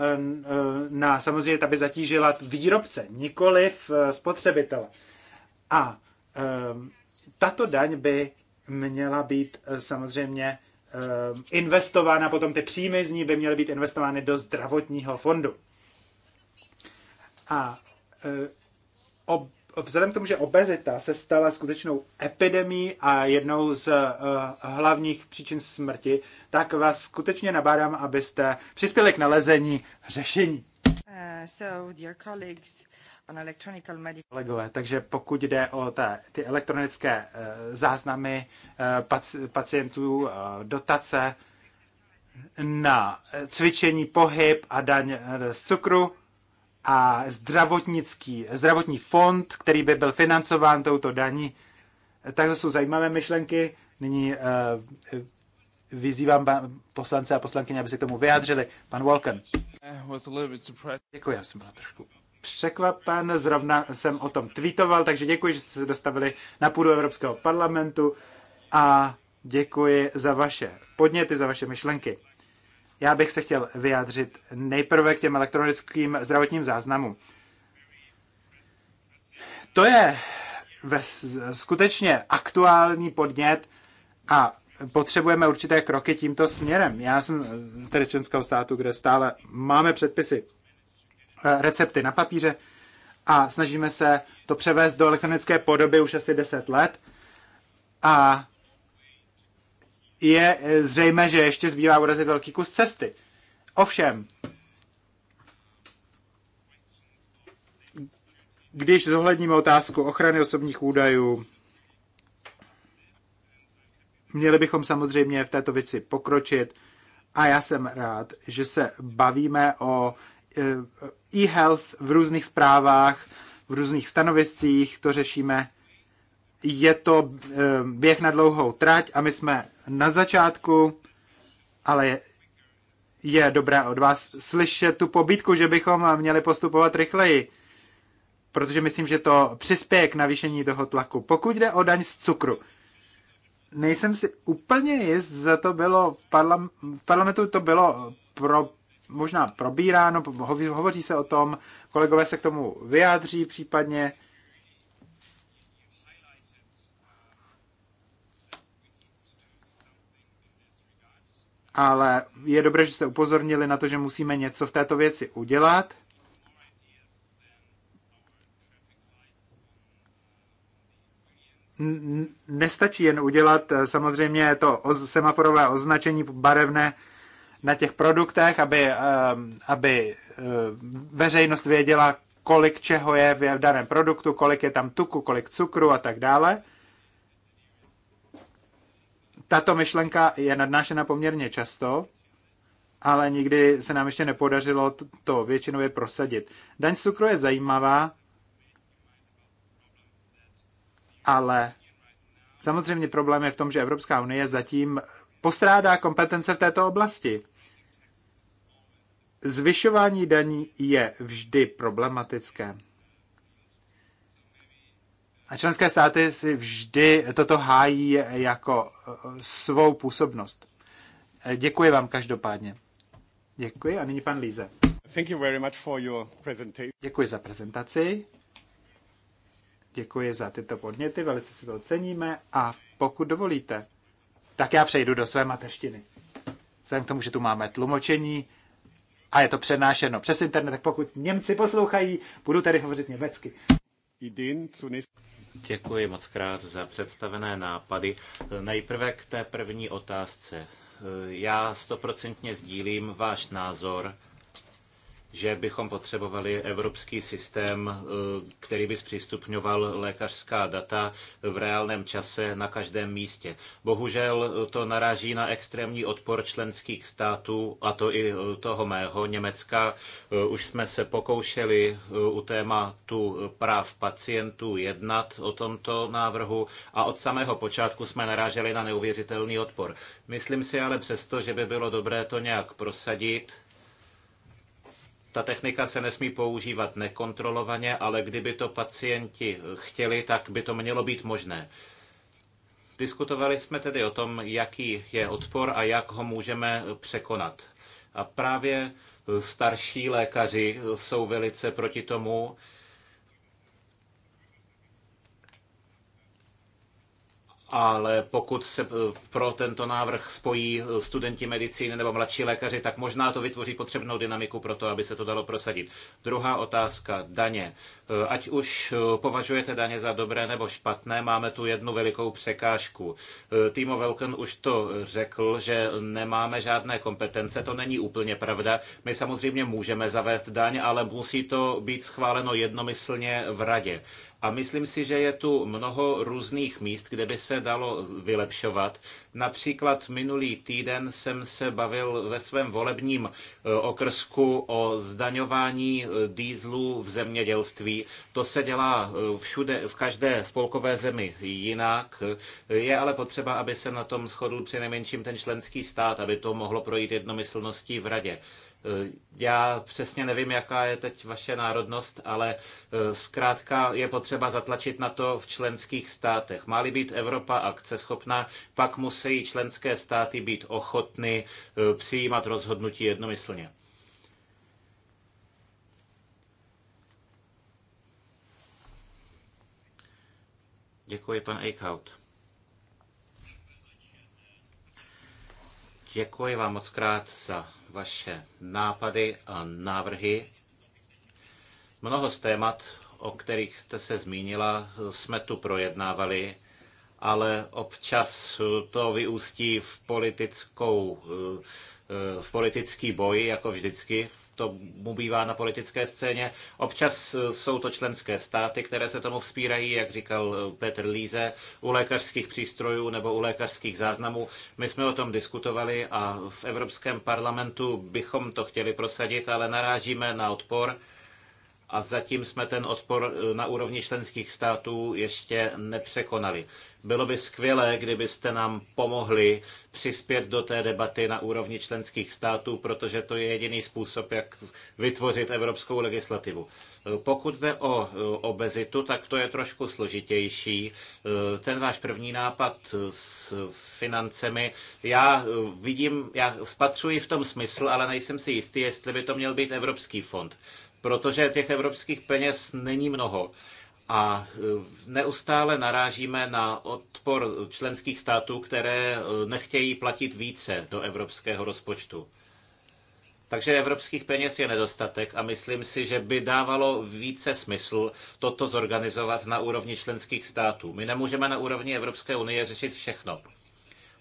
na, samozřejmě ta by zatížila výrobce, nikoliv spotřebitele. A ehm, tato daň by měla být eh, samozřejmě ehm, investována, potom ty příjmy z ní by měly být investovány do zdravotního fondu. A eh, ob, vzhledem k tomu, že obezita se stala skutečnou epidemí a jednou z eh, hlavních příčin smrti, tak vás skutečně nabádám, abyste přispěli k nalezení řešení. Uh, so, dear colleagues, Kolegové, takže pokud jde o ta, ty elektronické eh, záznamy eh, pacientů, eh, dotace na cvičení, pohyb a daň z cukru a zdravotnický, zdravotní fond, který by byl financován touto daní, tak to jsou zajímavé myšlenky. Nyní vyzývám poslance a poslankyně, aby se k tomu vyjádřili. Pan Walken. Děkuji, já jsem byla trošku překvapen, zrovna jsem o tom tweetoval, takže děkuji, že jste se dostavili na půdu Evropského parlamentu a děkuji za vaše podněty, za vaše myšlenky. Já bych se chtěl vyjádřit nejprve k těm elektronickým zdravotním záznamům. To je ve, skutečně aktuální podnět a potřebujeme určité kroky tímto směrem. Já jsem tedy z členského státu, kde stále máme předpisy Eh, recepty na papíře a snažíme se to převést do elektronické podoby už asi 10 let. A je eh, zřejmé, že ještě zbývá urazit velký kus cesty. Ovšem, když zohledníme otázku ochrany osobních údajů, měli bychom samozřejmě v této věci pokročit. A já jsem rád, že se bavíme o Eh, e-health v různých zprávách, v různých stanoviscích, to řešíme. Je to eh, běh na dlouhou trať a my jsme na začátku, ale je, je dobré od vás slyšet tu pobídku, že bychom měli postupovat rychleji, protože myslím, že to přispěje k navýšení toho tlaku. Pokud jde o daň z cukru, nejsem si úplně jist, za to bylo, v parlamentu to bylo pro možná probíráno, hovoří se o tom, kolegové se k tomu vyjádří případně. Ale je dobré, že jste upozornili na to, že musíme něco v této věci udělat. Nestačí jen udělat eh, samozřejmě to semaforové označení barevné na těch produktech, aby, ehm, aby eh, veřejnost věděla, kolik čeho je v daném produktu, kolik je tam tuku, kolik cukru a tak dále. Tato myšlenka je nadnášena poměrně často, ale nikdy se nám ještě nepodařilo to většinově prosadit. Daň cukru je zajímavá, ale samozřejmě problém je v tom, že Evropská unie zatím postrádá kompetence v této oblasti. Zvyšování daní je vždy problematické. A členské státy si vždy toto hájí jako eh, svou působnost. Eh, děkuji vám každopádně. Děkuji a nyní pan Líze. Thank you very much for your presentation. Děkuji za prezentaci. Děkuji za tyto podněty, velice si to oceníme a pokud dovolíte, tak já přejdu do své mateřštiny. Vzhledem k tomu, že tu máme tlumočení, a je to přednášeno přes internet, tak pokud Němci poslouchají, budu tady hovořit německy. Děkuji moc krát za představené nápady. Nejprve k té první otázce. Já stoprocentně sdílím váš názor, že bychom potřebovali evropský systém, eh, který by zpřístupňoval lékařská data v reálném čase na každém místě. Bohužel eh, to naráží na extrémní odpor členských států, a to i eh, toho mého, Německa. Už jsme se pokoušeli u tématu práv pacientů jednat o tomto návrhu a od samého počátku jsme naráželi na neuvěřitelný odpor. Myslím si ale přesto, že by bylo dobré to nějak prosadit, ta technika se nesmí používat nekontrolovaně, ale kdyby to pacienti chtěli, tak by to mělo být možné. Diskutovali jsme tedy o tom, jaký je odpor a jak ho můžeme překonat. A právě starší lékaři jsou velice proti tomu, ale pokud se eh, pro tento návrh spojí eh, studenti medicíny nebo mladší lékaři, tak možná to vytvoří potřebnou dynamiku pro to, aby se to dalo prosadit. Druhá otázka, daně. Eh, ať už eh, považujete daně za dobré nebo špatné, máme tu jednu velikou překážku. Eh, Timo Velken už to řekl, že nemáme žádné kompetence, to není úplně pravda. My samozřejmě můžeme zavést daň, ale musí to být schváleno jednomyslně v radě. A myslím si, že je tu mnoho různých míst, kde by se dalo vylepšovat. Například minulý týden jsem se bavil ve svém volebním e, okrsku o zdaňování e, dýzlů v zemědělství. To se dělá e, všude, v každé spolkové zemi jinak. Je ale potřeba, aby se na tom shodl nejmenším ten členský stát, aby to mohlo projít jednomyslností v radě. Eh, já přesně nevím, jaká je teď vaše národnost, ale eh, zkrátka je potřeba zatlačit na to v členských státech. Má-li být Evropa akceschopná, pak musí členské státy být ochotny eh, přijímat rozhodnutí jednomyslně. Děkuji, pan Eichhout. Děkuji vám moc krát za vaše nápady a návrhy. Mnoho z témat, o kterých jste se zmínila, jsme tu projednávali, ale občas to vyústí v politickou eh, v politický boj, jako vždycky to mu bývá na politické scéně. Občas e, jsou to členské státy, které se tomu vzpírají, jak říkal e, Petr Líze, u lékařských přístrojů nebo u lékařských záznamů. My jsme o tom diskutovali a v Evropském parlamentu bychom to chtěli prosadit, ale narážíme na odpor a zatím jsme ten odpor eh, na úrovni členských států ještě nepřekonali. Bylo by skvělé, kdybyste nám pomohli přispět do té debaty na úrovni členských států, protože to je jediný způsob, jak vytvořit evropskou legislativu. Eh, pokud jde o eh, obezitu, tak to je trošku složitější. Ten váš první nápad s financemi, já vidím, já spatřuji v tom smysl, ale nejsem si jistý, jestli by to měl být Evropský fond protože těch evropských peněz není mnoho. A e, neustále narážíme na odpor členských států, které e, nechtějí platit více do evropského rozpočtu. Takže evropských peněz je nedostatek a myslím si, že by dávalo více smysl toto zorganizovat na úrovni členských států. My nemůžeme na úrovni Evropské unie řešit všechno.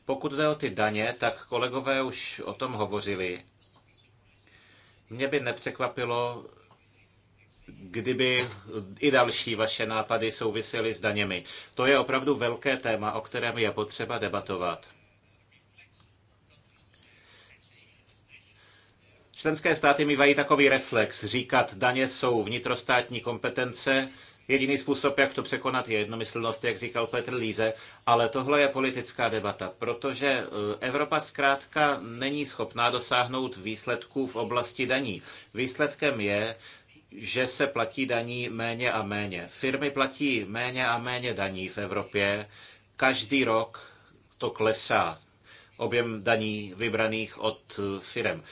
Pokud jde o ty daně, tak kolegové už o tom hovořili. Mě by nepřekvapilo, kdyby i další vaše nápady souvisely s daněmi. To je opravdu velké téma, o kterém je potřeba debatovat. Členské státy mývají takový reflex říkat, daně jsou vnitrostátní kompetence, Jediný způsob, jak to překonat, je jednomyslnost, jak říkal Petr Líze, ale tohle je politická debata, protože eh, Evropa zkrátka není schopná dosáhnout výsledků v oblasti daní. Výsledkem je, že se platí daní méně a méně. Firmy platí méně a méně daní v Evropě. Každý rok to klesá, objem daní vybraných od firm.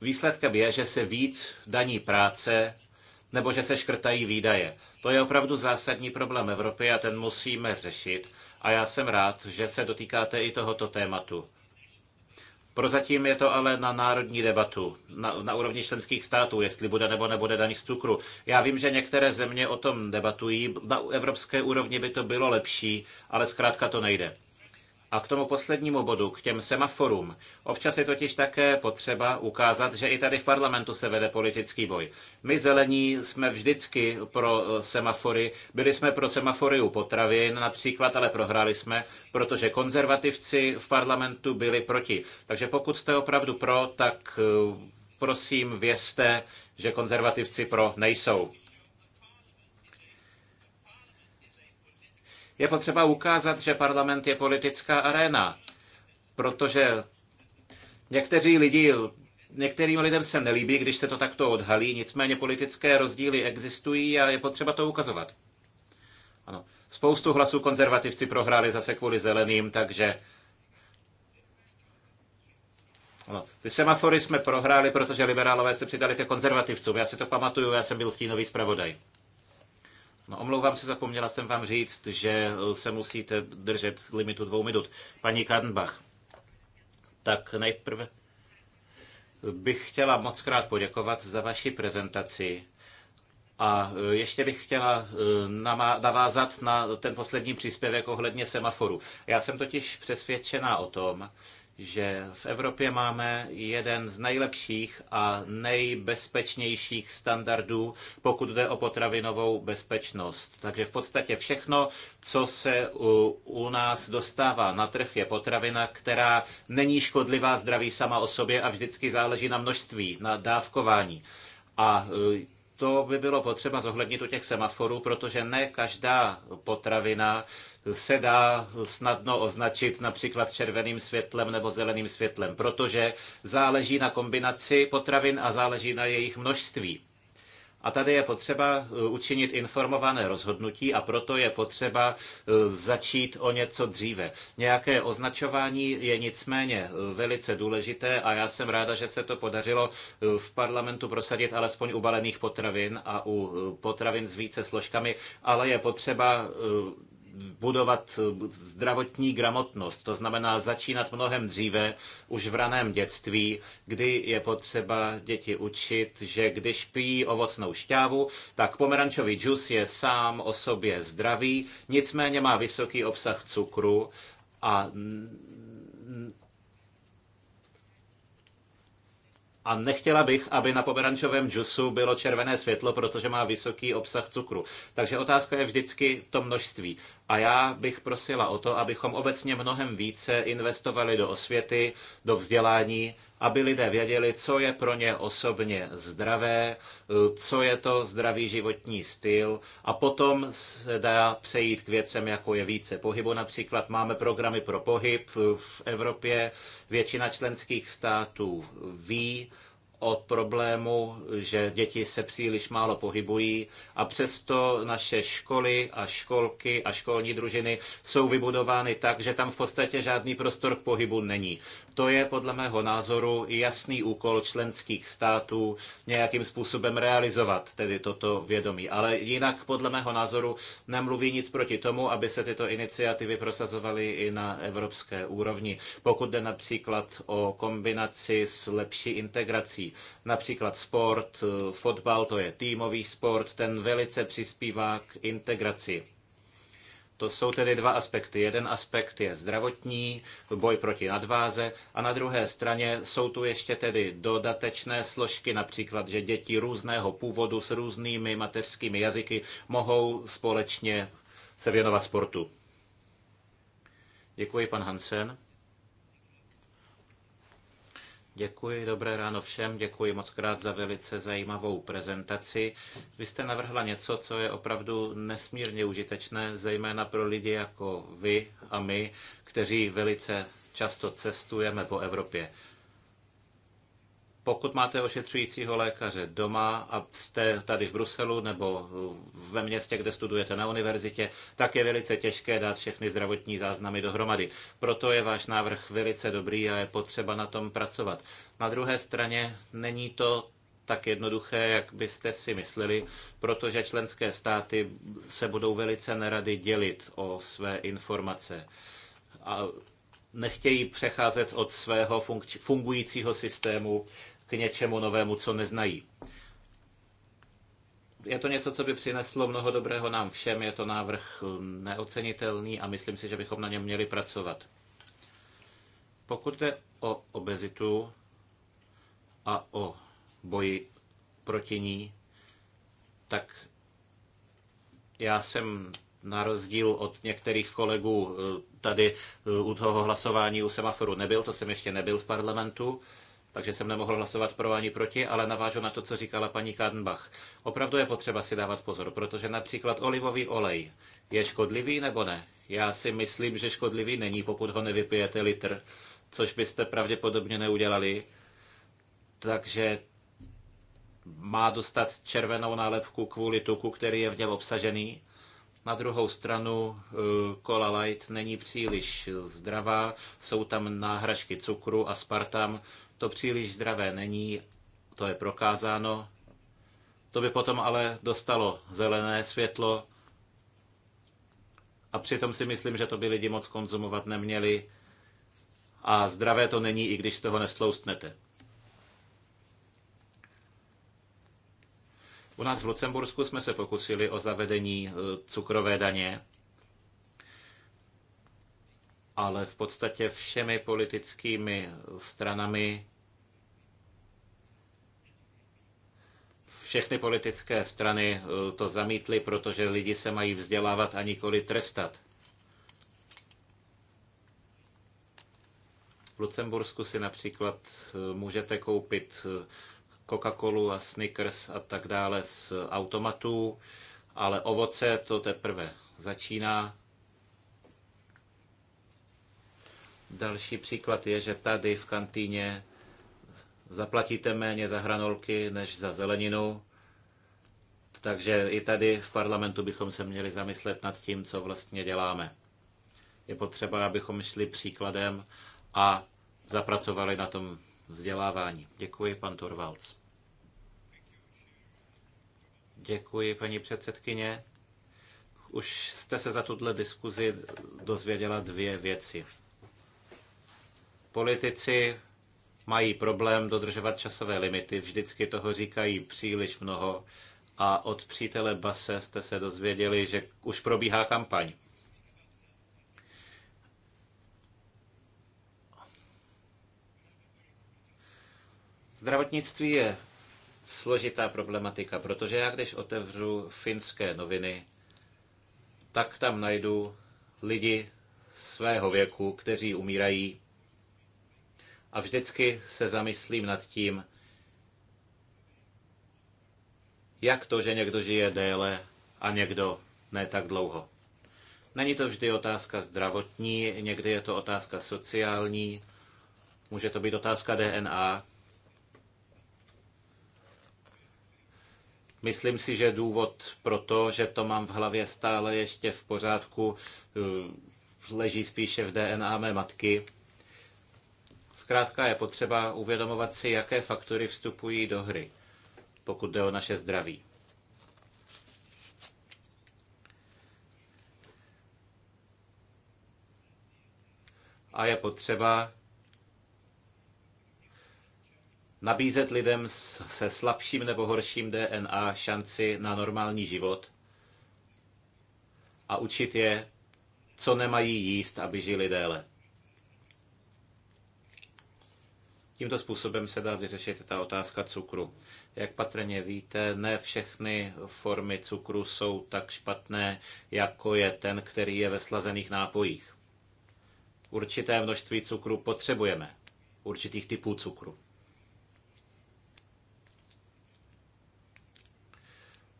Výsledkem je, že se víc daní práce nebo že se škrtají výdaje. To je opravdu zásadní problém Evropy a ten musíme řešit. A já jsem rád, že se dotýkáte i tohoto tématu. Prozatím je to ale na národní debatu, na, na úrovni členských států, jestli bude nebo nebude daň z cukru. Já vím, že některé země o tom debatují, na evropské úrovni by to bylo lepší, ale zkrátka to nejde. A k tomu poslednímu bodu, k těm semaforům. Občas je totiž také potřeba ukázat, že i tady v parlamentu se vede politický boj. My zelení jsme vždycky pro eh, semafory. Byli jsme pro semafory u potravin například, ale prohráli jsme, protože konzervativci v parlamentu byli proti. Takže pokud jste opravdu pro, tak eh, prosím vězte, že konzervativci pro nejsou. Je potřeba ukázat, že parlament je politická arena, protože někteří lidi, některým lidem se nelíbí, když se to takto odhalí, nicméně politické rozdíly existují a je potřeba to ukazovat. Ano. Spoustu hlasů konzervativci prohráli zase kvůli zeleným, takže ano. ty semafory jsme prohráli, protože liberálové se přidali ke konzervativcům. Já si to pamatuju, já jsem byl stínový zpravodaj. No, omlouvám se, zapomněla jsem vám říct, že eh, se musíte držet limitu dvou minut. Paní Kadenbach, tak nejprve bych chtěla moc krát poděkovat za vaši prezentaci. A eh, ještě bych chtěla eh, navázat na ten poslední příspěvek ohledně semaforu. Já jsem totiž přesvědčená o tom, že v Evropě máme jeden z nejlepších a nejbezpečnějších standardů, pokud jde o potravinovou bezpečnost. Takže v podstatě všechno, co se u, u nás dostává na trh, je potravina, která není škodlivá zdraví sama o sobě a vždycky záleží na množství, na dávkování. A e, to by bylo potřeba zohlednit u těch semaforů, protože ne každá potravina se dá snadno označit například červeným světlem nebo zeleným světlem, protože záleží na kombinaci potravin a záleží na jejich množství. A tady je potřeba eh, učinit informované rozhodnutí a proto je potřeba eh, začít o něco dříve. Nějaké označování je nicméně eh, velice důležité a já jsem ráda, že se to podařilo v parlamentu prosadit alespoň u balených potravin a u potravin s více složkami, ale je potřeba budovat zdravotní gramotnost, to znamená začínat mnohem dříve, už v raném dětství, kdy je potřeba děti učit, že když pijí ovocnou šťávu, tak pomerančový džus je sám o sobě zdravý, nicméně má vysoký obsah cukru a A nechtěla bych, aby na pomerančovém džusu bylo červené světlo, protože má vysoký obsah cukru. Takže otázka je vždycky to množství. A já bych prosila o to, abychom obecně mnohem více investovali do osvěty, do vzdělání aby lidé věděli, co je pro ně osobně zdravé, co je to zdravý životní styl a potom se dá přejít k věcem, jako je více pohybu. Například máme programy pro pohyb v Evropě. Většina členských států ví, o problému, že děti se příliš málo pohybují a přesto naše školy a školky a školní družiny jsou vybudovány tak, že tam v podstatě žádný prostor k pohybu není. To je podle mého názoru jasný úkol členských států nějakým způsobem realizovat tedy toto vědomí. Ale jinak podle mého názoru nemluví nic proti tomu, aby se tyto iniciativy prosazovaly i na evropské úrovni. Pokud jde například o kombinaci s lepší integrací, například sport, eh, fotbal, to je týmový sport, ten velice přispívá k integraci to jsou tedy dva aspekty. Jeden aspekt je zdravotní, boj proti nadváze a na druhé straně jsou tu ještě tedy dodatečné složky, například, že děti různého původu s různými mateřskými jazyky mohou společně se věnovat sportu. Děkuji, pan Hansen. Děkuji, dobré ráno všem, děkuji moc krát za velice zajímavou prezentaci. Vy jste navrhla něco, co je opravdu nesmírně užitečné, zejména pro lidi jako vy a my, kteří velice často cestujeme po Evropě. Pokud máte ošetřujícího lékaře doma a jste tady v Bruselu nebo ve městě, kde studujete na univerzitě, tak je velice těžké dát všechny zdravotní záznamy dohromady. Proto je váš návrh velice dobrý a je potřeba na tom pracovat. Na druhé straně není to tak jednoduché, jak byste si mysleli, protože členské státy se budou velice nerady dělit o své informace. A nechtějí přecházet od svého fungujícího systému k něčemu novému, co neznají. Je to něco, co by přineslo mnoho dobrého nám všem, je to návrh um, neocenitelný a myslím si, že bychom na něm měli pracovat. Pokud jde o obezitu a o boji proti ní, tak já jsem na rozdíl od některých kolegů uh, tady uh, u toho hlasování u semaforu nebyl, to jsem ještě nebyl v parlamentu, takže jsem nemohl hlasovat pro ani proti, ale navážu na to, co říkala paní Kadenbach. Opravdu je potřeba si dávat pozor, protože například olivový olej je škodlivý nebo ne? Já si myslím, že škodlivý není, pokud ho nevypijete litr, což byste pravděpodobně neudělali. Takže má dostat červenou nálepku kvůli tuku, který je v něm obsažený. Na druhou stranu eh, Cola Light není příliš zdravá, jsou tam náhražky cukru a spartam, to příliš zdravé není, to je prokázáno. To by potom ale dostalo zelené světlo a přitom si myslím, že to by lidi moc konzumovat neměli a zdravé to není, i když z toho nestloustnete. U nás v Lucembursku jsme se pokusili o zavedení e, cukrové daně, ale v podstatě všemi politickými stranami Všechny politické strany eh, to zamítly, protože lidi se mají vzdělávat a nikoli trestat. V Lucembursku si například eh, můžete koupit eh, Coca-Colu a Snickers a tak dále z automatů, ale ovoce to teprve začíná. Další příklad je, že tady v kantýně Zaplatíte méně za hranolky než za zeleninu. Takže i tady v parlamentu bychom se měli zamyslet nad tím, co vlastně děláme. Je potřeba, abychom šli příkladem a zapracovali na tom vzdělávání. Děkuji, pan Torvalds. Děkuji, paní předsedkyně. Už jste se za tuto diskuzi dozvěděla dvě věci. Politici mají problém dodržovat časové limity, vždycky toho říkají příliš mnoho a od přítele Base jste se dozvěděli, že už probíhá kampaň. Zdravotnictví je složitá problematika, protože já když otevřu finské noviny, tak tam najdu lidi svého věku, kteří umírají a vždycky se zamyslím nad tím, jak to, že někdo žije déle a někdo ne tak dlouho. Není to vždy otázka zdravotní, někdy je to otázka sociální, může to být otázka DNA. Myslím si, že důvod pro to, že to mám v hlavě stále ještě v pořádku, leží spíše v DNA mé matky. Zkrátka je potřeba uvědomovat si, jaké faktory vstupují do hry, pokud jde o naše zdraví. A je potřeba nabízet lidem se slabším nebo horším DNA šanci na normální život a učit je, co nemají jíst, aby žili déle. Tímto způsobem se dá vyřešit ta otázka cukru. Jak patrně víte, ne všechny formy cukru jsou tak špatné, jako je ten, který je ve slazených nápojích. Určité množství cukru potřebujeme, určitých typů cukru.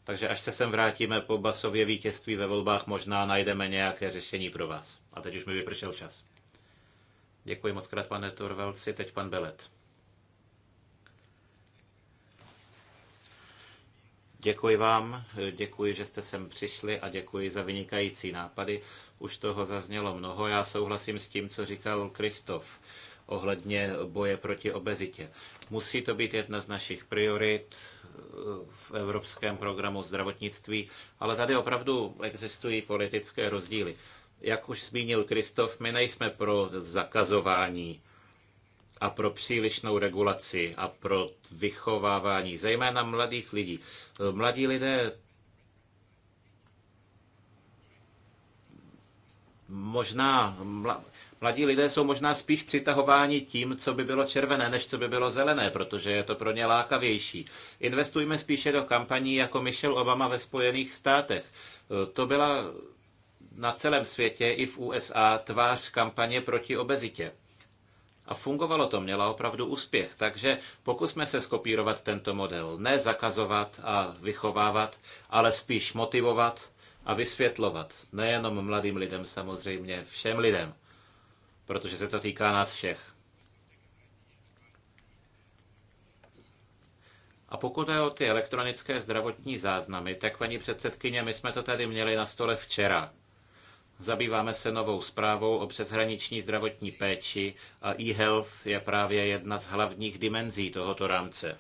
Takže až se sem vrátíme po basově vítězství ve volbách, možná najdeme nějaké řešení pro vás. A teď už mi vypršel čas. Děkuji moc krát, pane Torvalci. Teď pan Belet. Děkuji vám, děkuji, že jste sem přišli a děkuji za vynikající nápady. Už toho zaznělo mnoho, já souhlasím s tím, co říkal Kristof ohledně boje proti obezitě. Musí to být jedna z našich priorit eh, v evropském programu zdravotnictví, ale tady opravdu existují politické rozdíly. Jak už zmínil Kristof, my nejsme pro zakazování a pro přílišnou regulaci a pro vychovávání, zejména mladých lidí. Mladí lidé možná, mladí lidé jsou možná spíš přitahováni tím, co by bylo červené, než co by bylo zelené, protože je to pro ně lákavější. Investujme spíše do kampaní jako Michelle Obama ve Spojených státech. To byla na celém světě i v USA tvář kampaně proti obezitě. A fungovalo to, měla opravdu úspěch. Takže pokusme se skopírovat tento model. Ne zakazovat a vychovávat, ale spíš motivovat a vysvětlovat. Nejenom mladým lidem samozřejmě, všem lidem. Protože se to týká nás všech. A pokud je o ty elektronické zdravotní záznamy, tak paní předsedkyně, my jsme to tady měli na stole včera. Zabýváme se novou zprávou o přeshraniční zdravotní péči a e-health je právě jedna z hlavních dimenzí tohoto rámce.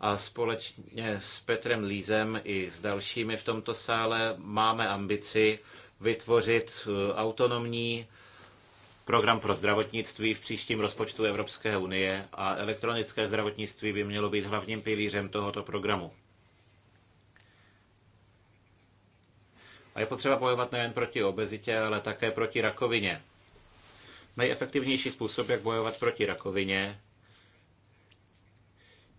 a společně s Petrem Lízem i s dalšími v tomto sále máme ambici vytvořit eh, autonomní program pro zdravotnictví v příštím rozpočtu Evropské unie a elektronické zdravotnictví by mělo být hlavním pilířem tohoto programu. A je potřeba bojovat nejen proti obezitě, ale také proti rakovině. Nejefektivnější způsob, jak bojovat proti rakovině,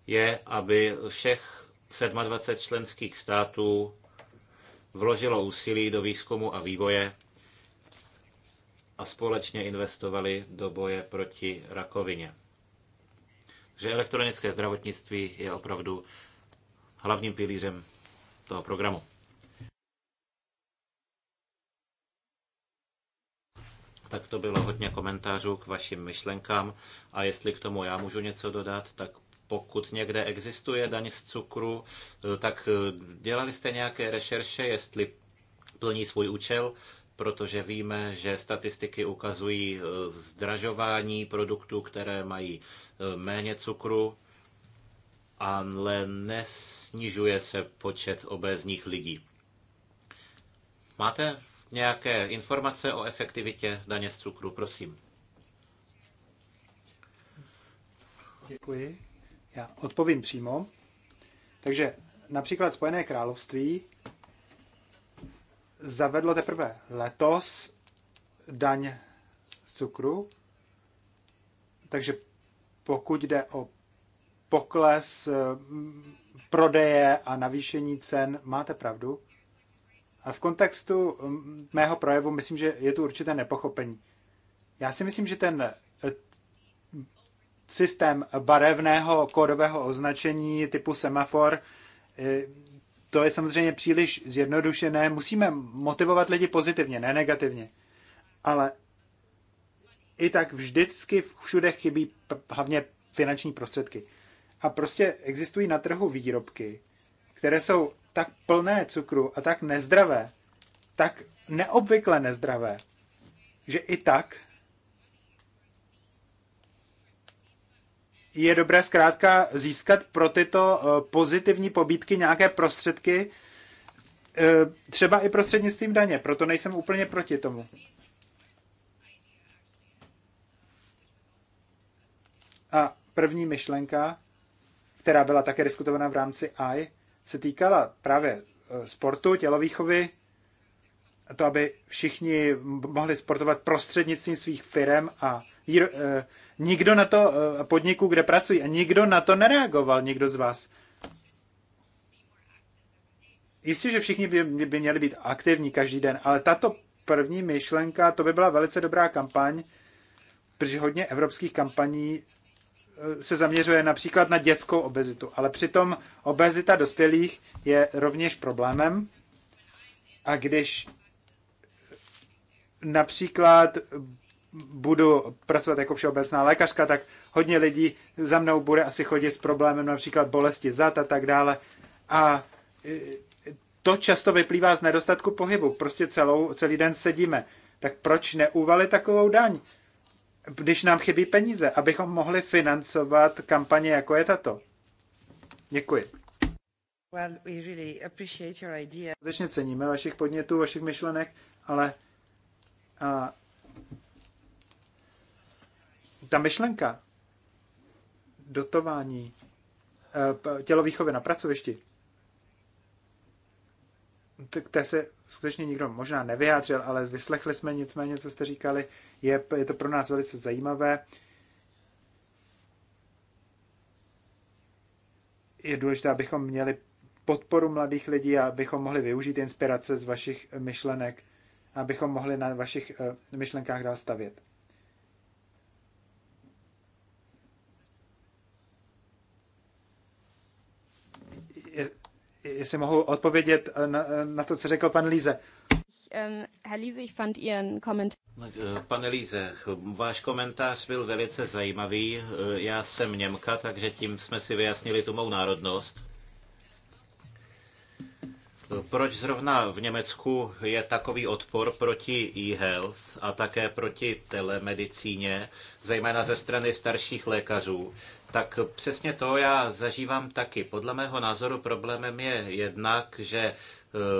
je, aby všech 27 členských států vložilo úsilí do výzkumu a vývoje a společně investovali do boje proti rakovině. Že elektronické zdravotnictví je opravdu hlavním pilířem toho programu. tak to bylo hodně komentářů k vašim myšlenkám a jestli k tomu já můžu něco dodat, tak pokud někde existuje daň z cukru, tak eh, dělali jste nějaké rešerše, jestli plní svůj účel, protože víme, že statistiky ukazují eh, zdražování produktů, které mají eh, méně cukru, ale nesnižuje se počet obézních lidí. Máte nějaké informace o efektivitě daně z cukru. Prosím. Děkuji. Já odpovím přímo. Takže například Spojené království zavedlo teprve letos daň z cukru, takže pokud jde o pokles prodeje a navýšení cen, máte pravdu. A v kontextu um, mého projevu myslím, že je tu určité nepochopení. Já si myslím, že ten eh, systém barevného kódového označení typu semafor, eh, to je samozřejmě příliš zjednodušené. Musíme motivovat lidi pozitivně, ne negativně. Ale i tak vždycky všude chybí hlavně finanční prostředky. A prostě existují na trhu výrobky, které jsou tak plné cukru a tak nezdravé, tak neobvykle nezdravé, že i tak je dobré zkrátka získat pro tyto eh, pozitivní pobídky nějaké prostředky, eh, třeba i prostřednictvím daně, proto nejsem úplně proti tomu. A první myšlenka, která byla také diskutovaná v rámci AI, se týkala právě e, sportu, tělovýchovy, to, aby všichni mohli sportovat prostřednictvím svých firm a výro... E, nikdo na to e, podniku, kde pracují, a nikdo na to nereagoval, nikdo z vás. Jistě, že všichni by, by měli být aktivní každý den, ale tato první myšlenka, to by byla velice dobrá kampaň, protože hodně evropských kampaní se zaměřuje například na dětskou obezitu, ale přitom obezita dospělých je rovněž problémem. A když například budu pracovat jako všeobecná lékařka, tak hodně lidí za mnou bude asi chodit s problémem například bolesti zad a tak dále. A e, to často vyplývá z nedostatku pohybu. Prostě celou, celý den sedíme. Tak proč neuvalit takovou daň? když nám chybí peníze, abychom mohli financovat kampaně jako je tato. Děkuji. Well, we really appreciate your idea. Skutečně ceníme vašich podnětů, vašich myšlenek, ale a, ta myšlenka dotování e, tělovýchovy na pracovišti k té se skutečně nikdo možná nevyjádřil, ale vyslechli jsme nicméně, co jste říkali. Je, je to pro nás velice zajímavé. Je důležité, abychom měli podporu mladých lidí a abychom mohli využít inspirace z vašich myšlenek, abychom mohli na vašich eh, myšlenkách dál stavět. jestli mohu odpovědět eh, na, eh, na to, co řekl pan Líze. Ehm, Herr Liese, ich fand Ihren Kommentar. Eh, pane Líze, váš komentář byl velice zajímavý. Já jsem Němka, takže tím jsme si vyjasnili tu mou národnost. Proč zrovna v Německu je takový odpor proti e-health a také proti telemedicíně, zejména ze strany starších lékařů? Tak přesně to já zažívám taky. Podle mého názoru problémem je jednak, že e,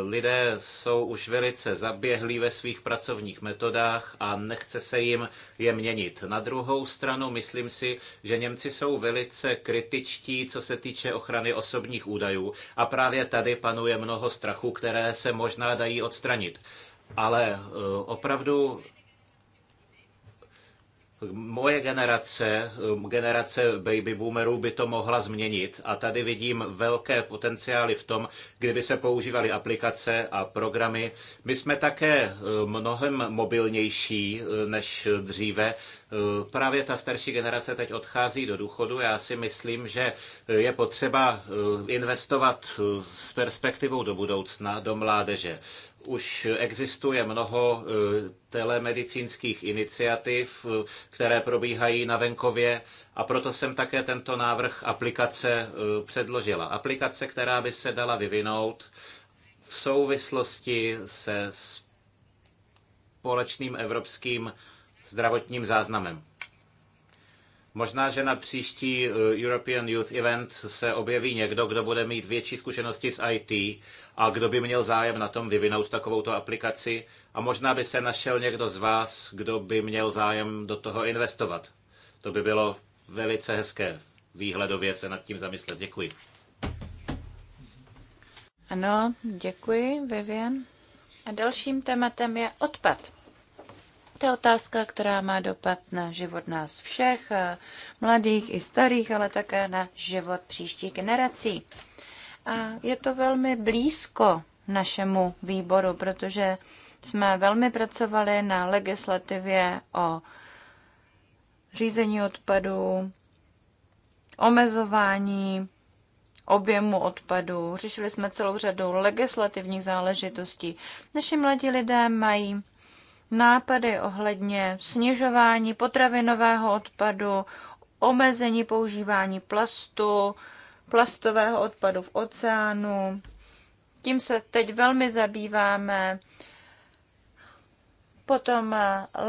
lidé jsou už velice zaběhlí ve svých pracovních metodách a nechce se jim je měnit. Na druhou stranu myslím si, že Němci jsou velice kritičtí, co se týče ochrany osobních údajů a právě tady panuje mnoho strachu, které se možná dají odstranit. Ale e, opravdu Moje generace, eh, generace baby boomerů by to mohla změnit a tady vidím velké potenciály v tom, kdyby se používaly aplikace a programy. My jsme také eh, mnohem mobilnější eh, než dříve. Právě ta starší generace teď odchází do důchodu. Já si myslím, že je potřeba investovat s perspektivou do budoucna, do mládeže už existuje mnoho eh, telemedicínských iniciativ, eh, které probíhají na venkově a proto jsem také tento návrh aplikace eh, předložila. Aplikace, která by se dala vyvinout v souvislosti se společným evropským zdravotním záznamem. Možná, že na příští eh, European Youth Event se objeví někdo, kdo bude mít větší zkušenosti s IT a kdo by měl zájem na tom vyvinout takovouto aplikaci a možná by se našel někdo z vás, kdo by měl zájem do toho investovat. To by bylo velice hezké výhledově se nad tím zamyslet. Děkuji. Ano, děkuji, Vivian. A dalším tématem je odpad. To je otázka, která má dopad na život nás všech, eh, mladých i starých, ale také na život příštích generací. A je to velmi blízko našemu výboru, protože jsme velmi pracovali na legislativě o řízení odpadů, omezování objemu odpadu. Řešili jsme celou řadu legislativních záležitostí. Naši mladí lidé mají nápady ohledně snižování potravinového odpadu, omezení používání plastu, plastového odpadu v oceánu. Tím se teď velmi zabýváme. Potom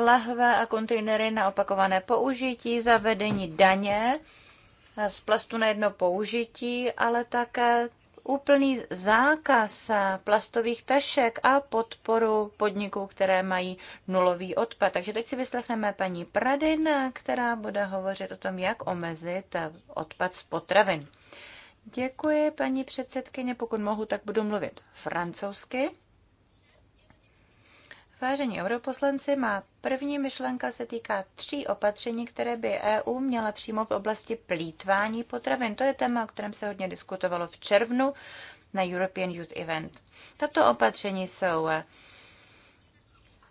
lahve a kontejnery na opakované použití, zavedení daně z plastu na jedno použití, ale také úplný zákaz plastových tašek a podporu podniků, které mají nulový odpad. Takže teď si vyslechneme paní Pradin, která bude hovořit o tom, jak omezit odpad z potravin. Děkuji, paní předsedkyně. Pokud mohu, tak budu mluvit francouzsky. Vážení europoslanci, má první myšlenka se týká tří opatření, které by EU měla přímo v oblasti plítvání potravin. To je téma, o kterém se hodně diskutovalo v červnu na European Youth Event. Tato opatření jsou eh,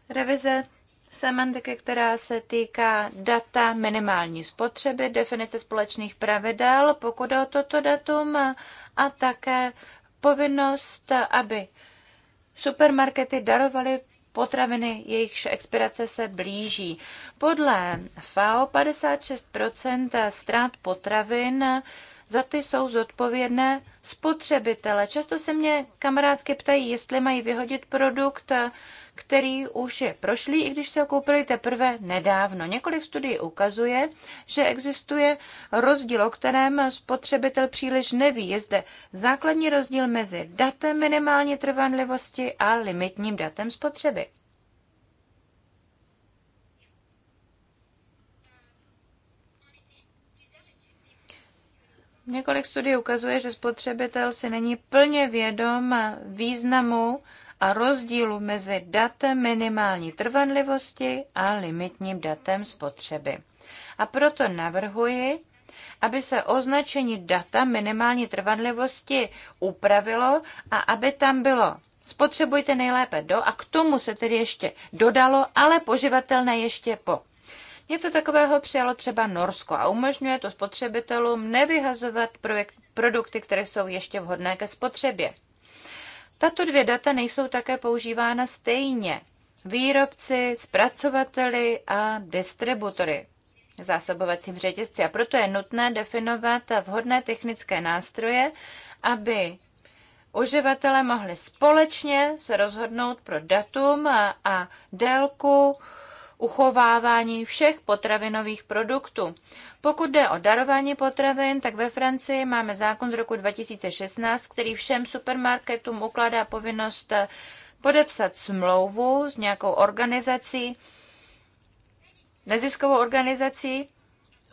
revize semantiky, která se týká data minimální spotřeby, definice společných pravidel, pokud o toto datum, a také povinnost, aby supermarkety darovaly potraviny, jejichž expirace se blíží. Podle FAO 56 ztrát potravin za ty jsou zodpovědné spotřebitele. Často se mě kamarádky ptají, jestli mají vyhodit produkt který už je prošlý, i když se ho koupili teprve nedávno. Několik studií ukazuje, že existuje rozdíl, o kterém spotřebitel příliš neví. Je zde základní rozdíl mezi datem minimální trvanlivosti a limitním datem spotřeby. Několik studií ukazuje, že spotřebitel si není plně vědom významu a rozdílu mezi datem minimální trvanlivosti a limitním datem spotřeby. A proto navrhuji, aby se označení data minimální trvanlivosti upravilo a aby tam bylo spotřebujte nejlépe do a k tomu se tedy ještě dodalo, ale poživatelné ještě po. Něco takového přijalo třeba Norsko a umožňuje to spotřebitelům nevyhazovat projekt, produkty, které jsou ještě vhodné ke spotřebě. Tato dvě data nejsou také používána stejně. Výrobci, zpracovateli a distributory zásobovacím řetězci. A proto je nutné definovat vhodné technické nástroje, aby uživatelé mohli společně se rozhodnout pro datum a, a délku uchovávání všech potravinových produktů. Pokud jde o darování potravin, tak ve Francii máme zákon z roku 2016, který všem supermarketům ukládá povinnost eh, podepsat smlouvu s nějakou organizací, neziskovou organizací,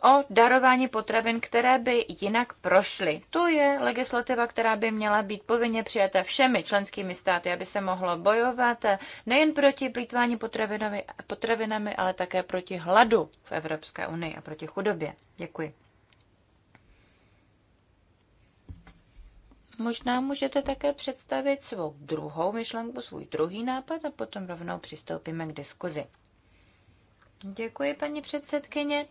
o darování potravin, které by jinak prošly. To je legislativa, která by měla být povinně přijata všemi členskými státy, aby se mohlo bojovat nejen proti plítvání potravinami, ale také proti hladu v Evropské unii a proti chudobě. Děkuji. Možná můžete také představit svou druhou myšlenku, svůj druhý nápad a potom rovnou přistoupíme k diskuzi. Děkuji, paní předsedkyně.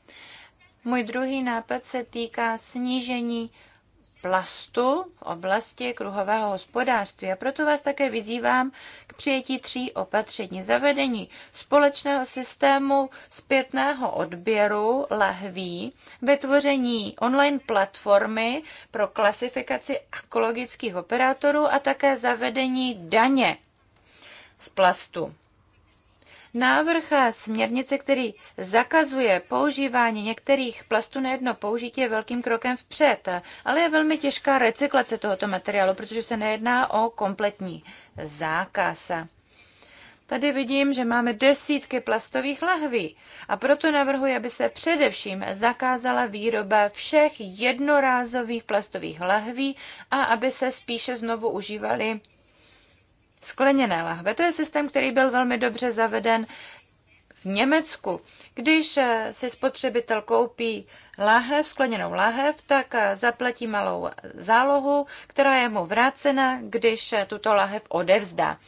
Můj druhý nápad se týká snížení plastu v oblasti kruhového hospodářství. A proto vás také vyzývám k přijetí tří opatření. Zavedení společného systému zpětného odběru lahví, vytvoření online platformy pro klasifikaci ekologických operátorů a také zavedení daně z plastu. Návrh směrnice, který zakazuje používání některých plastů na jedno použití, je velkým krokem vpřed, ale je velmi těžká recyklace tohoto materiálu, protože se nejedná o kompletní zákaz. Tady vidím, že máme desítky plastových lahví a proto navrhuji, aby se především zakázala výroba všech jednorázových plastových lahví a aby se spíše znovu užívaly skleněné lahve. To je systém, který byl velmi dobře zaveden v Německu. Když eh, si spotřebitel koupí lahev, skleněnou lahev, tak eh, zaplatí malou zálohu, která je mu vrácena, když eh, tuto lahev odevzdá.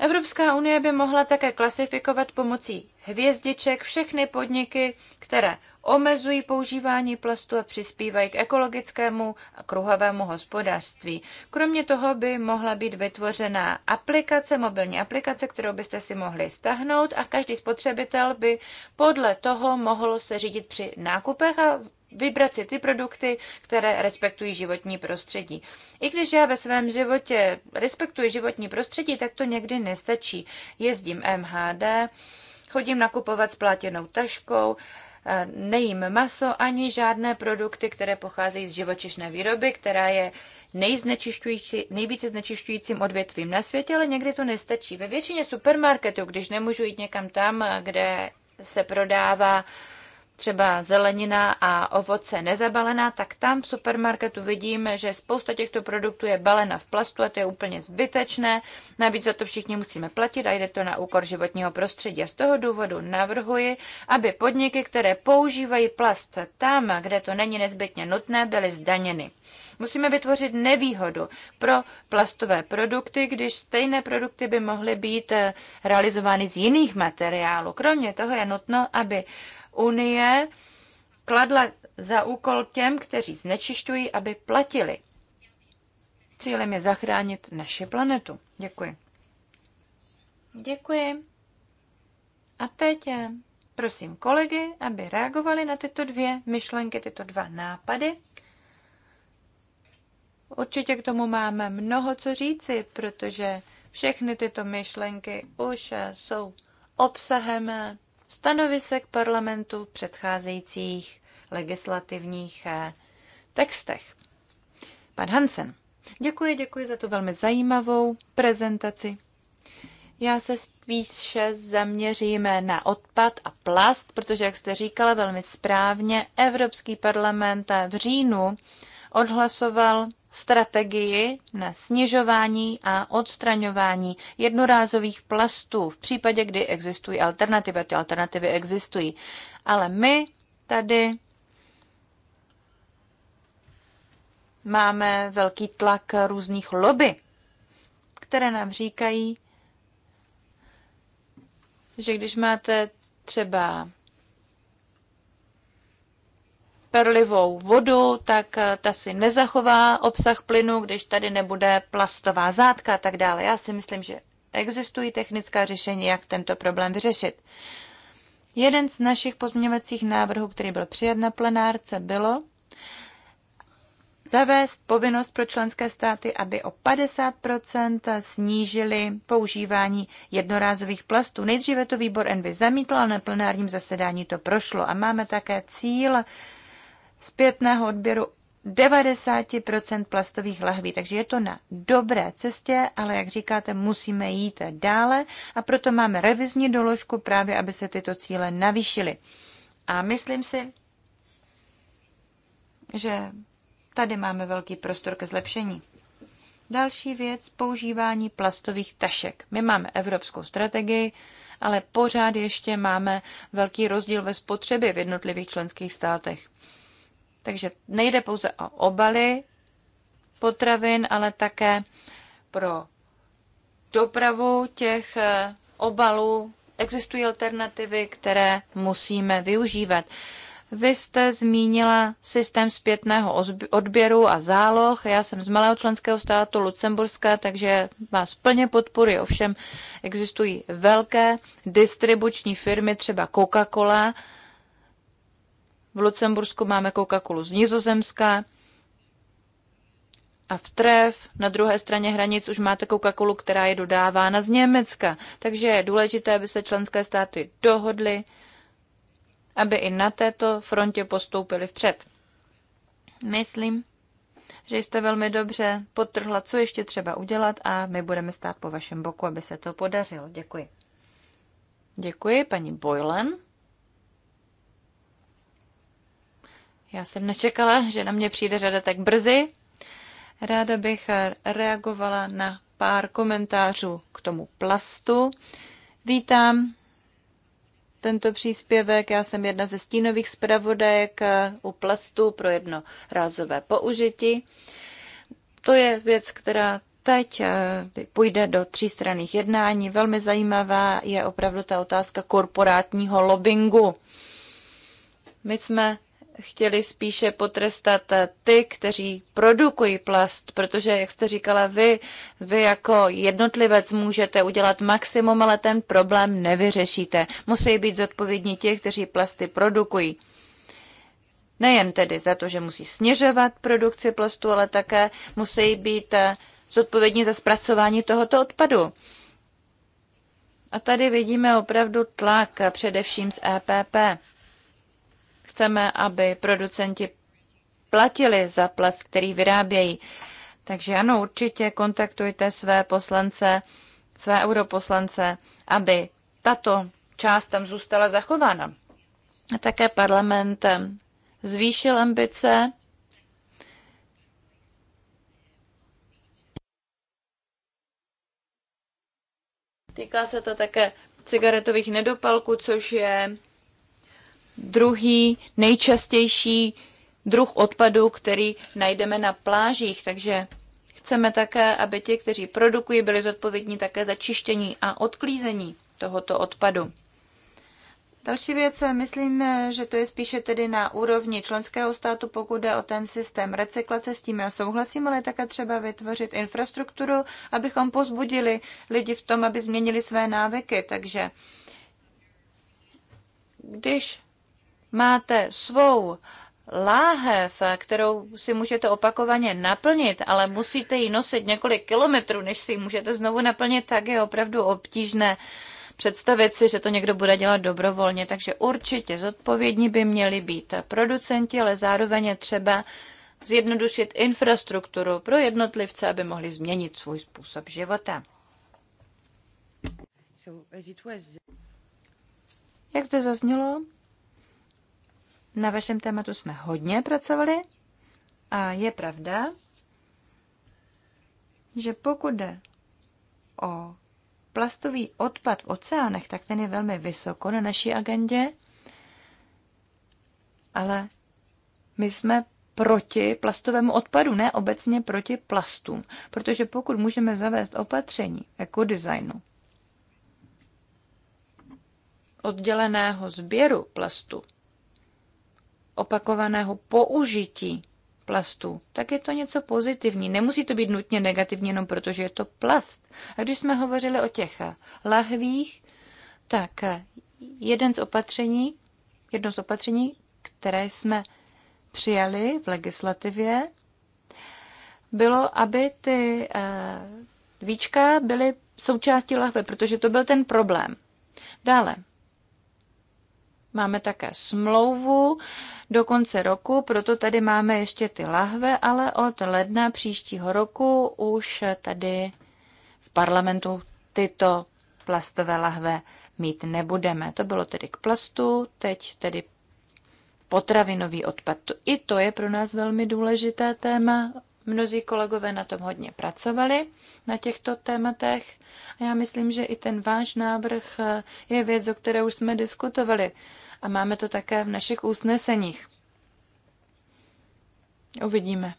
Evropská unie by mohla také klasifikovat pomocí hvězdiček všechny podniky, které omezují používání plastu a přispívají k ekologickému a kruhovému hospodářství. Kromě toho by mohla být vytvořena aplikace, mobilní aplikace, kterou byste si mohli stahnout a každý spotřebitel by podle toho mohl se řídit při nákupech a vybrat si ty produkty, které respektují životní prostředí. I když já ve svém životě respektuji životní prostředí, tak to někdy nestačí. Jezdím MHD, chodím nakupovat s plátěnou taškou, nejím maso ani žádné produkty, které pocházejí z živočišné výroby, která je nejznečišťující, nejvíce znečišťujícím odvětvím na světě, ale někdy to nestačí. Ve většině supermarketů, když nemůžu jít někam tam, kde se prodává uh, třeba zelenina a ovoce nezabalená, tak tam v supermarketu vidíme, že spousta těchto produktů je balena v plastu a to je úplně zbytečné. Navíc za to všichni musíme platit a jde to na úkor životního prostředí. A z toho důvodu navrhuji, aby podniky, které používají plast tam, kde to není nezbytně nutné, byly zdaněny. Musíme vytvořit nevýhodu pro plastové produkty, když stejné produkty by mohly být realizovány z jiných materiálů. Kromě toho je nutno, aby unie kladla za úkol těm, kteří znečišťují, aby platili. Cílem je zachránit naši planetu. Děkuji. Děkuji. A teď eh, prosím kolegy, aby reagovali na tyto dvě myšlenky, tyto dva nápady. Určitě k tomu máme mnoho co říci, protože všechny tyto myšlenky už eh, jsou obsahem eh, stanovisek parlamentu v předcházejících legislativních eh, textech. Pan Hansen, děkuji, děkuji za tu velmi zajímavou prezentaci. Já se spíše zaměříme na odpad a plast, protože, jak jste říkala velmi správně, Evropský parlament v říjnu odhlasoval strategii na snižování a odstraňování jednorázových plastů v případě, kdy existují alternativy. Ty alternativy existují. Ale my tady máme velký tlak různých lobby, které nám říkají, že když máte třeba perlivou vodu, tak eh, ta si nezachová obsah plynu, když tady nebude plastová zátka a tak dále. Já si myslím, že existují technická řešení, jak tento problém vyřešit. Jeden z našich pozměňovacích návrhů, který byl přijat na plenárce, bylo zavést povinnost pro členské státy, aby o 50 snížili používání jednorázových plastů. Nejdříve to výbor Envy zamítl, ale na plenárním zasedání to prošlo. A máme také cíl zpětného odběru 90% plastových lahví. Takže je to na dobré cestě, ale jak říkáte, musíme jít dále a proto máme revizní doložku právě, aby se tyto cíle navýšily. A myslím si, že tady máme velký prostor ke zlepšení. Další věc, používání plastových tašek. My máme evropskou strategii, ale pořád ještě máme velký rozdíl ve spotřebě v jednotlivých členských státech. Takže nejde pouze o obaly potravin, ale také pro dopravu těch eh, obalů existují alternativy, které musíme využívat. Vy jste zmínila systém zpětného odběru a záloh. Já jsem z malého členského státu Lucemburska, takže vás plně podporuji. Ovšem existují velké distribuční firmy, třeba Coca-Cola, v Lucembursku máme Coca-Colu z Nizozemska a v Tref na druhé straně hranic už máte Coca-Colu, která je dodávána z Německa. Takže je důležité, aby se členské státy dohodly, aby i na této frontě postoupili vpřed. Myslím, že jste velmi dobře potrhla, co ještě třeba udělat a my budeme stát po vašem boku, aby se to podařilo. Děkuji. Děkuji, paní Boylan. Já jsem nečekala, že na mě přijde řada tak brzy. Ráda bych reagovala na pár komentářů k tomu plastu. Vítám tento příspěvek. Já jsem jedna ze stínových zpravodajek u plastu pro jedno rázové použití. To je věc, která teď eh, půjde do třístranných jednání. Velmi zajímavá je opravdu ta otázka korporátního lobbingu. My jsme chtěli spíše potrestat eh, ty, kteří produkují plast, protože, jak jste říkala vy, vy jako jednotlivec můžete udělat maximum, ale ten problém nevyřešíte. Musí být zodpovědní ti, kteří plasty produkují. Nejen tedy za to, že musí sněžovat produkci plastu, ale také musí být eh, zodpovědní za zpracování tohoto odpadu. A tady vidíme opravdu tlak, eh, především z EPP. Chceme, aby producenti platili za ples, který vyrábějí. Takže ano, určitě kontaktujte své poslance, své europoslance, aby tato část tam zůstala zachována. A také parlament zvýšil ambice Týká se to také cigaretových nedopalků, což je druhý nejčastější druh odpadu, který najdeme na plážích. Takže chceme také, aby ti, kteří produkují, byli zodpovědní také za čištění a odklízení tohoto odpadu. Další věc, myslím, že to je spíše tedy na úrovni členského státu, pokud jde o ten systém recyklace, s tím já souhlasím, ale také třeba vytvořit infrastrukturu, abychom pozbudili lidi v tom, aby změnili své návyky. Takže když máte svou láhev, kterou si můžete opakovaně naplnit, ale musíte ji nosit několik kilometrů, než si ji můžete znovu naplnit, tak je opravdu obtížné představit si, že to někdo bude dělat dobrovolně. Takže určitě zodpovědní by měli být producenti, ale zároveň je třeba zjednodušit infrastrukturu pro jednotlivce, aby mohli změnit svůj způsob života. Jak to zaznělo, na vašem tématu jsme hodně pracovali a je pravda, že pokud jde o plastový odpad v oceánech, tak ten je velmi vysoko na naší agendě, ale my jsme proti plastovému odpadu, ne obecně proti plastům, protože pokud můžeme zavést opatření ekodesignu, odděleného sběru plastu, opakovaného použití plastu, tak je to něco pozitivní. Nemusí to být nutně negativní jenom protože je to plast. A když jsme hovořili o těch lahvích, tak jeden z opatření, jedno z opatření, které jsme přijali v legislativě, bylo, aby ty eh, víčka byly součástí lahve, protože to byl ten problém. Dále máme také smlouvu, do konce roku, proto tady máme ještě ty lahve, ale od ledna příštího roku už tady v parlamentu tyto plastové lahve mít nebudeme. To bylo tedy k plastu, teď tedy potravinový odpad. I to je pro nás velmi důležité téma. Mnozí kolegové na tom hodně pracovali, na těchto tématech. A já myslím, že i ten váš návrh je věc, o které už jsme diskutovali a máme to také v našich úsneseních. Uvidíme,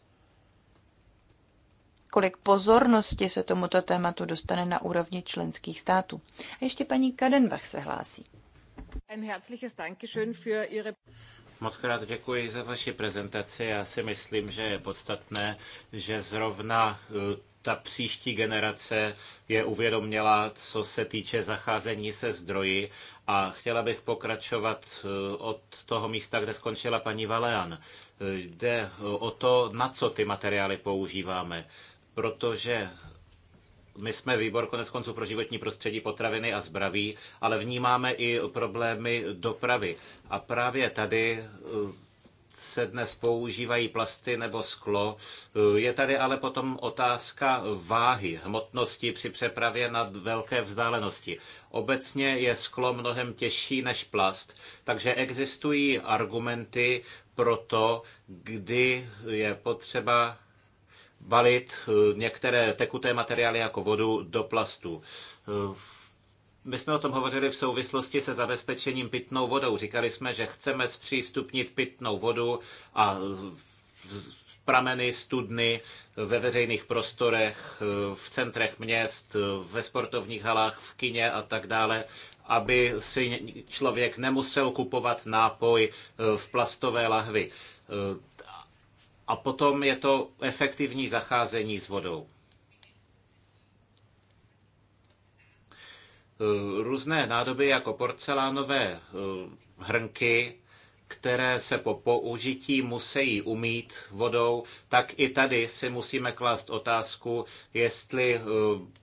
kolik pozornosti se tomuto tématu dostane na úrovni členských států. A ještě paní Kadenbach se hlásí. Moc krát děkuji za vaši prezentaci. Já si myslím, že je podstatné, že zrovna eh, ta příští generace je uvědoměla, co se týče zacházení se zdroji. A chtěla bych pokračovat eh, od toho místa, kde skončila paní Valean. Eh, jde o to, na co ty materiály používáme. Protože my jsme výbor konec konců pro životní prostředí, potraviny a zdraví, ale vnímáme i problémy dopravy. A právě tady eh, se dnes používají plasty nebo sklo. Je tady ale potom otázka váhy, hmotnosti při přepravě na velké vzdálenosti. Obecně je sklo mnohem těžší než plast, takže existují argumenty pro to, kdy je potřeba balit eh, některé tekuté materiály jako vodu do plastu. Eh, v my jsme o tom hovořili v souvislosti se zabezpečením pitnou vodou. Říkali jsme, že chceme zpřístupnit pitnou vodu a prameny, studny ve veřejných prostorech, v centrech měst, ve sportovních halách, v kině a tak dále, aby si člověk nemusel kupovat nápoj eh, v plastové lahvi. Eh, a potom je to efektivní zacházení s vodou. Eh, různé nádoby jako porcelánové eh, hrnky, které se po použití musí umít vodou, tak i tady si musíme klást otázku, jestli eh,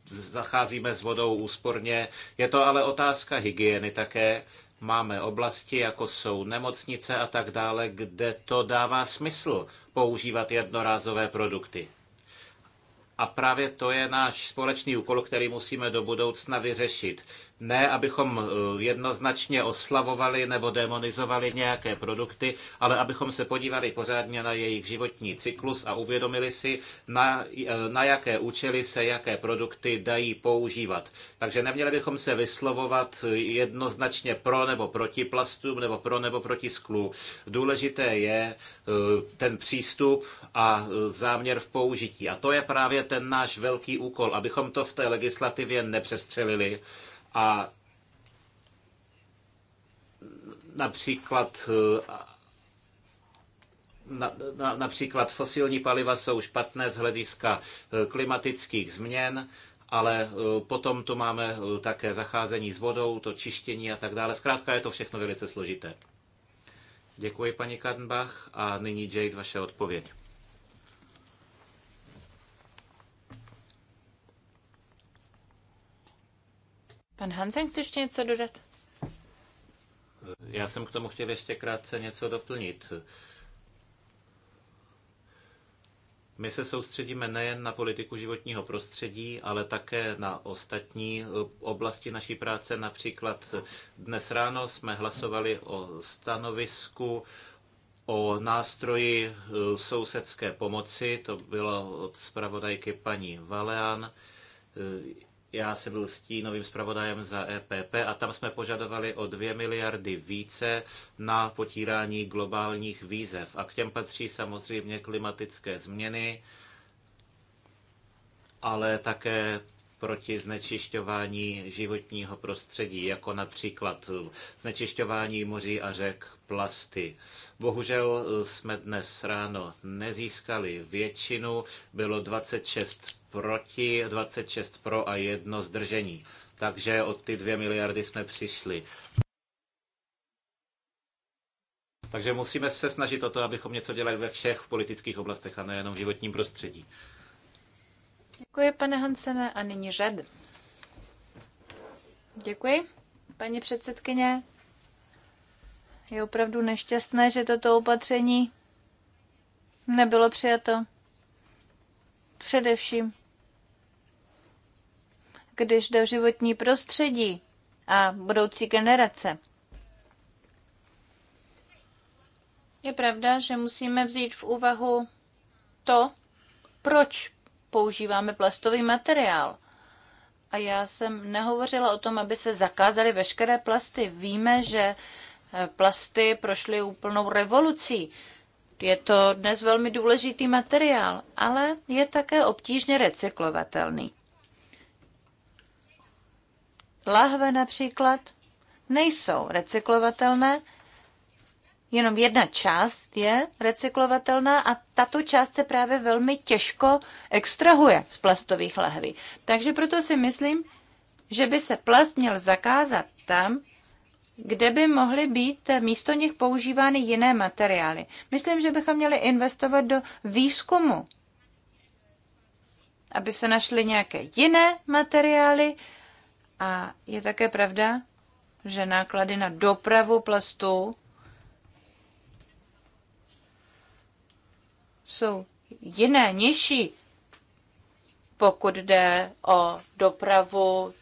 zacházíme s vodou úsporně. Je to ale otázka hygieny také. Máme oblasti, jako jsou nemocnice a tak dále, kde to dává smysl používat jednorázové produkty. A právě to je náš společný úkol, který musíme do budoucna vyřešit ne abychom eh, jednoznačně oslavovali nebo demonizovali nějaké produkty, ale abychom se podívali pořádně na jejich životní cyklus a uvědomili si, na, eh, na jaké účely se jaké produkty dají používat. Takže neměli bychom se vyslovovat eh, jednoznačně pro nebo proti plastům nebo pro nebo proti sklu. Důležité je ten přístup a záměr v použití. A to je právě ten náš velký úkol, abychom to v té legislativě nepřestřelili a například na, na, například fosilní paliva jsou špatné z hlediska eh, klimatických změn, ale eh, potom tu máme eh, také zacházení s vodou, to čištění a tak dále. Zkrátka je to všechno velice složité. Děkuji, paní Kadenbach. A nyní Jade, vaše odpověď. Pan Hansen, chceš ještě něco dodat? Já jsem k tomu chtěl ještě krátce něco doplnit. My se soustředíme nejen na politiku životního prostředí, ale také na ostatní eh, oblasti naší práce. Například dnes ráno jsme hlasovali o stanovisku o nástroji eh, sousedské pomoci, to bylo od zpravodajky paní Valean. Eh, já jsem byl stínovým zpravodajem za EPP a tam jsme požadovali o 2 miliardy více na potírání globálních výzev. A k těm patří samozřejmě klimatické změny, ale také proti znečišťování životního prostředí, jako například znečišťování moří a řek plasty. Bohužel jsme dnes ráno nezískali většinu, bylo 26 proti, 26 pro a jedno zdržení. Takže od ty dvě miliardy jsme přišli. Takže musíme se snažit o to, abychom něco dělali ve všech politických oblastech a nejenom v životním prostředí. Děkuji, pane Hansene, a nyní řad. Děkuji, paní předsedkyně. Je opravdu nešťastné, že toto opatření nebylo přijato. Především, když do životní prostředí a budoucí generace. Je pravda, že musíme vzít v úvahu to, proč používáme plastový materiál. A já jsem nehovořila o tom, aby se zakázaly veškeré plasty. Víme, že eh, plasty prošly úplnou revolucí. Je to dnes velmi důležitý materiál, ale je také obtížně recyklovatelný. Lahve například nejsou recyklovatelné, jenom jedna část je recyklovatelná a tato část se právě velmi těžko extrahuje z plastových lahví. Takže proto si myslím, že by se plast měl zakázat tam, kde by mohly být místo nich používány jiné materiály. Myslím, že bychom měli investovat do výzkumu, aby se našly nějaké jiné materiály. A je také pravda, že náklady na dopravu plastu jsou jiné, nižší, pokud jde o dopravu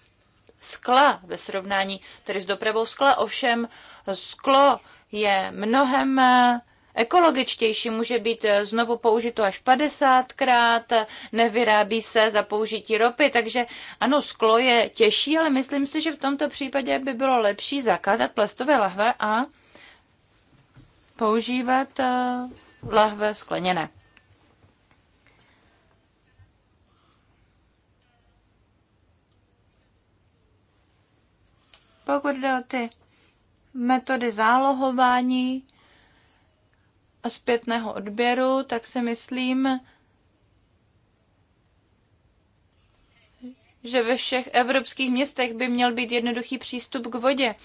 skla ve srovnání tedy s dopravou skla. Ovšem sklo je mnohem eh, ekologičtější, může být eh, znovu použito až 50krát, nevyrábí se za použití ropy, takže ano, sklo je těžší, ale myslím si, že v tomto případě by bylo lepší zakázat plastové lahve a používat eh, lahve skleněné. Pokud jde o ty metody zálohování a zpětného odběru, tak si myslím, že ve všech evropských městech by měl být jednoduchý přístup k vodě.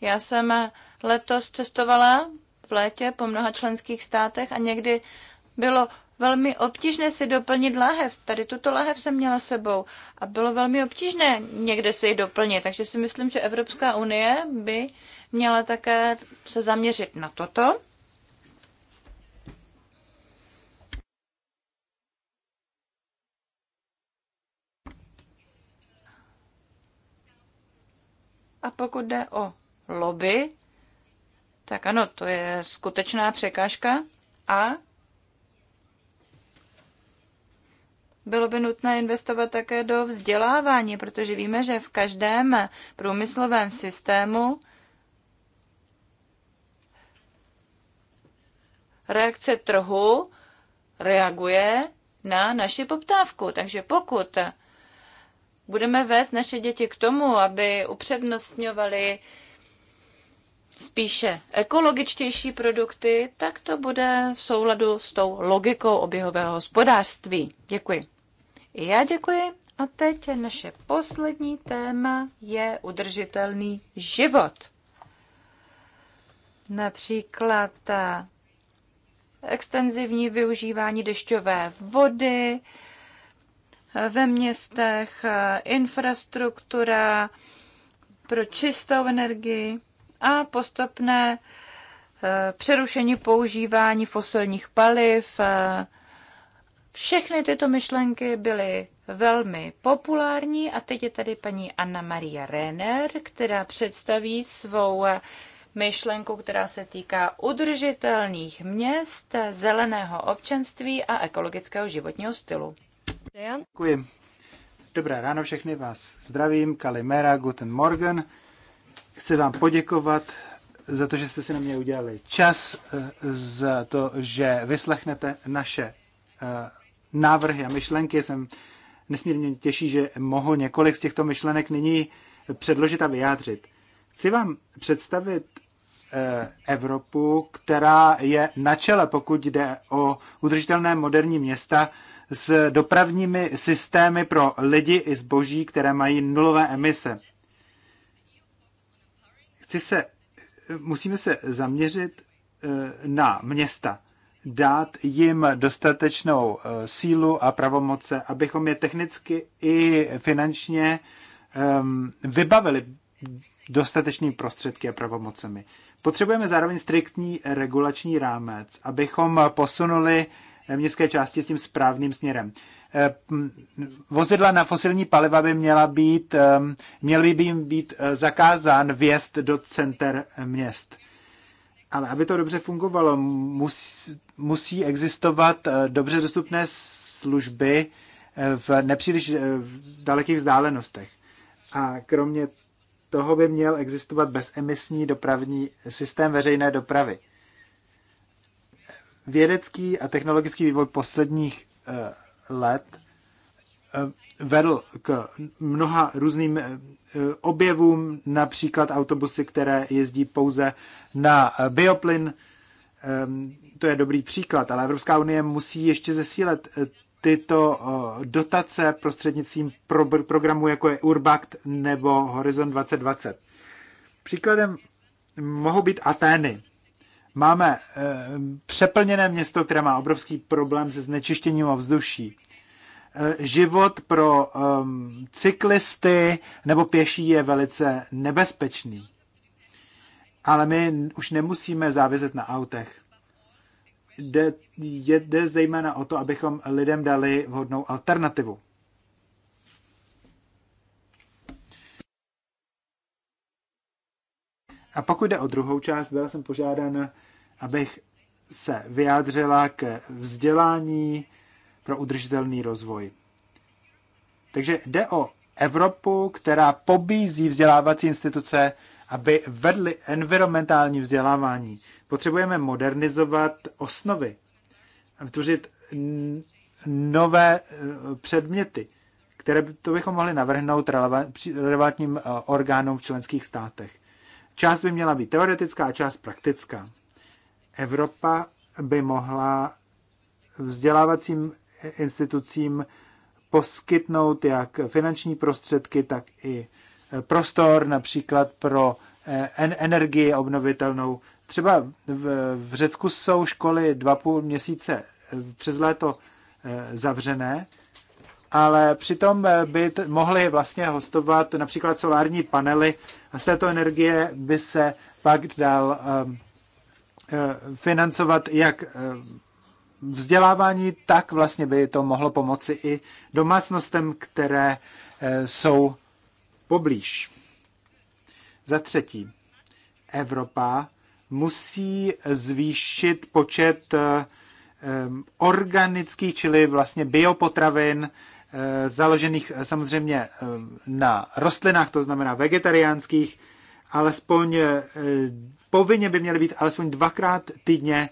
Já jsem letos cestovala v létě po mnoha členských státech a někdy bylo velmi obtížné si doplnit lahev. Tady tuto lahev jsem měla sebou a bylo velmi obtížné někde si ji doplnit. Takže si myslím, že Evropská unie by měla také se zaměřit na toto. A pokud jde o lobby, tak ano, to je skutečná překážka a Bylo by nutné investovat také do vzdělávání, protože víme, že v každém průmyslovém systému reakce trhu reaguje na naši poptávku. Takže pokud budeme vést naše děti k tomu, aby upřednostňovali spíše ekologičtější produkty, tak to bude v souladu s tou logikou oběhového hospodářství. Děkuji. I já děkuji. A teď naše poslední téma je udržitelný život. Například eh, extenzivní využívání dešťové vody eh, ve městech, eh, infrastruktura pro čistou energii a postupné přerušení používání fosilních paliv, všechny tyto myšlenky byly velmi populární a teď je tady paní Anna Maria Renner, která představí svou myšlenku, která se týká udržitelných měst, zeleného občanství a ekologického životního stylu. Děkuji. Dobré ráno všechny vás. Zdravím, Kalimera, Guten Morgen. Chci vám poděkovat za to, že jste si na mě udělali čas, eh, za to, že vyslechnete naše eh, návrhy a myšlenky. Jsem nesmírně těší, že mohu několik z těchto myšlenek nyní předložit a vyjádřit. Chci vám představit eh, Evropu, která je na čele, pokud jde o udržitelné moderní města s dopravními systémy pro lidi i zboží, které mají nulové emise. Chci se, musíme se zaměřit eh, na města dát jim dostatečnou eh, sílu a pravomoce, abychom je technicky i finančně ehm, vybavili dostatečnými prostředky a pravomocemi. Potřebujeme zároveň striktní regulační rámec, abychom posunuli eh, městské části s tím správným směrem. Eh, vozidla na fosilní paliva by měla být, ehm, měl by jim být zakázán vjezd do center měst. Ale aby to dobře fungovalo, mus musí existovat eh, dobře dostupné služby eh, v nepříliš eh, dalekých vzdálenostech. A kromě toho by měl existovat bezemisní dopravní systém veřejné dopravy. Vědecký a technologický vývoj posledních let vedl k mnoha různým objevům, například autobusy, které jezdí pouze na bioplyn, Ehm, to je dobrý příklad, ale Evropská unie musí ještě zesílet eh, tyto dotace prostřednictvím pro, programů jako je Urbact nebo Horizon 2020. Příkladem mohou být Atény. Máme ehm, přeplněné město, které má obrovský problém se znečištěním ovzduší. Eh, život pro ehm, cyklisty nebo pěší je velice nebezpečný ale my už nemusíme záviset na autech. Jde, jde zejména o to, abychom lidem dali vhodnou alternativu. A pokud jde o druhou část, byla jsem požádán, abych se vyjádřila k vzdělání pro udržitelný rozvoj. Takže jde o Evropu, která pobízí vzdělávací instituce aby vedli environmentální vzdělávání. Potřebujeme modernizovat osnovy a vytvořit nové e, předměty, které to bychom mohli navrhnout relevantním e, orgánům v členských státech. Část by měla být teoretická a část praktická. Evropa by mohla vzdělávacím institucím poskytnout jak finanční prostředky, tak i prostor například pro eh, energii obnovitelnou. Třeba v, v Řecku jsou školy dva půl měsíce eh, přes léto eh, zavřené, ale přitom by mohly vlastně hostovat například solární panely a z této energie by se pak dal ehm, financovat jak ehm, vzdělávání, tak vlastně by to mohlo pomoci i domácnostem, které jsou poblíž. Za třetí, Evropa musí zvýšit počet eh, organických, čili vlastně biopotravin, eh, založených eh, samozřejmě na rostlinách, to znamená vegetariánských, alespoň povinně by měly být alespoň dvakrát týdně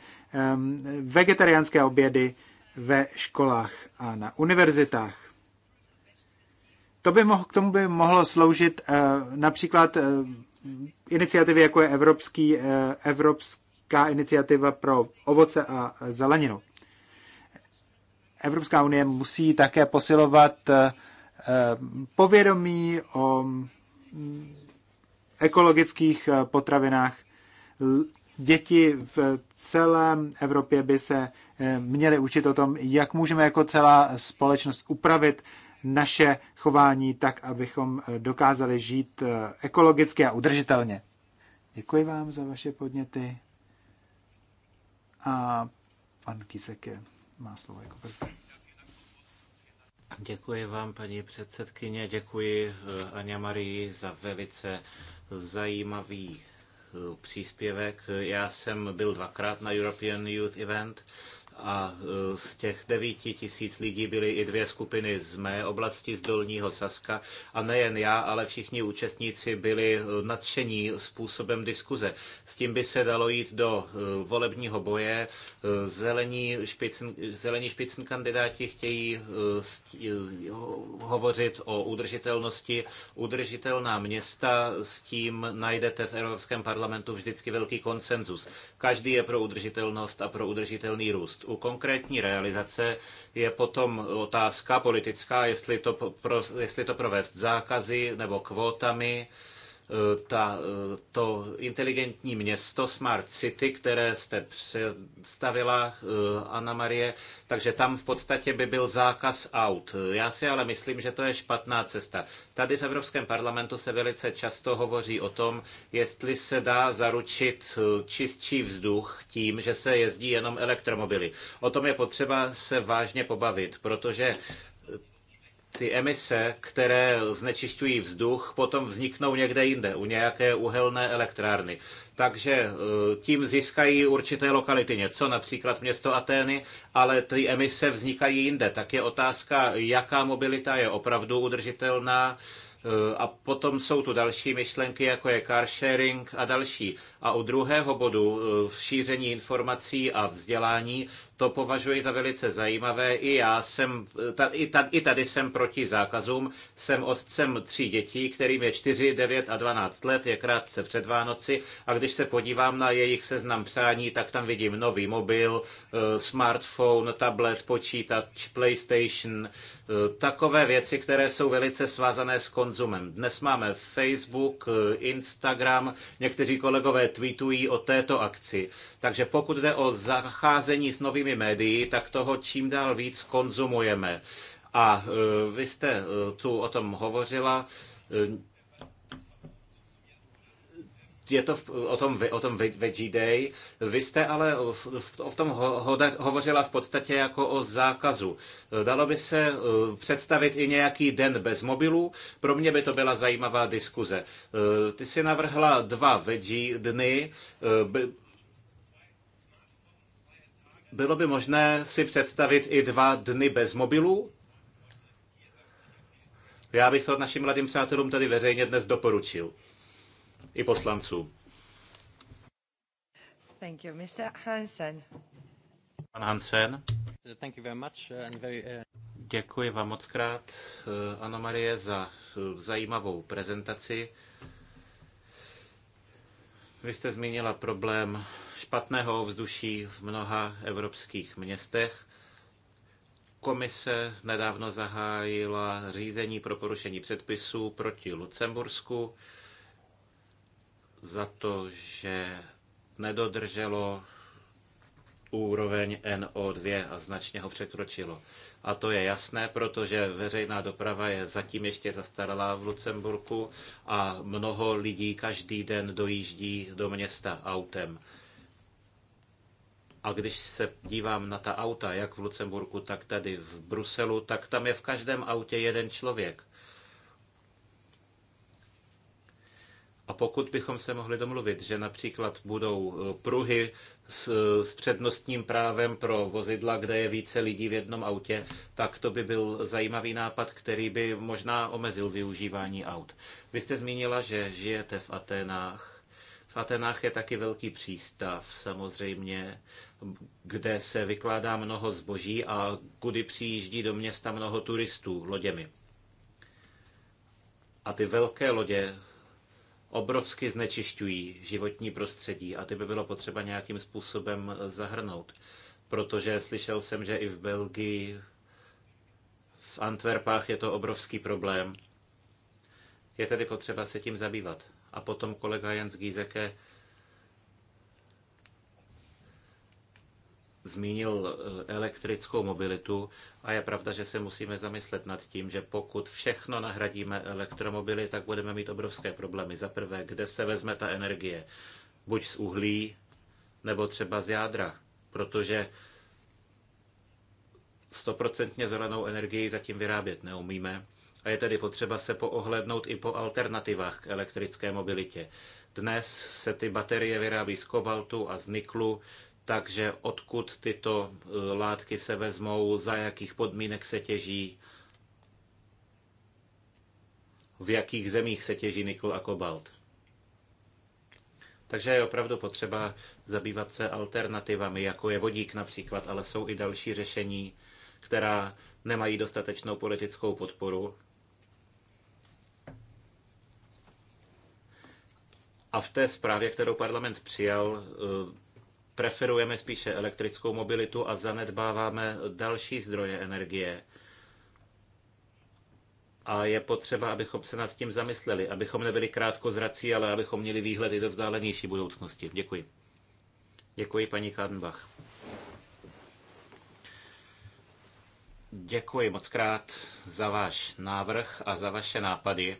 vegetariánské obědy ve školách a na univerzitách. To by mohl, k tomu by mohlo sloužit eh, například eh, iniciativy, jako je Evropský, eh, Evropská iniciativa pro ovoce a zeleninu. Evropská unie musí také posilovat povědomí o mm, ekologických potravinách. Děti v celém Evropě by se měly učit o tom, jak můžeme jako celá společnost upravit naše chování tak, abychom eh, dokázali žít eh, ekologicky a udržitelně. Děkuji vám za vaše podněty. A pan je, má slovo jako první. Děkuji vám, paní předsedkyně, děkuji eh, Aně Marii za velice zajímavý příspěvek. Já jsem byl dvakrát na European Youth Event a e, z těch devíti tisíc lidí byly i dvě skupiny z mé oblasti, z Dolního Saska. A nejen já, ale všichni účastníci byli e, nadšení způsobem diskuze. S tím by se dalo jít do e, volebního boje. Zelení, špicn, zelení špicn kandidáti chtějí hovořit o udržitelnosti. Udržitelná města, s tím najdete v Evropském parlamentu vždycky velký konsenzus. Každý je pro udržitelnost a pro udržitelný růst u konkrétní realizace je potom otázka politická, jestli to, pro, jestli to provést zákazy nebo kvótami Eh, ta, eh, to inteligentní město Smart City, které jste představila, eh, Anna Marie, takže tam v podstatě by byl zákaz aut. Já si ale myslím, že to je špatná cesta. Tady v Evropském parlamentu se velice často hovoří o tom, jestli se dá zaručit čistší vzduch tím, že se jezdí jenom elektromobily. O tom je potřeba se vážně pobavit, protože ty emise, které znečišťují vzduch, potom vzniknou někde jinde, u nějaké uhelné elektrárny. Takže e, tím získají určité lokality něco, například město Atény, ale ty emise vznikají jinde. Tak je otázka, jaká mobilita je opravdu udržitelná, e, a potom jsou tu další myšlenky, jako je car sharing a další. A u druhého bodu v e, šíření informací a vzdělání to považuji za velice zajímavé. I já jsem, ta, i, ta, i tady jsem proti zákazům. Jsem otcem tří dětí, kterým je 4, 9 a 12 let, je krátce před Vánoci. A když se podívám na jejich seznam přání, tak tam vidím nový mobil, eh, smartphone, tablet, počítač, PlayStation, eh, takové věci, které jsou velice svázané s konzumem. Dnes máme Facebook, eh, Instagram, někteří kolegové tweetují o této akci. Takže pokud jde o zacházení s novými veřejnými médii, tak toho čím dál víc konzumujeme. A e, vy jste e, tu o tom hovořila, e, je to v, o tom, o tom Veggie Day. Vy jste ale v, v, v tom ho, ho, hovořila v podstatě jako o zákazu. Dalo by se představit i nějaký den bez mobilů? Pro mě by to byla zajímavá diskuze. Ty si navrhla dva Veggie dny. Bylo by možné si představit i dva dny bez mobilů? Já bych to našim mladým přátelům tady veřejně dnes doporučil. I poslancům. Thank you, Mr. Hansen. Pan Hansen. Thank you very much uh, and very, uh... Děkuji vám moc krát, uh, Ana Marie, za uh, zajímavou prezentaci. Vy jste zmínila problém špatného ovzduší v mnoha evropských městech. Komise nedávno zahájila řízení pro porušení předpisů proti Lucembursku za to, že nedodrželo úroveň NO2 a značně ho překročilo. A to je jasné, protože veřejná doprava je zatím ještě zastaralá v Lucemburku a mnoho lidí každý den dojíždí do města autem. A když se dívám na ta auta, jak v Lucemburku, tak tady v Bruselu, tak tam je v každém autě jeden člověk. A pokud bychom se mohli domluvit, že například budou eh, pruhy s, eh, s přednostním právem pro vozidla, kde je více lidí v jednom autě, tak to by byl zajímavý nápad, který by možná omezil využívání aut. Vy jste zmínila, že žijete v Aténách v Atenách je taky velký přístav, samozřejmě, kde se vykládá mnoho zboží a kudy přijíždí do města mnoho turistů loděmi. A ty velké lodě obrovsky znečišťují životní prostředí a ty by bylo potřeba nějakým způsobem zahrnout. Protože slyšel jsem, že i v Belgii, v Antwerpách je to obrovský problém. Je tedy potřeba se tím zabývat a potom kolega Jens Gízeke zmínil e, elektrickou mobilitu a je pravda, že se musíme zamyslet nad tím, že pokud všechno nahradíme elektromobily, tak budeme mít obrovské problémy. Za prvé, kde se vezme ta energie? Buď z uhlí, nebo třeba z jádra, protože stoprocentně zelenou energii zatím vyrábět neumíme a je tedy potřeba se poohlédnout i po alternativách k elektrické mobilitě. Dnes se ty baterie vyrábí z kobaltu a z niklu, takže odkud tyto eh, látky se vezmou, za jakých podmínek se těží, v jakých zemích se těží nikl a kobalt. Takže je opravdu potřeba zabývat se alternativami, jako je vodík například, ale jsou i další řešení, která nemají dostatečnou politickou podporu. A v té zprávě, kterou parlament přijal, e, preferujeme spíše elektrickou mobilitu a zanedbáváme další zdroje energie. A je potřeba, abychom se nad tím zamysleli, abychom nebyli krátko zrací, ale abychom měli výhled i do vzdálenější budoucnosti. Děkuji. Děkuji, paní Kadenbach. Děkuji moc krát za váš návrh a za vaše nápady.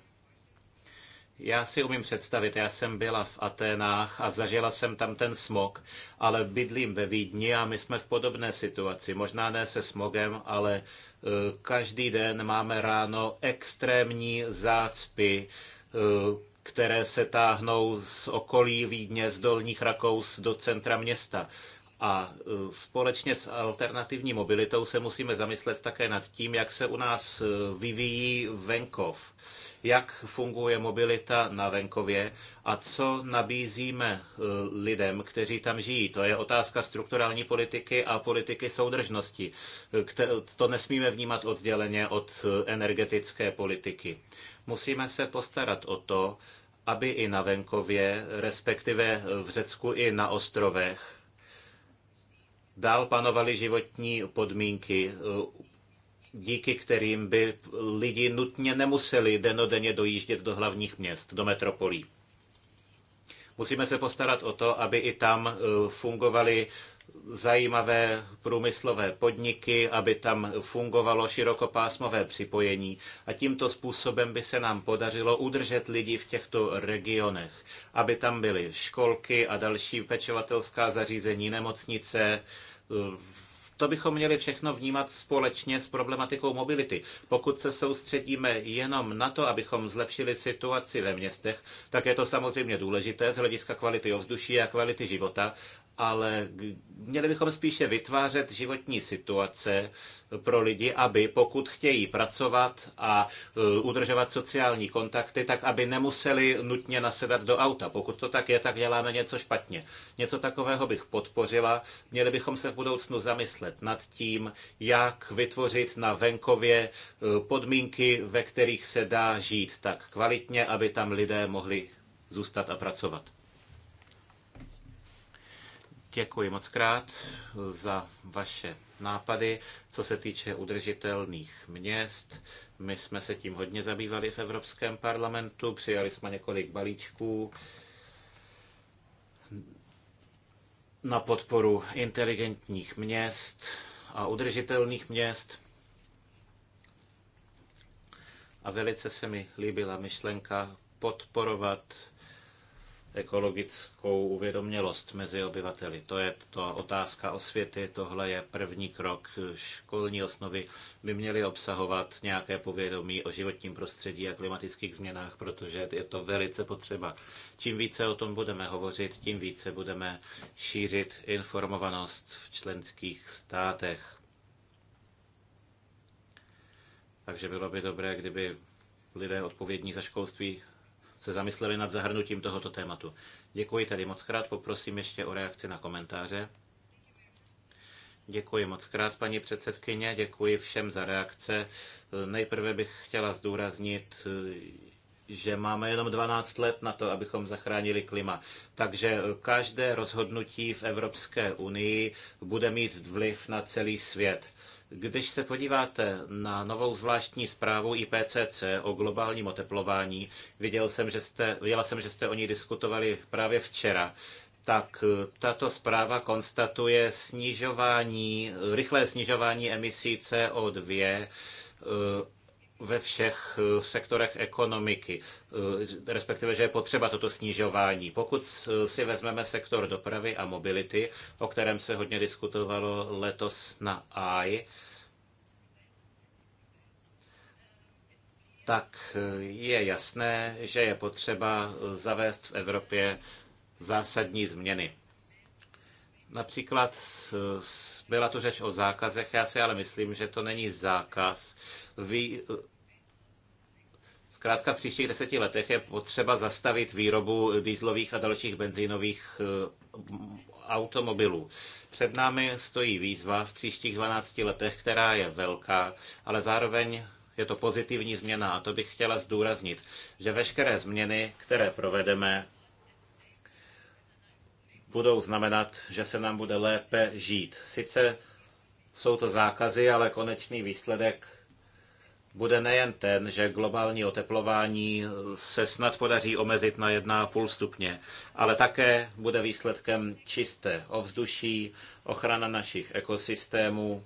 Já si umím představit, já jsem byla v Aténách a zažila jsem tam ten smog, ale bydlím ve Vídni a my jsme v podobné situaci. Možná ne se smogem, ale e, každý den máme ráno extrémní zácpy, e, které se táhnou z okolí Vídně, z Dolních Rakous do centra města. A e, společně s alternativní mobilitou se musíme zamyslet také nad tím, jak se u nás vyvíjí venkov jak funguje mobilita na venkově a co nabízíme eh, lidem, kteří tam žijí. To je otázka strukturální politiky a politiky soudržnosti. Eh, to nesmíme vnímat odděleně od eh, energetické politiky. Musíme se postarat o to, aby i na venkově, respektive v Řecku i na ostrovech, dál panovaly životní podmínky, díky kterým by lidi nutně nemuseli denodenně dojíždět do hlavních měst, do metropolí. Musíme se postarat o to, aby i tam eh, fungovaly zajímavé průmyslové podniky, aby tam fungovalo širokopásmové připojení a tímto způsobem by se nám podařilo udržet lidi v těchto regionech, aby tam byly školky a další pečovatelská zařízení, nemocnice, eh, to bychom měli všechno vnímat společně s problematikou mobility. Pokud se soustředíme jenom na to, abychom zlepšili situaci ve městech, tak je to samozřejmě důležité z hlediska kvality ovzduší a kvality života, ale měli bychom spíše vytvářet životní situace pro lidi, aby pokud chtějí pracovat a e, udržovat sociální kontakty, tak aby nemuseli nutně nasedat do auta. Pokud to tak je, tak děláme něco špatně. Něco takového bych podpořila. Měli bychom se v budoucnu zamyslet nad tím, jak vytvořit na venkově e, podmínky, ve kterých se dá žít tak kvalitně, aby tam lidé mohli zůstat a pracovat. Děkuji moc krát za vaše nápady, co se týče udržitelných měst. My jsme se tím hodně zabývali v Evropském parlamentu, přijali jsme několik balíčků na podporu inteligentních měst a udržitelných měst. A velice se mi líbila myšlenka podporovat ekologickou uvědomělost mezi obyvateli. To je to otázka osvěty, tohle je první krok. Školní osnovy by měly obsahovat nějaké povědomí o životním prostředí a klimatických změnách, protože je to velice potřeba. Čím více o tom budeme hovořit, tím více budeme šířit informovanost v členských státech. Takže bylo by dobré, kdyby lidé odpovědní za školství se zamysleli nad zahrnutím tohoto tématu. Děkuji tady moc krát, poprosím ještě o reakci na komentáře. Děkuji moc krát, paní předsedkyně, děkuji všem za reakce. Nejprve bych chtěla zdůraznit, že máme jenom 12 let na to, abychom zachránili klima. Takže každé rozhodnutí v Evropské unii bude mít vliv na celý svět. Když se podíváte na novou zvláštní zprávu IPCC o globálním oteplování, viděl jsem, že jste, viděla jsem, že jste o ní diskutovali právě včera, tak tato zpráva konstatuje snižování, rychlé snižování emisí CO2 ve všech eh, sektorech ekonomiky, eh, respektive, že je potřeba toto snižování. Pokud eh, si vezmeme sektor dopravy a mobility, o kterém se hodně diskutovalo letos na AI, tak je jasné, že je potřeba zavést v Evropě zásadní změny. Například byla tu řeč o zákazech, já si ale myslím, že to není zákaz, vý... zkrátka v příštích deseti letech je potřeba zastavit výrobu dýzlových a dalších benzínových eh, automobilů. Před námi stojí výzva v příštích 12 letech, která je velká, ale zároveň je to pozitivní změna a to bych chtěla zdůraznit, že veškeré změny, které provedeme, budou znamenat, že se nám bude lépe žít. Sice jsou to zákazy, ale konečný výsledek bude nejen ten, že globální oteplování se snad podaří omezit na 1,5 stupně, ale také bude výsledkem čisté ovzduší, ochrana našich ekosystémů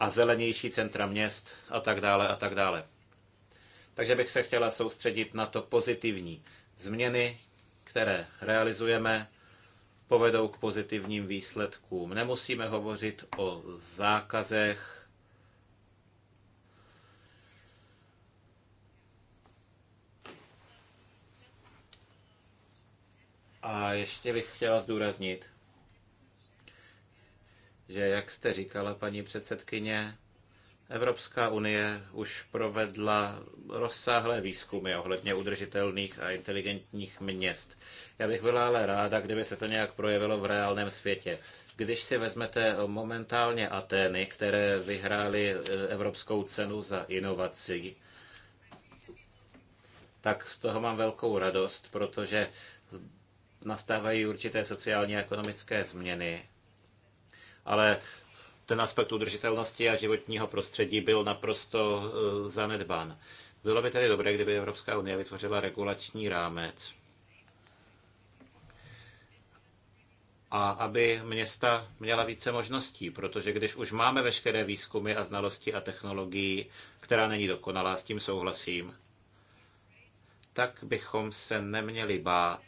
a zelenější centra měst a tak dále a tak dále. Takže bych se chtěla soustředit na to pozitivní. Změny, které realizujeme, povedou k pozitivním výsledkům. Nemusíme hovořit o zákazech, A ještě bych chtěla zdůraznit, že, jak jste říkala, paní předsedkyně, Evropská unie už provedla rozsáhlé výzkumy ohledně udržitelných a inteligentních měst. Já bych byla ale ráda, kdyby se to nějak projevilo v reálném světě. Když si vezmete momentálně Atény, které vyhrály e, Evropskou cenu za inovaci, tak z toho mám velkou radost, protože nastávají určité sociálně ekonomické změny, ale ten aspekt udržitelnosti a životního prostředí byl naprosto eh, zanedbán. Bylo by tedy dobré, kdyby Evropská unie vytvořila regulační rámec a aby města měla více možností, protože když už máme veškeré výzkumy a znalosti a technologií, která není dokonalá, s tím souhlasím, tak bychom se neměli bát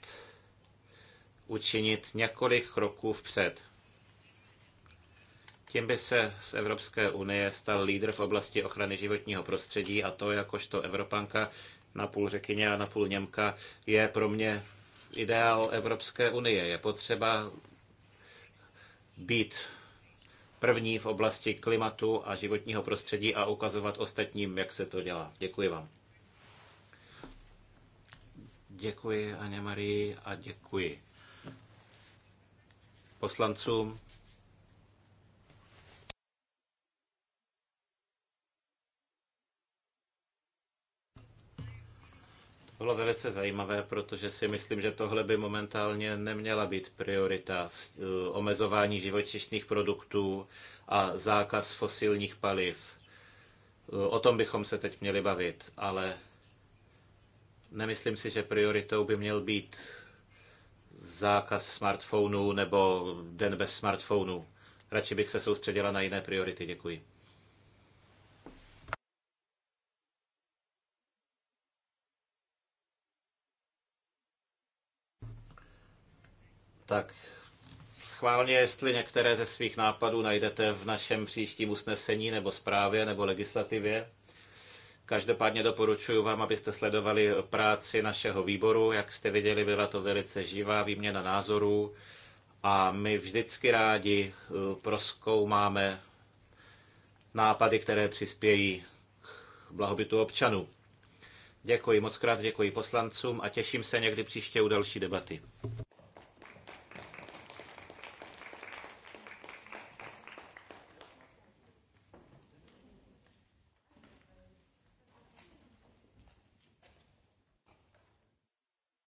učinit několik kroků vpřed. Tím by se z Evropské unie stal lídr v oblasti ochrany životního prostředí a to jakožto Evropanka na půl řekyně a na půl Němka je pro mě ideál Evropské unie. Je potřeba být první v oblasti klimatu a životního prostředí a ukazovat ostatním, jak se to dělá. Děkuji vám. Děkuji, Aně Marie, a děkuji poslancům. bylo velice zajímavé, protože si myslím, že tohle by momentálně neměla být priorita eh, omezování živočišných produktů a zákaz fosilních paliv. Eh, o tom bychom se teď měli bavit, ale nemyslím si, že prioritou by měl být zákaz smartphonů nebo den bez smartphonů. Radši bych se soustředila na jiné priority. Děkuji. Tak schválně, jestli některé ze svých nápadů najdete v našem příštím usnesení nebo zprávě nebo legislativě. Každopádně doporučuji vám, abyste sledovali práci našeho výboru. Jak jste viděli, byla to velice živá výměna názorů a my vždycky rádi eh, proskoumáme nápady, které přispějí k blahobytu občanů. Děkuji moc krát, děkuji poslancům a těším se někdy příště u další debaty.